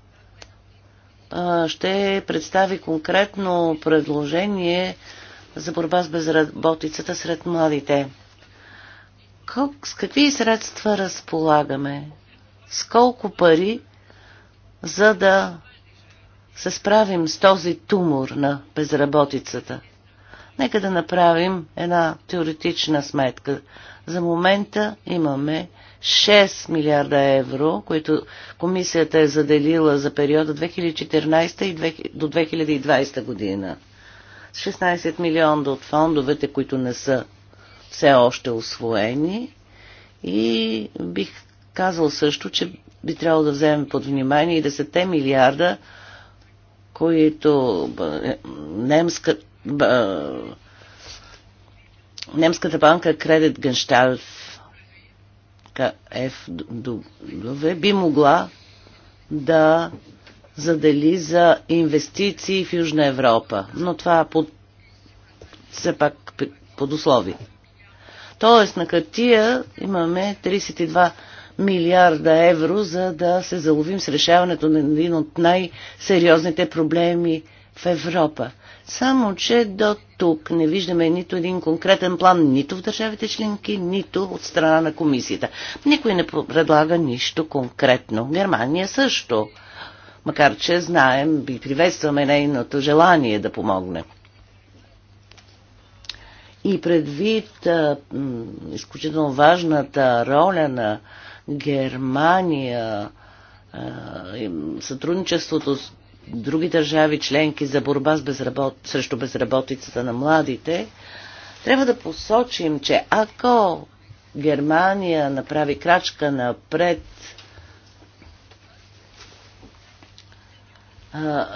ще представи конкретно предложение за борба с безработицата сред младите. Как, с какви средства разполагаме? С колко пари, за да се справим с този тумор на безработицата? Нека да направим една теоретична сметка. За момента имаме 6 милиарда евро, които комисията е заделила за периода 2014 и до 2020 година. 16 милиона от фондовете, които не са все още освоени. И бих казал също, че би трябвало да вземем под внимание и 10 милиарда които немска, немската банка Кредит Генштальф F би могла да задели за инвестиции в Южна Европа. Но това е под, все пак под условие. Тоест на катия имаме 32 милиарда евро, за да се заловим с решаването на един от най-сериозните проблеми в Европа. Само, че до тук не виждаме нито един конкретен план нито в държавите членки, нито от страна на комисията. Никой не предлага нищо конкретно. Германия също. Макар, че знаем и приветстваме нейното желание да помогне. И предвид а, изключително важната роля на Германия, сътрудничеството с други държави членки за борба с безработ... срещу безработицата на младите, трябва да посочим, че ако Германия направи крачка напред,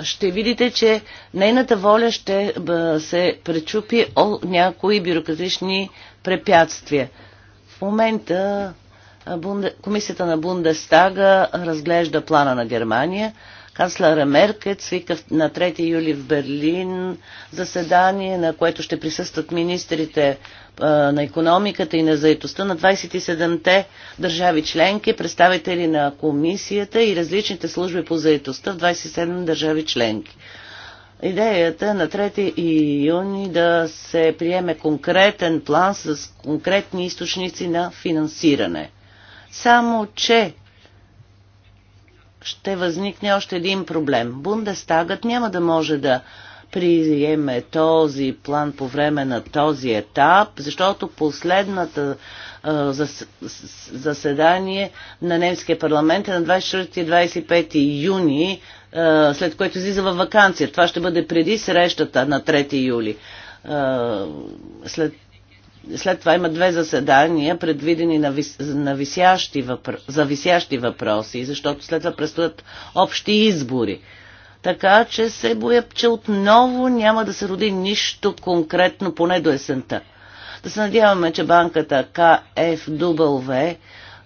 ще видите, че нейната воля ще се пречупи от някои бюрократични препятствия. В момента Комисията на Бундестага разглежда плана на Германия. Канцлера Меркет свика на 3 юли в Берлин заседание, на което ще присъстват министрите на економиката и на заетостта на 27-те държави членки, представители на комисията и различните служби по заетостта в 27 държави членки. Идеята е на 3 июни да се приеме конкретен план с конкретни източници на финансиране. Само, че ще възникне още един проблем. Бундестагът няма да може да приеме този план по време на този етап, защото последната заседание на немския парламент е на 24 25 юни, след което излиза във вакансия. Това ще бъде преди срещата на 3 юли. след след това има две заседания, предвидени на, вис, на висящи въпро, за висящи въпроси, защото след това предстоят общи избори. Така че се боя, че отново няма да се роди нищо конкретно, поне до есента. Да се надяваме, че банката KFW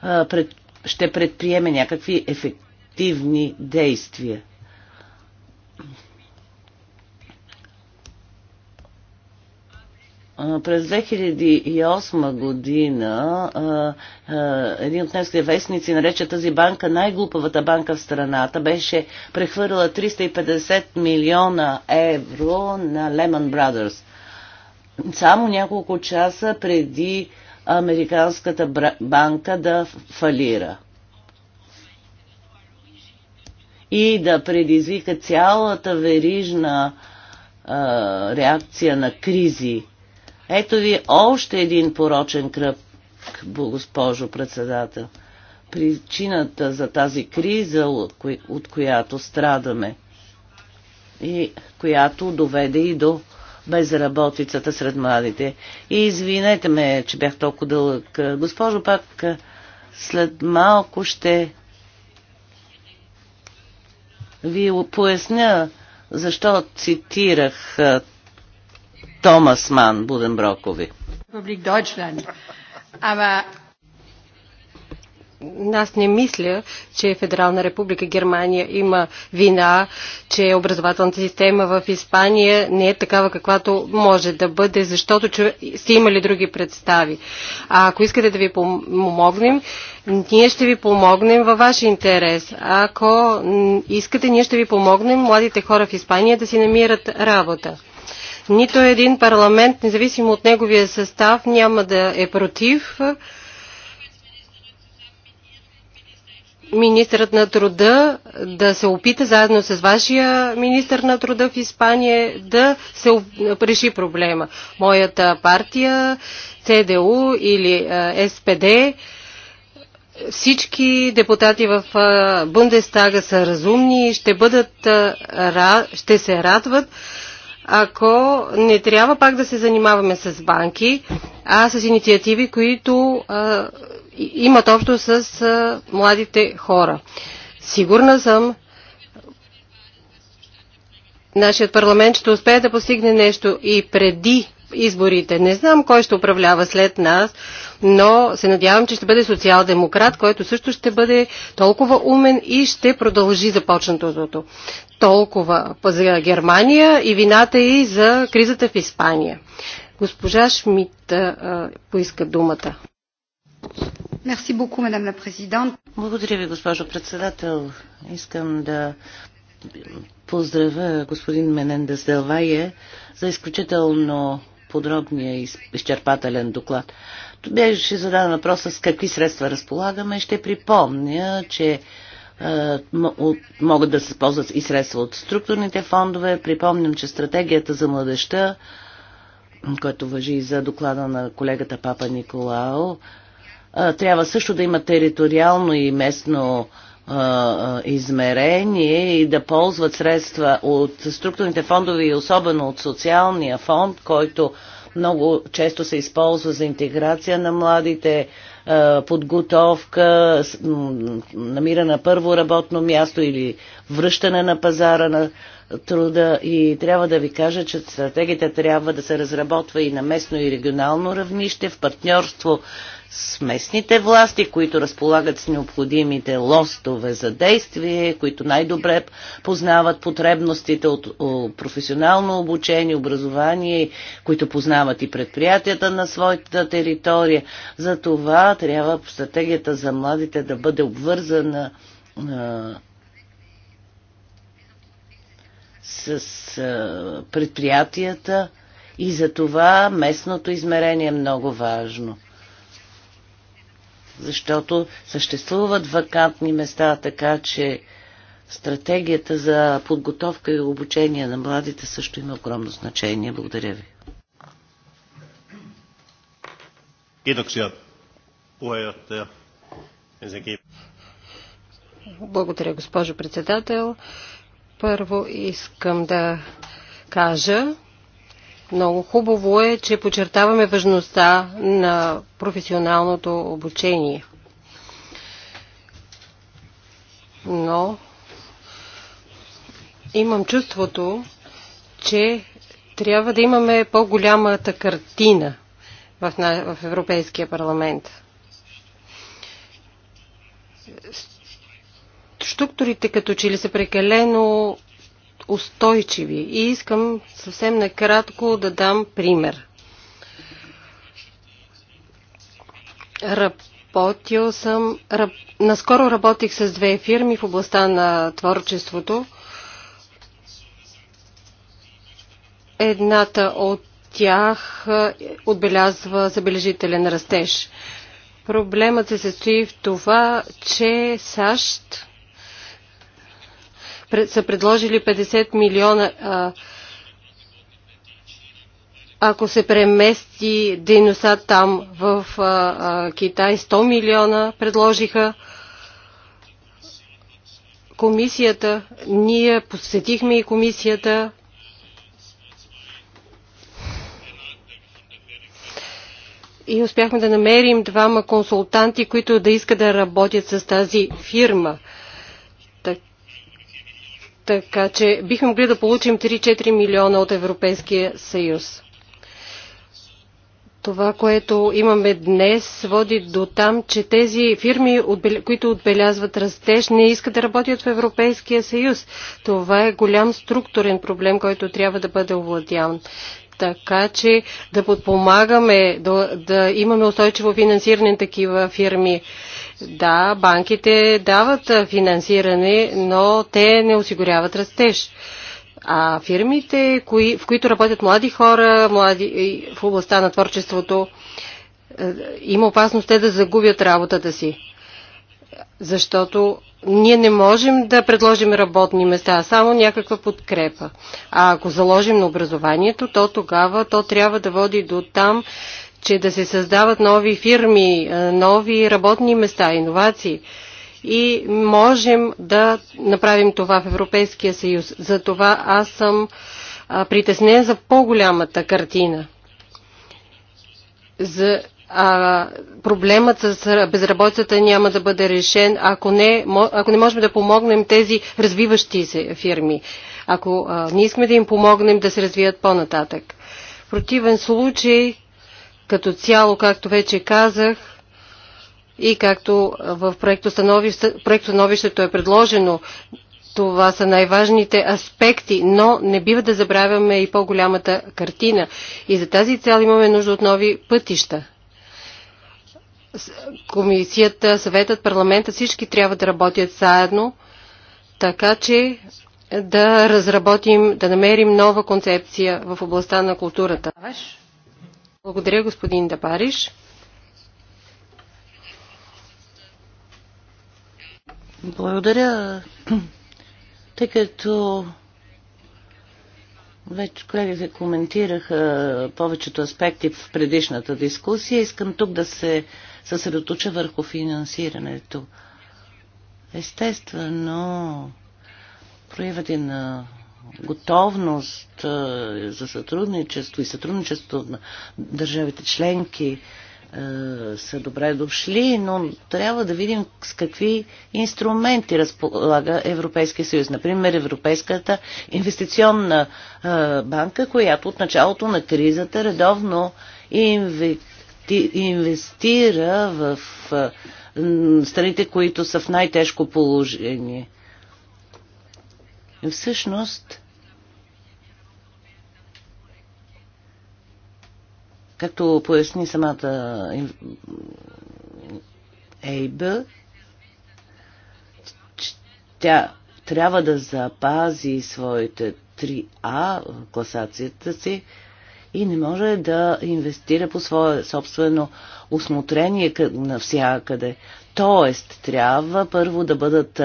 пред, ще предприеме някакви ефективни действия. През 2008 година един от немските вестници нарече тази банка най-глупавата банка в страната. Беше прехвърлила 350 милиона евро на Lehman Brothers. Само няколко часа преди американската банка да фалира и да предизвика цялата верижна а, реакция на кризи ето ви още един порочен кръг, госпожо председател. Причината за тази криза, от, коя, от която страдаме и която доведе и до безработицата сред младите. И извинете ме, че бях толкова дълъг. Госпожо, пак след малко ще ви поясня защо цитирах Томас Ман брокови. Републик Deutschland. Ама аз не мисля, че Федерална република Германия има вина, че образователната система в Испания не е такава каквато може да бъде, защото че сте имали други представи. А ако искате да ви помогнем, ние ще ви помогнем във ваш интерес. Ако искате, ние ще ви помогнем младите хора в Испания да си намират работа. Нито един парламент, независимо от неговия състав, няма да е против министърът на труда да се опита заедно с вашия министър на труда в Испания да се реши проблема. Моята партия, ЦДУ или СПД, всички депутати в Бундестага са разумни и ще, бъдат, ще се радват ако не трябва пак да се занимаваме с банки, а с инициативи, които а, имат общо с а, младите хора. Сигурна съм, нашият парламент ще успее да постигне нещо и преди изборите. Не знам кой ще управлява след нас, но се надявам, че ще бъде социал-демократ, който също ще бъде толкова умен и ще продължи започнатото. Толкова за Германия и вината и за кризата в Испания. Госпожа Шмидт поиска думата. Благодаря ви, госпожо председател. Искам да поздравя господин Менен Делвае за изключително подробния и изчерпателен доклад. Беше зададен въпрос с какви средства разполагаме. Ще припомня, че е, могат да се ползват и средства от структурните фондове. Припомням, че стратегията за младеща, който въжи и за доклада на колегата Папа Николао, е, трябва също да има териториално и местно измерение и да ползват средства от структурните фондове и особено от социалния фонд, който много често се използва за интеграция на младите, подготовка, намира на първо работно място или връщане на пазара на труда. И трябва да ви кажа, че стратегията трябва да се разработва и на местно и регионално равнище в партньорство с местните власти, които разполагат с необходимите лостове за действие, които най-добре познават потребностите от професионално обучение, образование, които познават и предприятията на своята територия. За това трябва стратегията за младите да бъде обвързана с предприятията и за това местното измерение е много важно защото съществуват вакантни места, така че стратегията за подготовка и обучение на младите също има огромно значение. Благодаря ви. Благодаря, госпожо председател. Първо искам да кажа, много хубаво е, че подчертаваме важността на професионалното обучение. Но имам чувството, че трябва да имаме по-голямата картина в, в Европейския парламент. Структурите като че ли са прекалено устойчиви. И искам съвсем накратко да дам пример. Работил съм, раб, наскоро работих с две фирми в областта на творчеството. Едната от тях е, отбелязва забележителен растеж. Проблемът се състои в това, че САЩ са предложили 50 милиона. Ако се премести дейността там в Китай, 100 милиона предложиха комисията, ние посетихме и комисията. И успяхме да намерим двама консултанти, които да искат да работят с тази фирма. Така че бихме могли да получим 3-4 милиона от Европейския съюз. Това, което имаме днес, води до там, че тези фирми, които отбелязват растеж, не искат да работят в Европейския съюз. Това е голям структурен проблем, който трябва да бъде овладян. Така че да подпомагаме, да, да имаме устойчиво финансиране на такива фирми. Да, банките дават финансиране, но те не осигуряват растеж. А фирмите, кои, в които работят млади хора, млади в областта на творчеството, е, има опасност те да загубят работата си. Защото ние не можем да предложим работни места, а само някаква подкрепа. А ако заложим на образованието, то тогава то трябва да води до там, че да се създават нови фирми, е, нови работни места, иновации. И можем да направим това в Европейския съюз. Затова аз съм притеснен за по-голямата картина. За, а, проблемът с безработицата няма да бъде решен, ако не, ако не можем да помогнем тези развиващи се фирми. Ако а, не искаме да им помогнем да се развият по-нататък. В противен случай като цяло, както вече казах, и както в проектостановището проекто е предложено, това са най-важните аспекти, но не бива да забравяме и по-голямата картина. И за тази цел имаме нужда от нови пътища. Комисията, съветът, парламента, всички трябва да работят заедно, така че да разработим, да намерим нова концепция в областта на културата. Благодаря, господин Дабариш. Благодаря, тъй като вече колегите коментираха повечето аспекти в предишната дискусия. Искам тук да се съсредоточа върху финансирането. Естествено, проявите на готовност е, за сътрудничество и сътрудничество на държавите членки е, са добре дошли, но трябва да видим с какви инструменти разполага Европейския съюз. Например, Европейската инвестиционна е, банка, която от началото на кризата редовно инвестира в страните, които са в най-тежко положение. Всъщност, Както поясни самата ЕйБ, тя трябва да запази своите 3А класацията си и не може да инвестира по свое собствено осмотрение навсякъде. Тоест, трябва първо да бъдат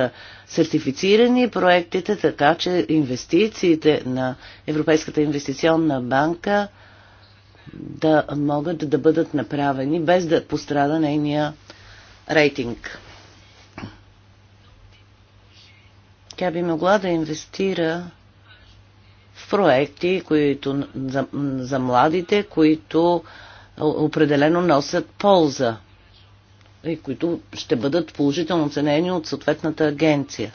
сертифицирани проектите, така че инвестициите на Европейската инвестиционна банка – да могат да бъдат направени без да пострада нейния рейтинг. Тя би могла да инвестира в проекти, които за, за младите, които определено носят полза и които ще бъдат положително оценени от съответната агенция.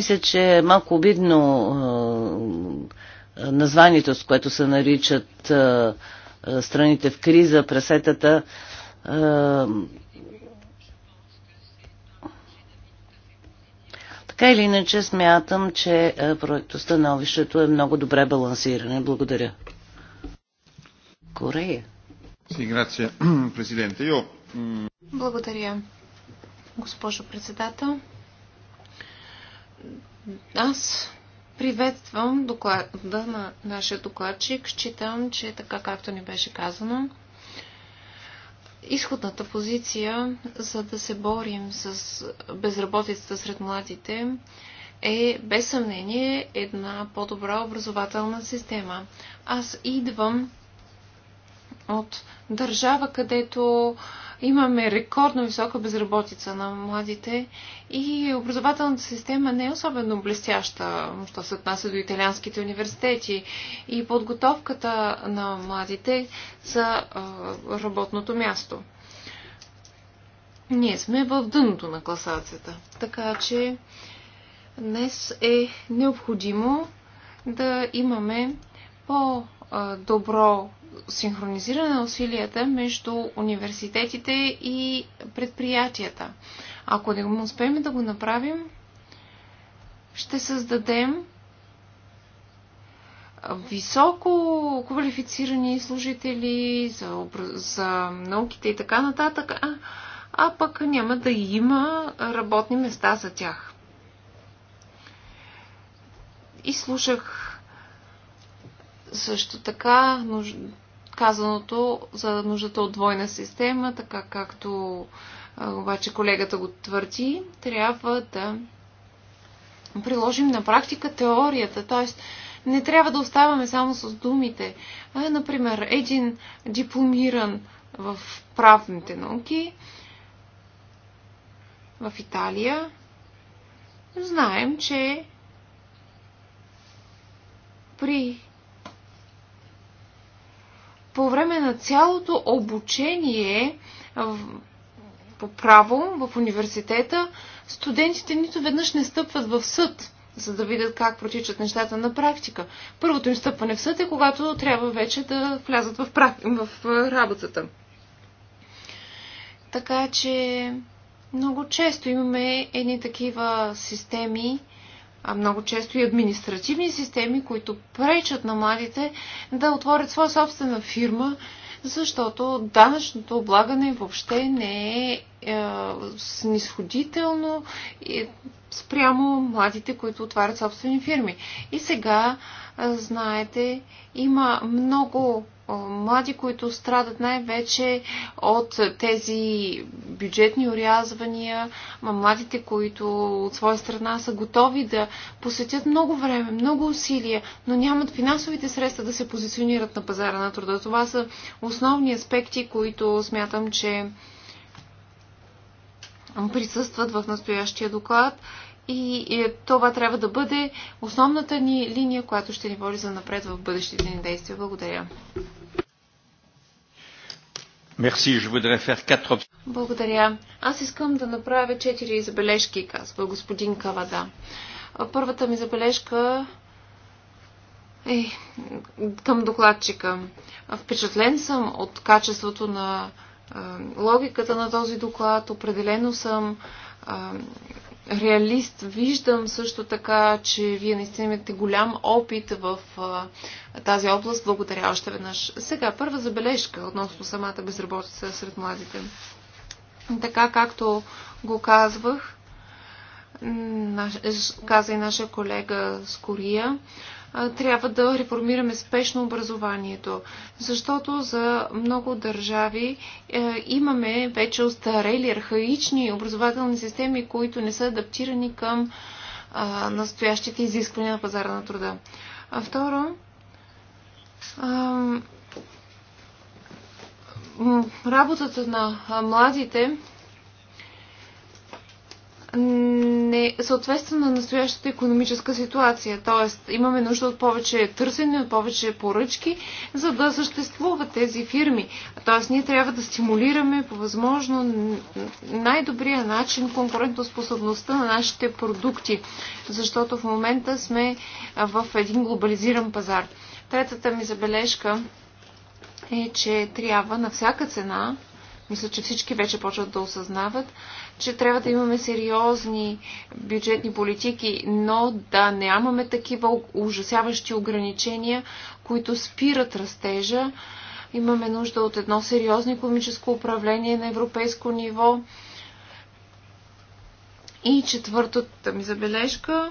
Мисля, че е малко обидно а, названието, с което се наричат а, а, страните в криза, пресетата. А, Така или иначе смятам, че проектостановището е много добре балансиране. Благодаря. Корея. Благодаря, госпожо председател. Аз приветствам доклада на нашия докладчик. Считам, че така както ни беше казано, изходната позиция за да се борим с безработицата сред младите е без съмнение една по-добра образователна система. Аз идвам от държава, където имаме рекордно висока безработица на младите и образователната система не е особено блестяща, що се отнася до италианските университети и подготовката на младите за работното място. Ние сме в дъното на класацията, така че днес е необходимо да имаме по добро синхронизиране на усилията между университетите и предприятията. Ако не успеем да го направим, ще създадем високо квалифицирани служители за, за науките и така нататък, а, а пък няма да има работни места за тях. И слушах също така, нуж... казаното за нуждата от двойна система, така както обаче колегата го твърди, трябва да приложим на практика теорията, т.е. не трябва да оставаме само с думите. А, например, един дипломиран в правните науки в Италия, знаем, че при по време на цялото обучение по право в университета, студентите нито веднъж не стъпват в съд, за да видят как протичат нещата на практика. Първото им стъпване в съд е когато трябва вече да влязат в, прак... в работата. Така че много често имаме едни такива системи, а много често и административни системи, които пречат на младите да отворят своя собствена фирма, защото данъчното облагане въобще не е е, снисходително спрямо младите, които отварят собствени фирми. И сега, е, знаете, има много е, млади, които страдат най-вече от тези бюджетни урязвания, а младите, които от своя страна са готови да посетят много време, много усилия, но нямат финансовите средства да се позиционират на пазара на труда. Това са основни аспекти, които смятам, че присъстват в настоящия доклад и това трябва да бъде основната ни линия, която ще ни води за напред в бъдещите ни действия. Благодаря. Благодаря. Аз искам да направя четири забележки, казва господин Кавада. Първата ми забележка е към докладчика. Впечатлен съм от качеството на логиката на този доклад. Определено съм реалист. Виждам също така, че вие наистина имате голям опит в тази област. Благодаря още веднъж. Сега, първа забележка относно самата безработица сред младите. Така както го казвах, каза и нашия колега Скория, трябва да реформираме спешно образованието, защото за много държави е, имаме вече остарели, архаични образователни системи, които не са адаптирани към е, настоящите изисквания на пазара на труда. А второ, е, работата на младите не съответства на настоящата економическа ситуация. Тоест, имаме нужда от повече търсене, от повече поръчки, за да съществуват тези фирми. Тоест, ние трябва да стимулираме по възможно най-добрия начин конкурентоспособността на нашите продукти, защото в момента сме в един глобализиран пазар. Третата ми забележка е, че трябва на всяка цена мисля, че всички вече почват да осъзнават, че трябва да имаме сериозни бюджетни политики, но да нямаме такива ужасяващи ограничения, които спират растежа. Имаме нужда от едно сериозно економическо управление на европейско ниво. И четвъртата ми забележка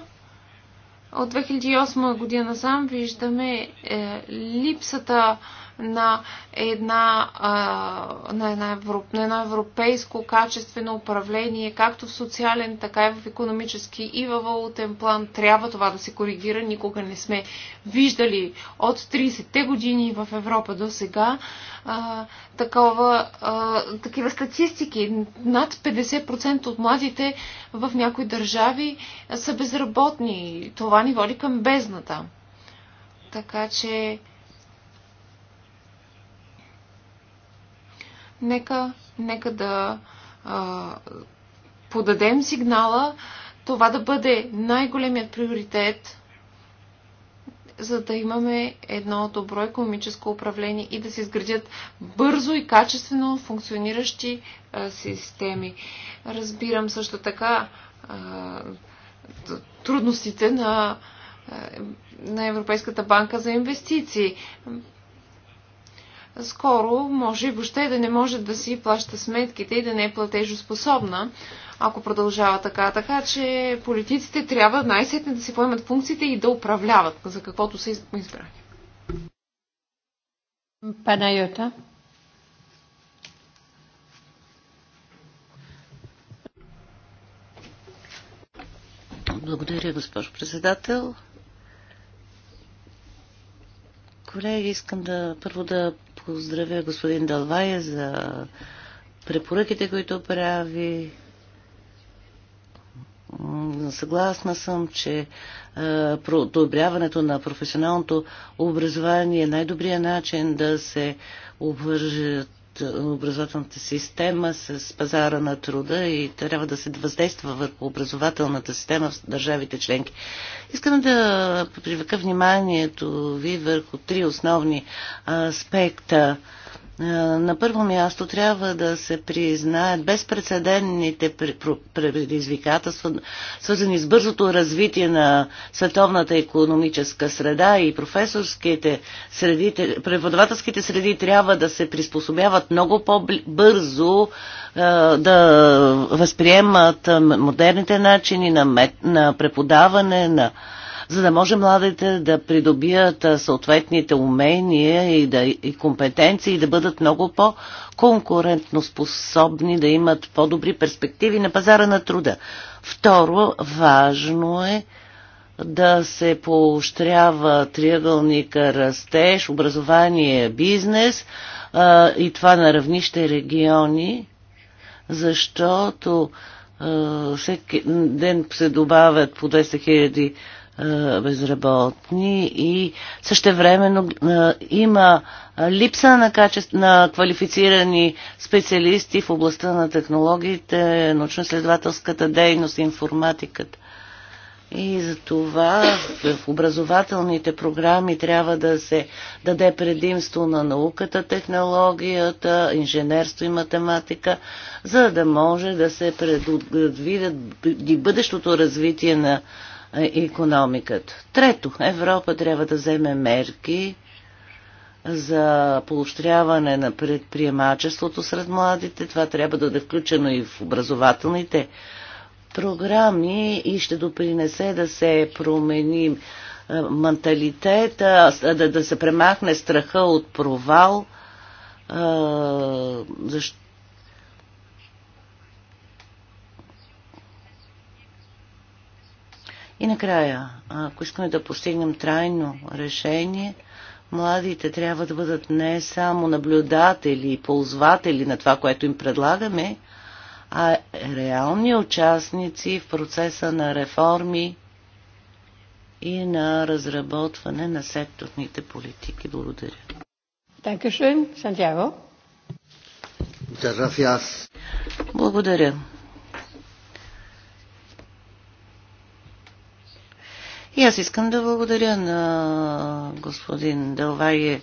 от 2008 година сам виждаме е, липсата на, една, на, една европ, на едно европейско качествено управление, както в социален, така и в економически и във валутен план. Трябва това да се коригира. Никога не сме виждали от 30-те години в Европа до сега а, такова, а, такива статистики. Над 50% от младите в някои държави са безработни. Това ни води към бездната. Така че нека, нека да а, подадем сигнала това да бъде най-големият приоритет, за да имаме едно добро економическо управление и да се изградят бързо и качествено функциониращи а, системи. Разбирам също така а, трудностите на, а, на Европейската банка за инвестиции скоро може въобще да не може да си плаща сметките и да не е платежоспособна, ако продължава така. Така че политиците трябва най-сетне да си поемат функциите и да управляват, за каквото са избрани. Панайота. Благодаря, госпожо председател. Колеги, искам да първо да поздравя господин Далвая за препоръките, които прави. Съгласна съм, че подобряването на професионалното образование е най-добрият начин да се обвържат образователната система с пазара на труда и трябва да се въздейства върху образователната система в държавите членки. Искам да привлека вниманието ви върху три основни аспекта е, на първо място трябва да се признаят безпредседентните предизвикателства, свързани с бързото развитие на световната економическа среда и професорските среди, преподавателските среди трябва да се приспособяват много по-бързо, е, да възприемат модерните начини на преподаване, на за да може младите да придобият съответните умения и, да, и компетенции и да бъдат много по-конкурентно способни, да имат по-добри перспективи на пазара на труда. Второ, важно е да се поощрява триъгълника растеж, образование, бизнес а, и това на равнище региони, защото а, всеки ден се добавят по 200 хиляди е, безработни и същевременно е, има липса на, качество, на квалифицирани специалисти в областта на технологиите, научно-следователската дейност, информатиката. И за това в образователните програми трябва да се даде предимство на науката, технологията, инженерство и математика, за да може да се предвидят бъдещото развитие на е, економиката. Трето, Европа трябва да вземе мерки за поощряване на предприемачеството сред младите. Това трябва да бъде включено и в образователните програми и ще допринесе да се промени е, менталитета, да, да се премахне страха от провал, е, защото. И накрая, ако искаме да постигнем трайно решение, младите трябва да бъдат не само наблюдатели и ползватели на това, което им предлагаме, а реални участници в процеса на реформи и на разработване на секторните политики. Благодаря. Благодаря, Сантьяго. Благодаря. И аз искам да благодаря на господин Делварие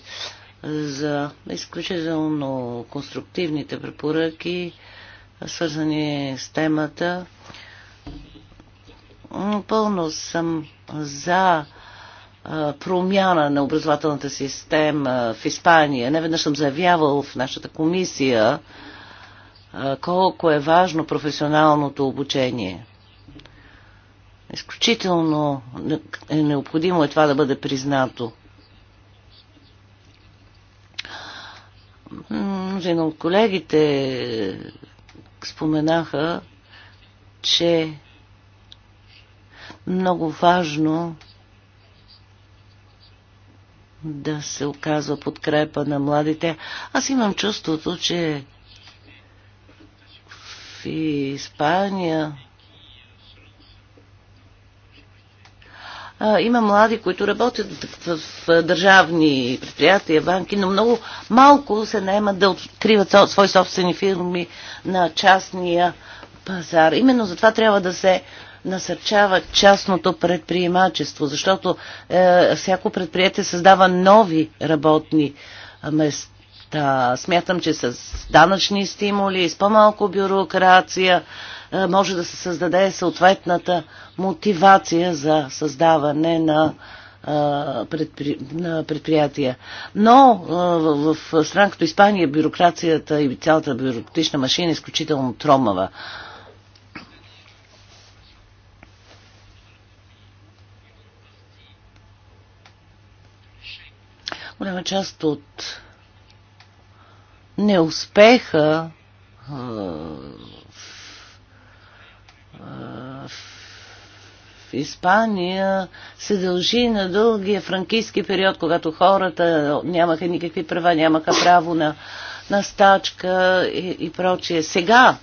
за изключително конструктивните препоръки, свързани с темата. Пълно съм за промяна на образователната система в Испания. Не веднъж съм заявявал в нашата комисия колко е важно професионалното обучение – Изключително е необходимо е това да бъде признато. Мнозина от колегите споменаха, че много важно да се оказва подкрепа на младите. Аз имам чувството, че в Испания а, има млади, които работят в, в, в държавни предприятия, банки, но много малко се наемат да откриват со, свои собствени фирми на частния пазар. Именно затова трябва да се насърчава частното предприемачество, защото е, всяко предприятие създава нови работни места. Да, смятам, че с данъчни стимули, с по-малко бюрокрация, е, може да се създаде съответната мотивация за създаване на е, на предприятия. Но е, в, в страна като Испания бюрокрацията и цялата бюрократична машина е изключително тромава. Голяма част от неуспеха в Испания се дължи на дългия франкийски период, когато хората нямаха никакви права, нямаха право на, на стачка и, и прочие. Сега,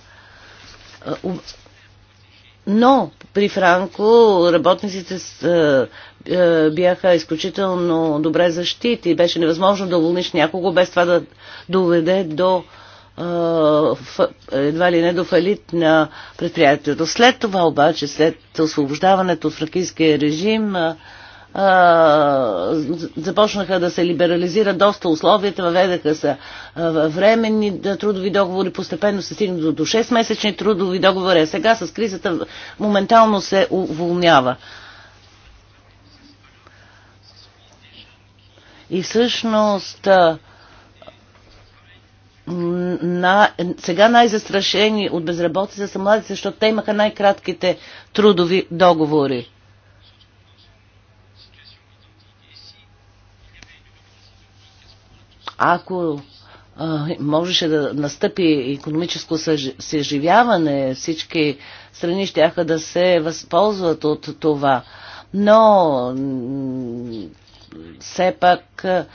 но при Франко работниците бяха изключително добре защити. Беше невъзможно да уволниш някого без това да доведе до едва ли не до фалит на предприятието. След това обаче, след освобождаването от фракийския режим, започнаха да се либерализират доста условията, въведаха се временни трудови договори, постепенно се стигна до 6-месечни трудови договори, а сега с кризата моментално се уволнява. И всъщност на, сега най-застрашени от безработица са младите, защото те имаха най-кратките трудови договори. Ако а, можеше да настъпи економическо съживяване, всички страни ще да се възползват от това. Но все пак а,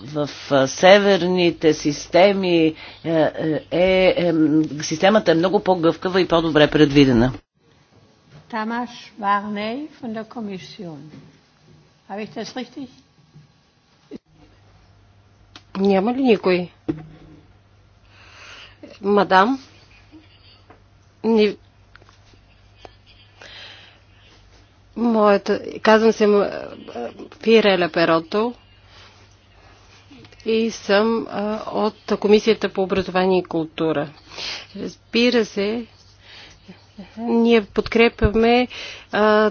в северните системи е, е, е, системата е много по-гъвкава и по-добре предвидена. Тамаш Варней от der Kommission. Habe ich das richtig? Няма ли никой? Мадам? Не... Моята... Казвам се Фиреля Перото и съм от Комисията по образование и култура. Разбира се, ние подкрепяме а,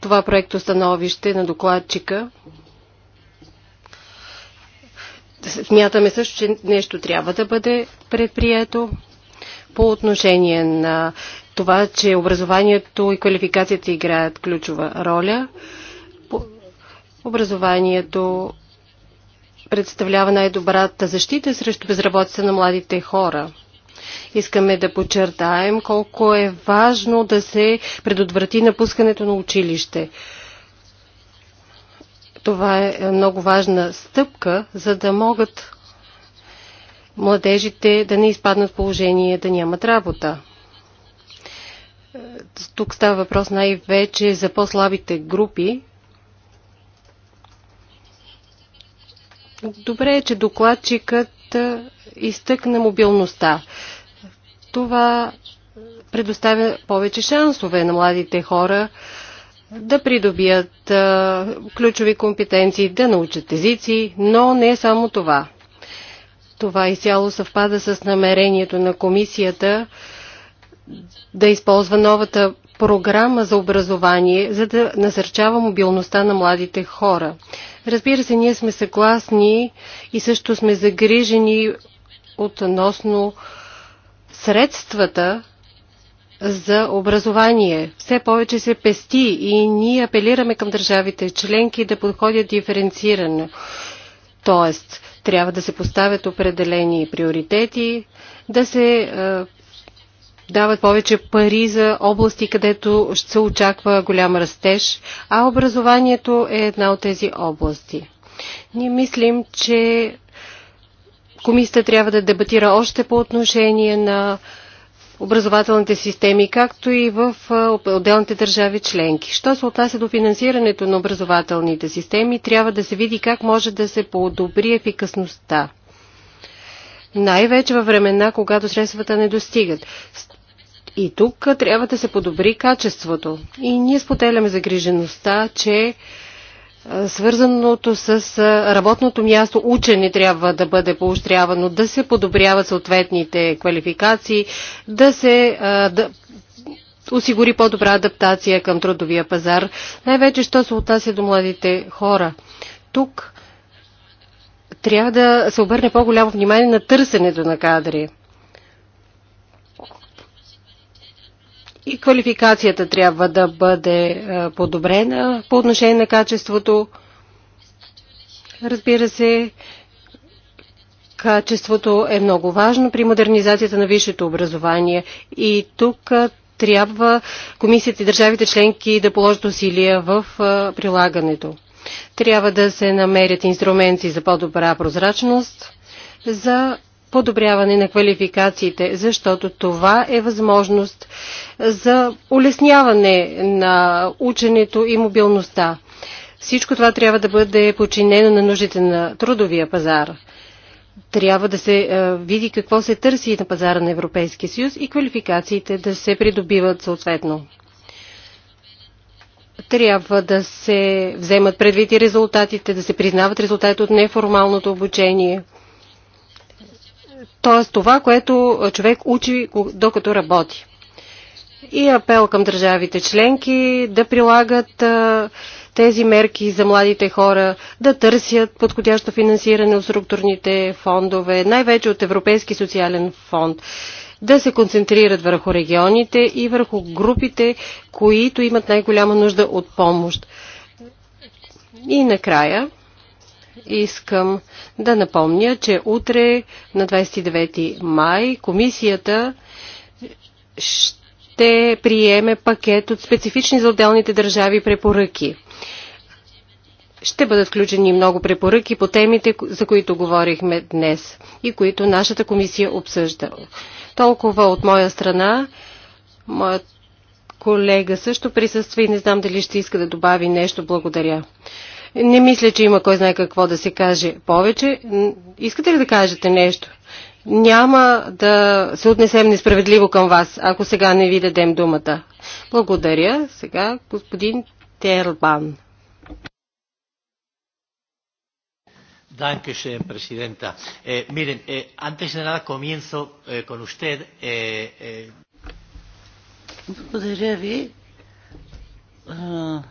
това проекто становище на докладчика. Смятаме също, че нещо трябва да бъде предприето по отношение на това, че образованието и квалификацията играят ключова роля. Образованието представлява най-добрата защита срещу безработица на младите хора. Искаме да подчертаем колко е важно да се предотврати напускането на училище. Това е много важна стъпка, за да могат младежите да не изпаднат в положение да нямат работа. Тук става въпрос най-вече за по-слабите групи, Добре е, че докладчикът изтъкна мобилността. Това предоставя повече шансове на младите хора да придобият ключови компетенции, да научат езици, но не само това. Това изцяло съвпада с намерението на комисията да използва новата програма за образование, за да насърчава мобилността на младите хора. Разбира се, ние сме съгласни и също сме загрижени относно средствата за образование. Все повече се пести и ние апелираме към държавите членки да подходят диференцирано. Тоест, трябва да се поставят определени приоритети, да се е, дават повече пари за области, където ще се очаква голям растеж, а образованието е една от тези области. Ние мислим, че комисията трябва да дебатира още по отношение на образователните системи, както и в отделните държави членки. Що се отнася до финансирането на образователните системи, трябва да се види как може да се подобри ефикасността. Най-вече във времена, когато средствата не достигат. И тук трябва да се подобри качеството. И ние споделяме загрижеността, че свързаното с работното място учене трябва да бъде поощрявано, да се подобряват съответните квалификации, да се да осигури по-добра адаптация към трудовия пазар, най-вече що се отнася до младите хора. Тук трябва да се обърне по-голямо внимание на търсенето на кадри. и квалификацията трябва да бъде е, подобрена по отношение на качеството. Разбира се, качеството е много важно при модернизацията на висшето образование и тук е, трябва комисията и държавите членки да положат усилия в е, прилагането. Трябва да се намерят инструменти за по-добра прозрачност, за подобряване на квалификациите, защото това е възможност за улесняване на ученето и мобилността. Всичко това трябва да бъде подчинено на нуждите на трудовия пазар. Трябва да се е, види какво се търси на пазара на Европейския съюз и квалификациите да се придобиват съответно трябва да се вземат предвид и резултатите, да се признават резултатите от неформалното обучение т.е. това, което човек учи докато работи. И апел към държавите членки да прилагат тези мерки за младите хора, да търсят подходящо финансиране от структурните фондове, най-вече от Европейски социален фонд, да се концентрират върху регионите и върху групите, които имат най-голяма нужда от помощ. И накрая, искам да напомня, че утре на 29 май комисията ще приеме пакет от специфични за отделните държави препоръки. Ще бъдат включени много препоръки по темите, за които говорихме днес и които нашата комисия обсъжда. Толкова от моя страна. Моят колега също присъства и не знам дали ще иска да добави нещо. Благодаря. Не мисля, че има кой знае какво да се каже повече. Искате ли да кажете нещо? Няма да се отнесем несправедливо към вас, ако сега не ви дадем думата. Благодаря. Сега господин Терлбан. Dankeschön, Presidenta. Eh, miren, eh, antes de nada comienzo eh, con usted. Eh, eh... Благодаря ви. Uh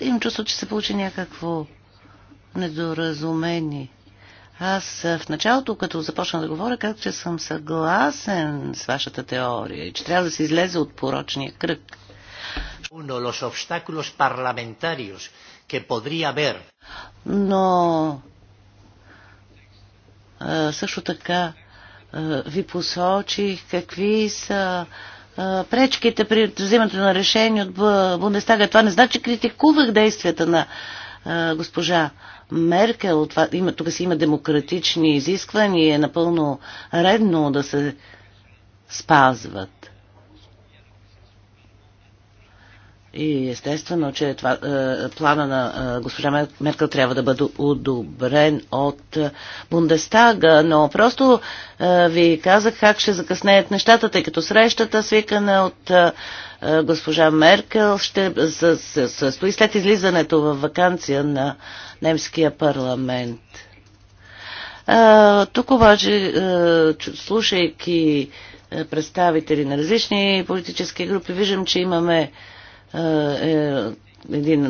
имам чувство, че се получи някакво недоразумение. Аз в началото, като започна да говоря, как че съм съгласен с вашата теория и че трябва да се излезе от порочния кръг. Uno, los obstáculos parlamentarios que podría haber. Но също така ви посочих какви са пречките при взимането на решение от Бундестага. Това не значи, критикувах действията на госпожа Меркел. Това, има, тук си има демократични изисквания и е напълно редно да се спазват. И естествено, че това, е, плана на е, госпожа Меркел трябва да бъде одобрен от е, Бундестага, но просто е, ви казах как ще закъснеят нещата, тъй като срещата свикана от е, е госпожа Меркел ще се състои след излизането във вакансия на немския парламент. Е, тук обаче, е, слушайки е, представители на различни политически групи, виждам, че имаме е, е, е, един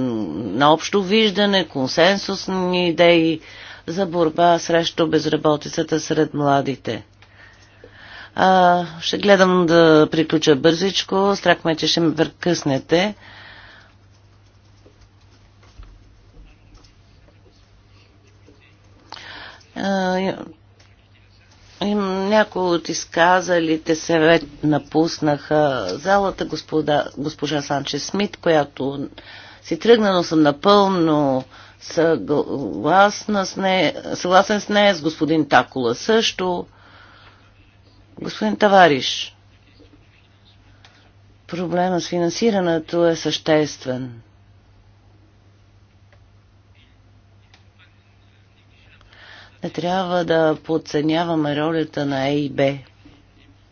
наобщо виждане, консенсусни идеи за борба срещу безработицата сред младите. А, ще гледам да приключа бързичко. Страх ме, че ще ме прекъснете. Е, някои от изказалите се напуснаха залата, господа, госпожа Санче Смит, която си тръгна, но съм напълно съгласна с нея, съгласен с нея, с господин Такола също. Господин Тавариш, проблема с финансирането е съществен. Не трябва да подценяваме ролята на ЕИБ,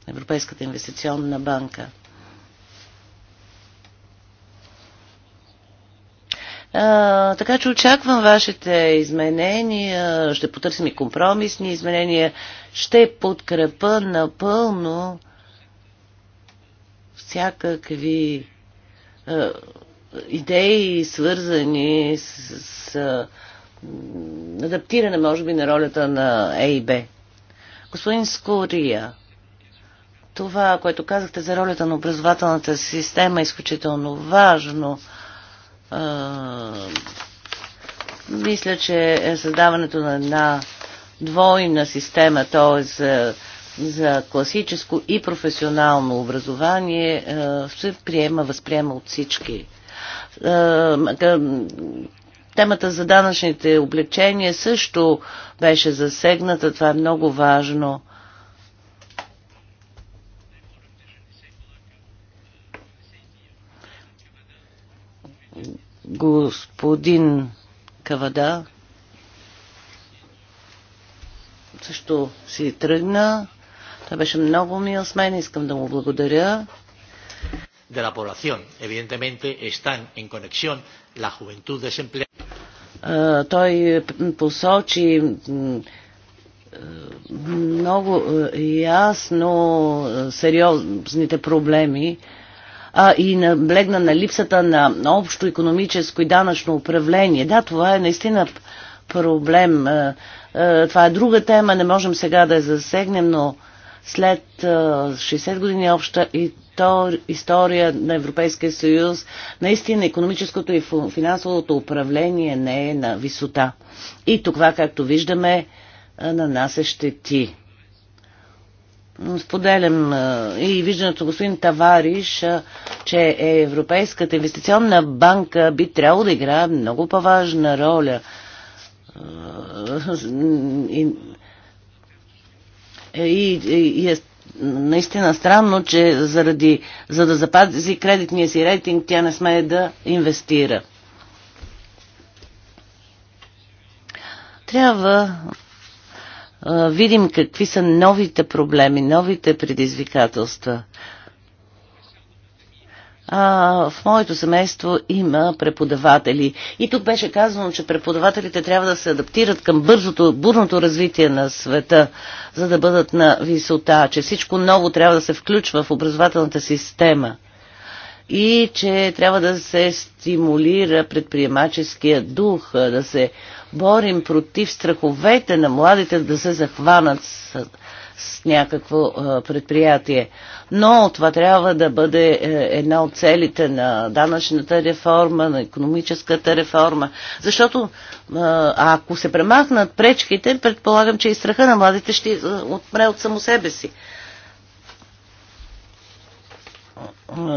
Европейската инвестиционна банка. А, така че очаквам вашите изменения, ще потърсим и компромисни изменения, ще подкрепа напълно всякакви а, идеи, свързани с, с адаптиране, може би, на ролята на Б. Господин Скория, това, което казахте за ролята на образователната система е изключително важно. А, мисля, че е създаването на една двойна система, т.е. За, за класическо и професионално образование, се приема, възприема от всички. Темата за данъчните облегчения също беше засегната. Това е много важно. Господин Кавада също си тръгна. Той беше много мил с мен. Искам да му благодаря de la población. Evidentemente están en conexión la juventud desempleada. Eh, той посочи много е, ясно е, сериозните проблеми а, и наблегна на липсата на общо економическо и данъчно управление. Да, това е наистина проблем. Е, това е друга тема, не можем сега да я засегнем, но след 60 години обща и история на Европейския съюз, наистина економическото и финансовото управление не е на висота. И това, както виждаме, е, на нас е щети. Споделям е, и виждането господин Тавариш, е, че Европейската инвестиционна банка би трябвало да играе много по-важна роля. И, и, и, наистина странно, че заради, за да запази кредитния си рейтинг, тя не смее да инвестира. Трябва а, видим какви са новите проблеми, новите предизвикателства а, в моето семейство има преподаватели. И тук беше казано, че преподавателите трябва да се адаптират към бързото, бурното развитие на света, за да бъдат на висота, че всичко ново трябва да се включва в образователната система и че трябва да се стимулира предприемаческия дух, да се борим против страховете на младите да се захванат с някакво предприятие. Но това трябва да бъде е, една от целите на данъчната реформа, на економическата реформа, защото ако се премахнат пречките, предполагам, че и страха на младите ще отмре от само себе си.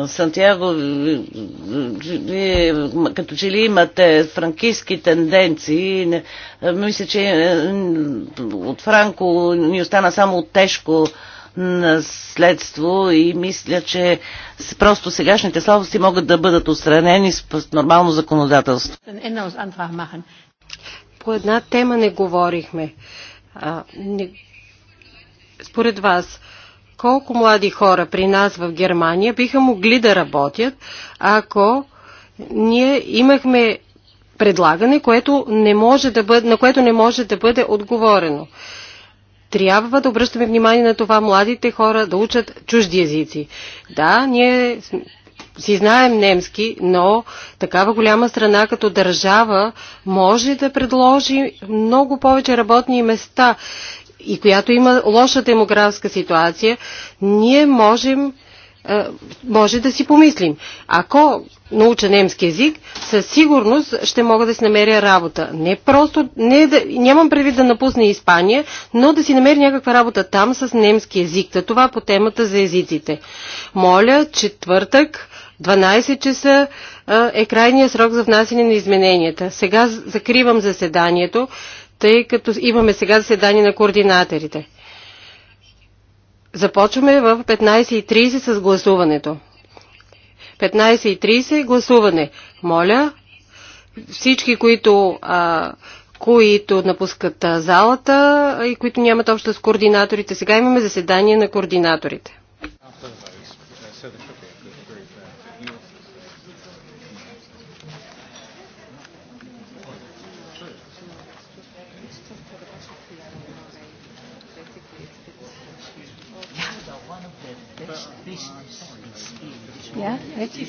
Сантьяго, вие като че ли имате франкистски тенденции, мисля, че е, от Франко ни остана само тежко наследство и мисля, че просто сегашните слабости могат да бъдат отстранени с нормално законодателство. По една тема не говорихме. А, не... Според вас, колко млади хора при нас в Германия биха могли да работят, ако ние имахме предлагане, което не може да бъде, на което не може да бъде отговорено. Трябва да обръщаме внимание на това младите хора да учат чужди езици. Да, ние си знаем немски, но такава голяма страна като държава може да предложи много повече работни места и която има лоша демографска ситуация, ние можем може да си помислим. Ако науча немски язик, със сигурност ще мога да си намеря работа. Не просто, не да, нямам предвид да напусна Испания, но да си намеря някаква работа там с немски язик. Та това по темата за езиците. Моля, четвъртък, 12 часа е крайният срок за внасяне на измененията. Сега закривам заседанието тъй като имаме сега заседание на координаторите. Започваме в 15.30 с гласуването. 15.30 гласуване. Моля всички, които, а, които напускат залата и които нямат общо с координаторите. Сега имаме заседание на координаторите. Ja, jetzt.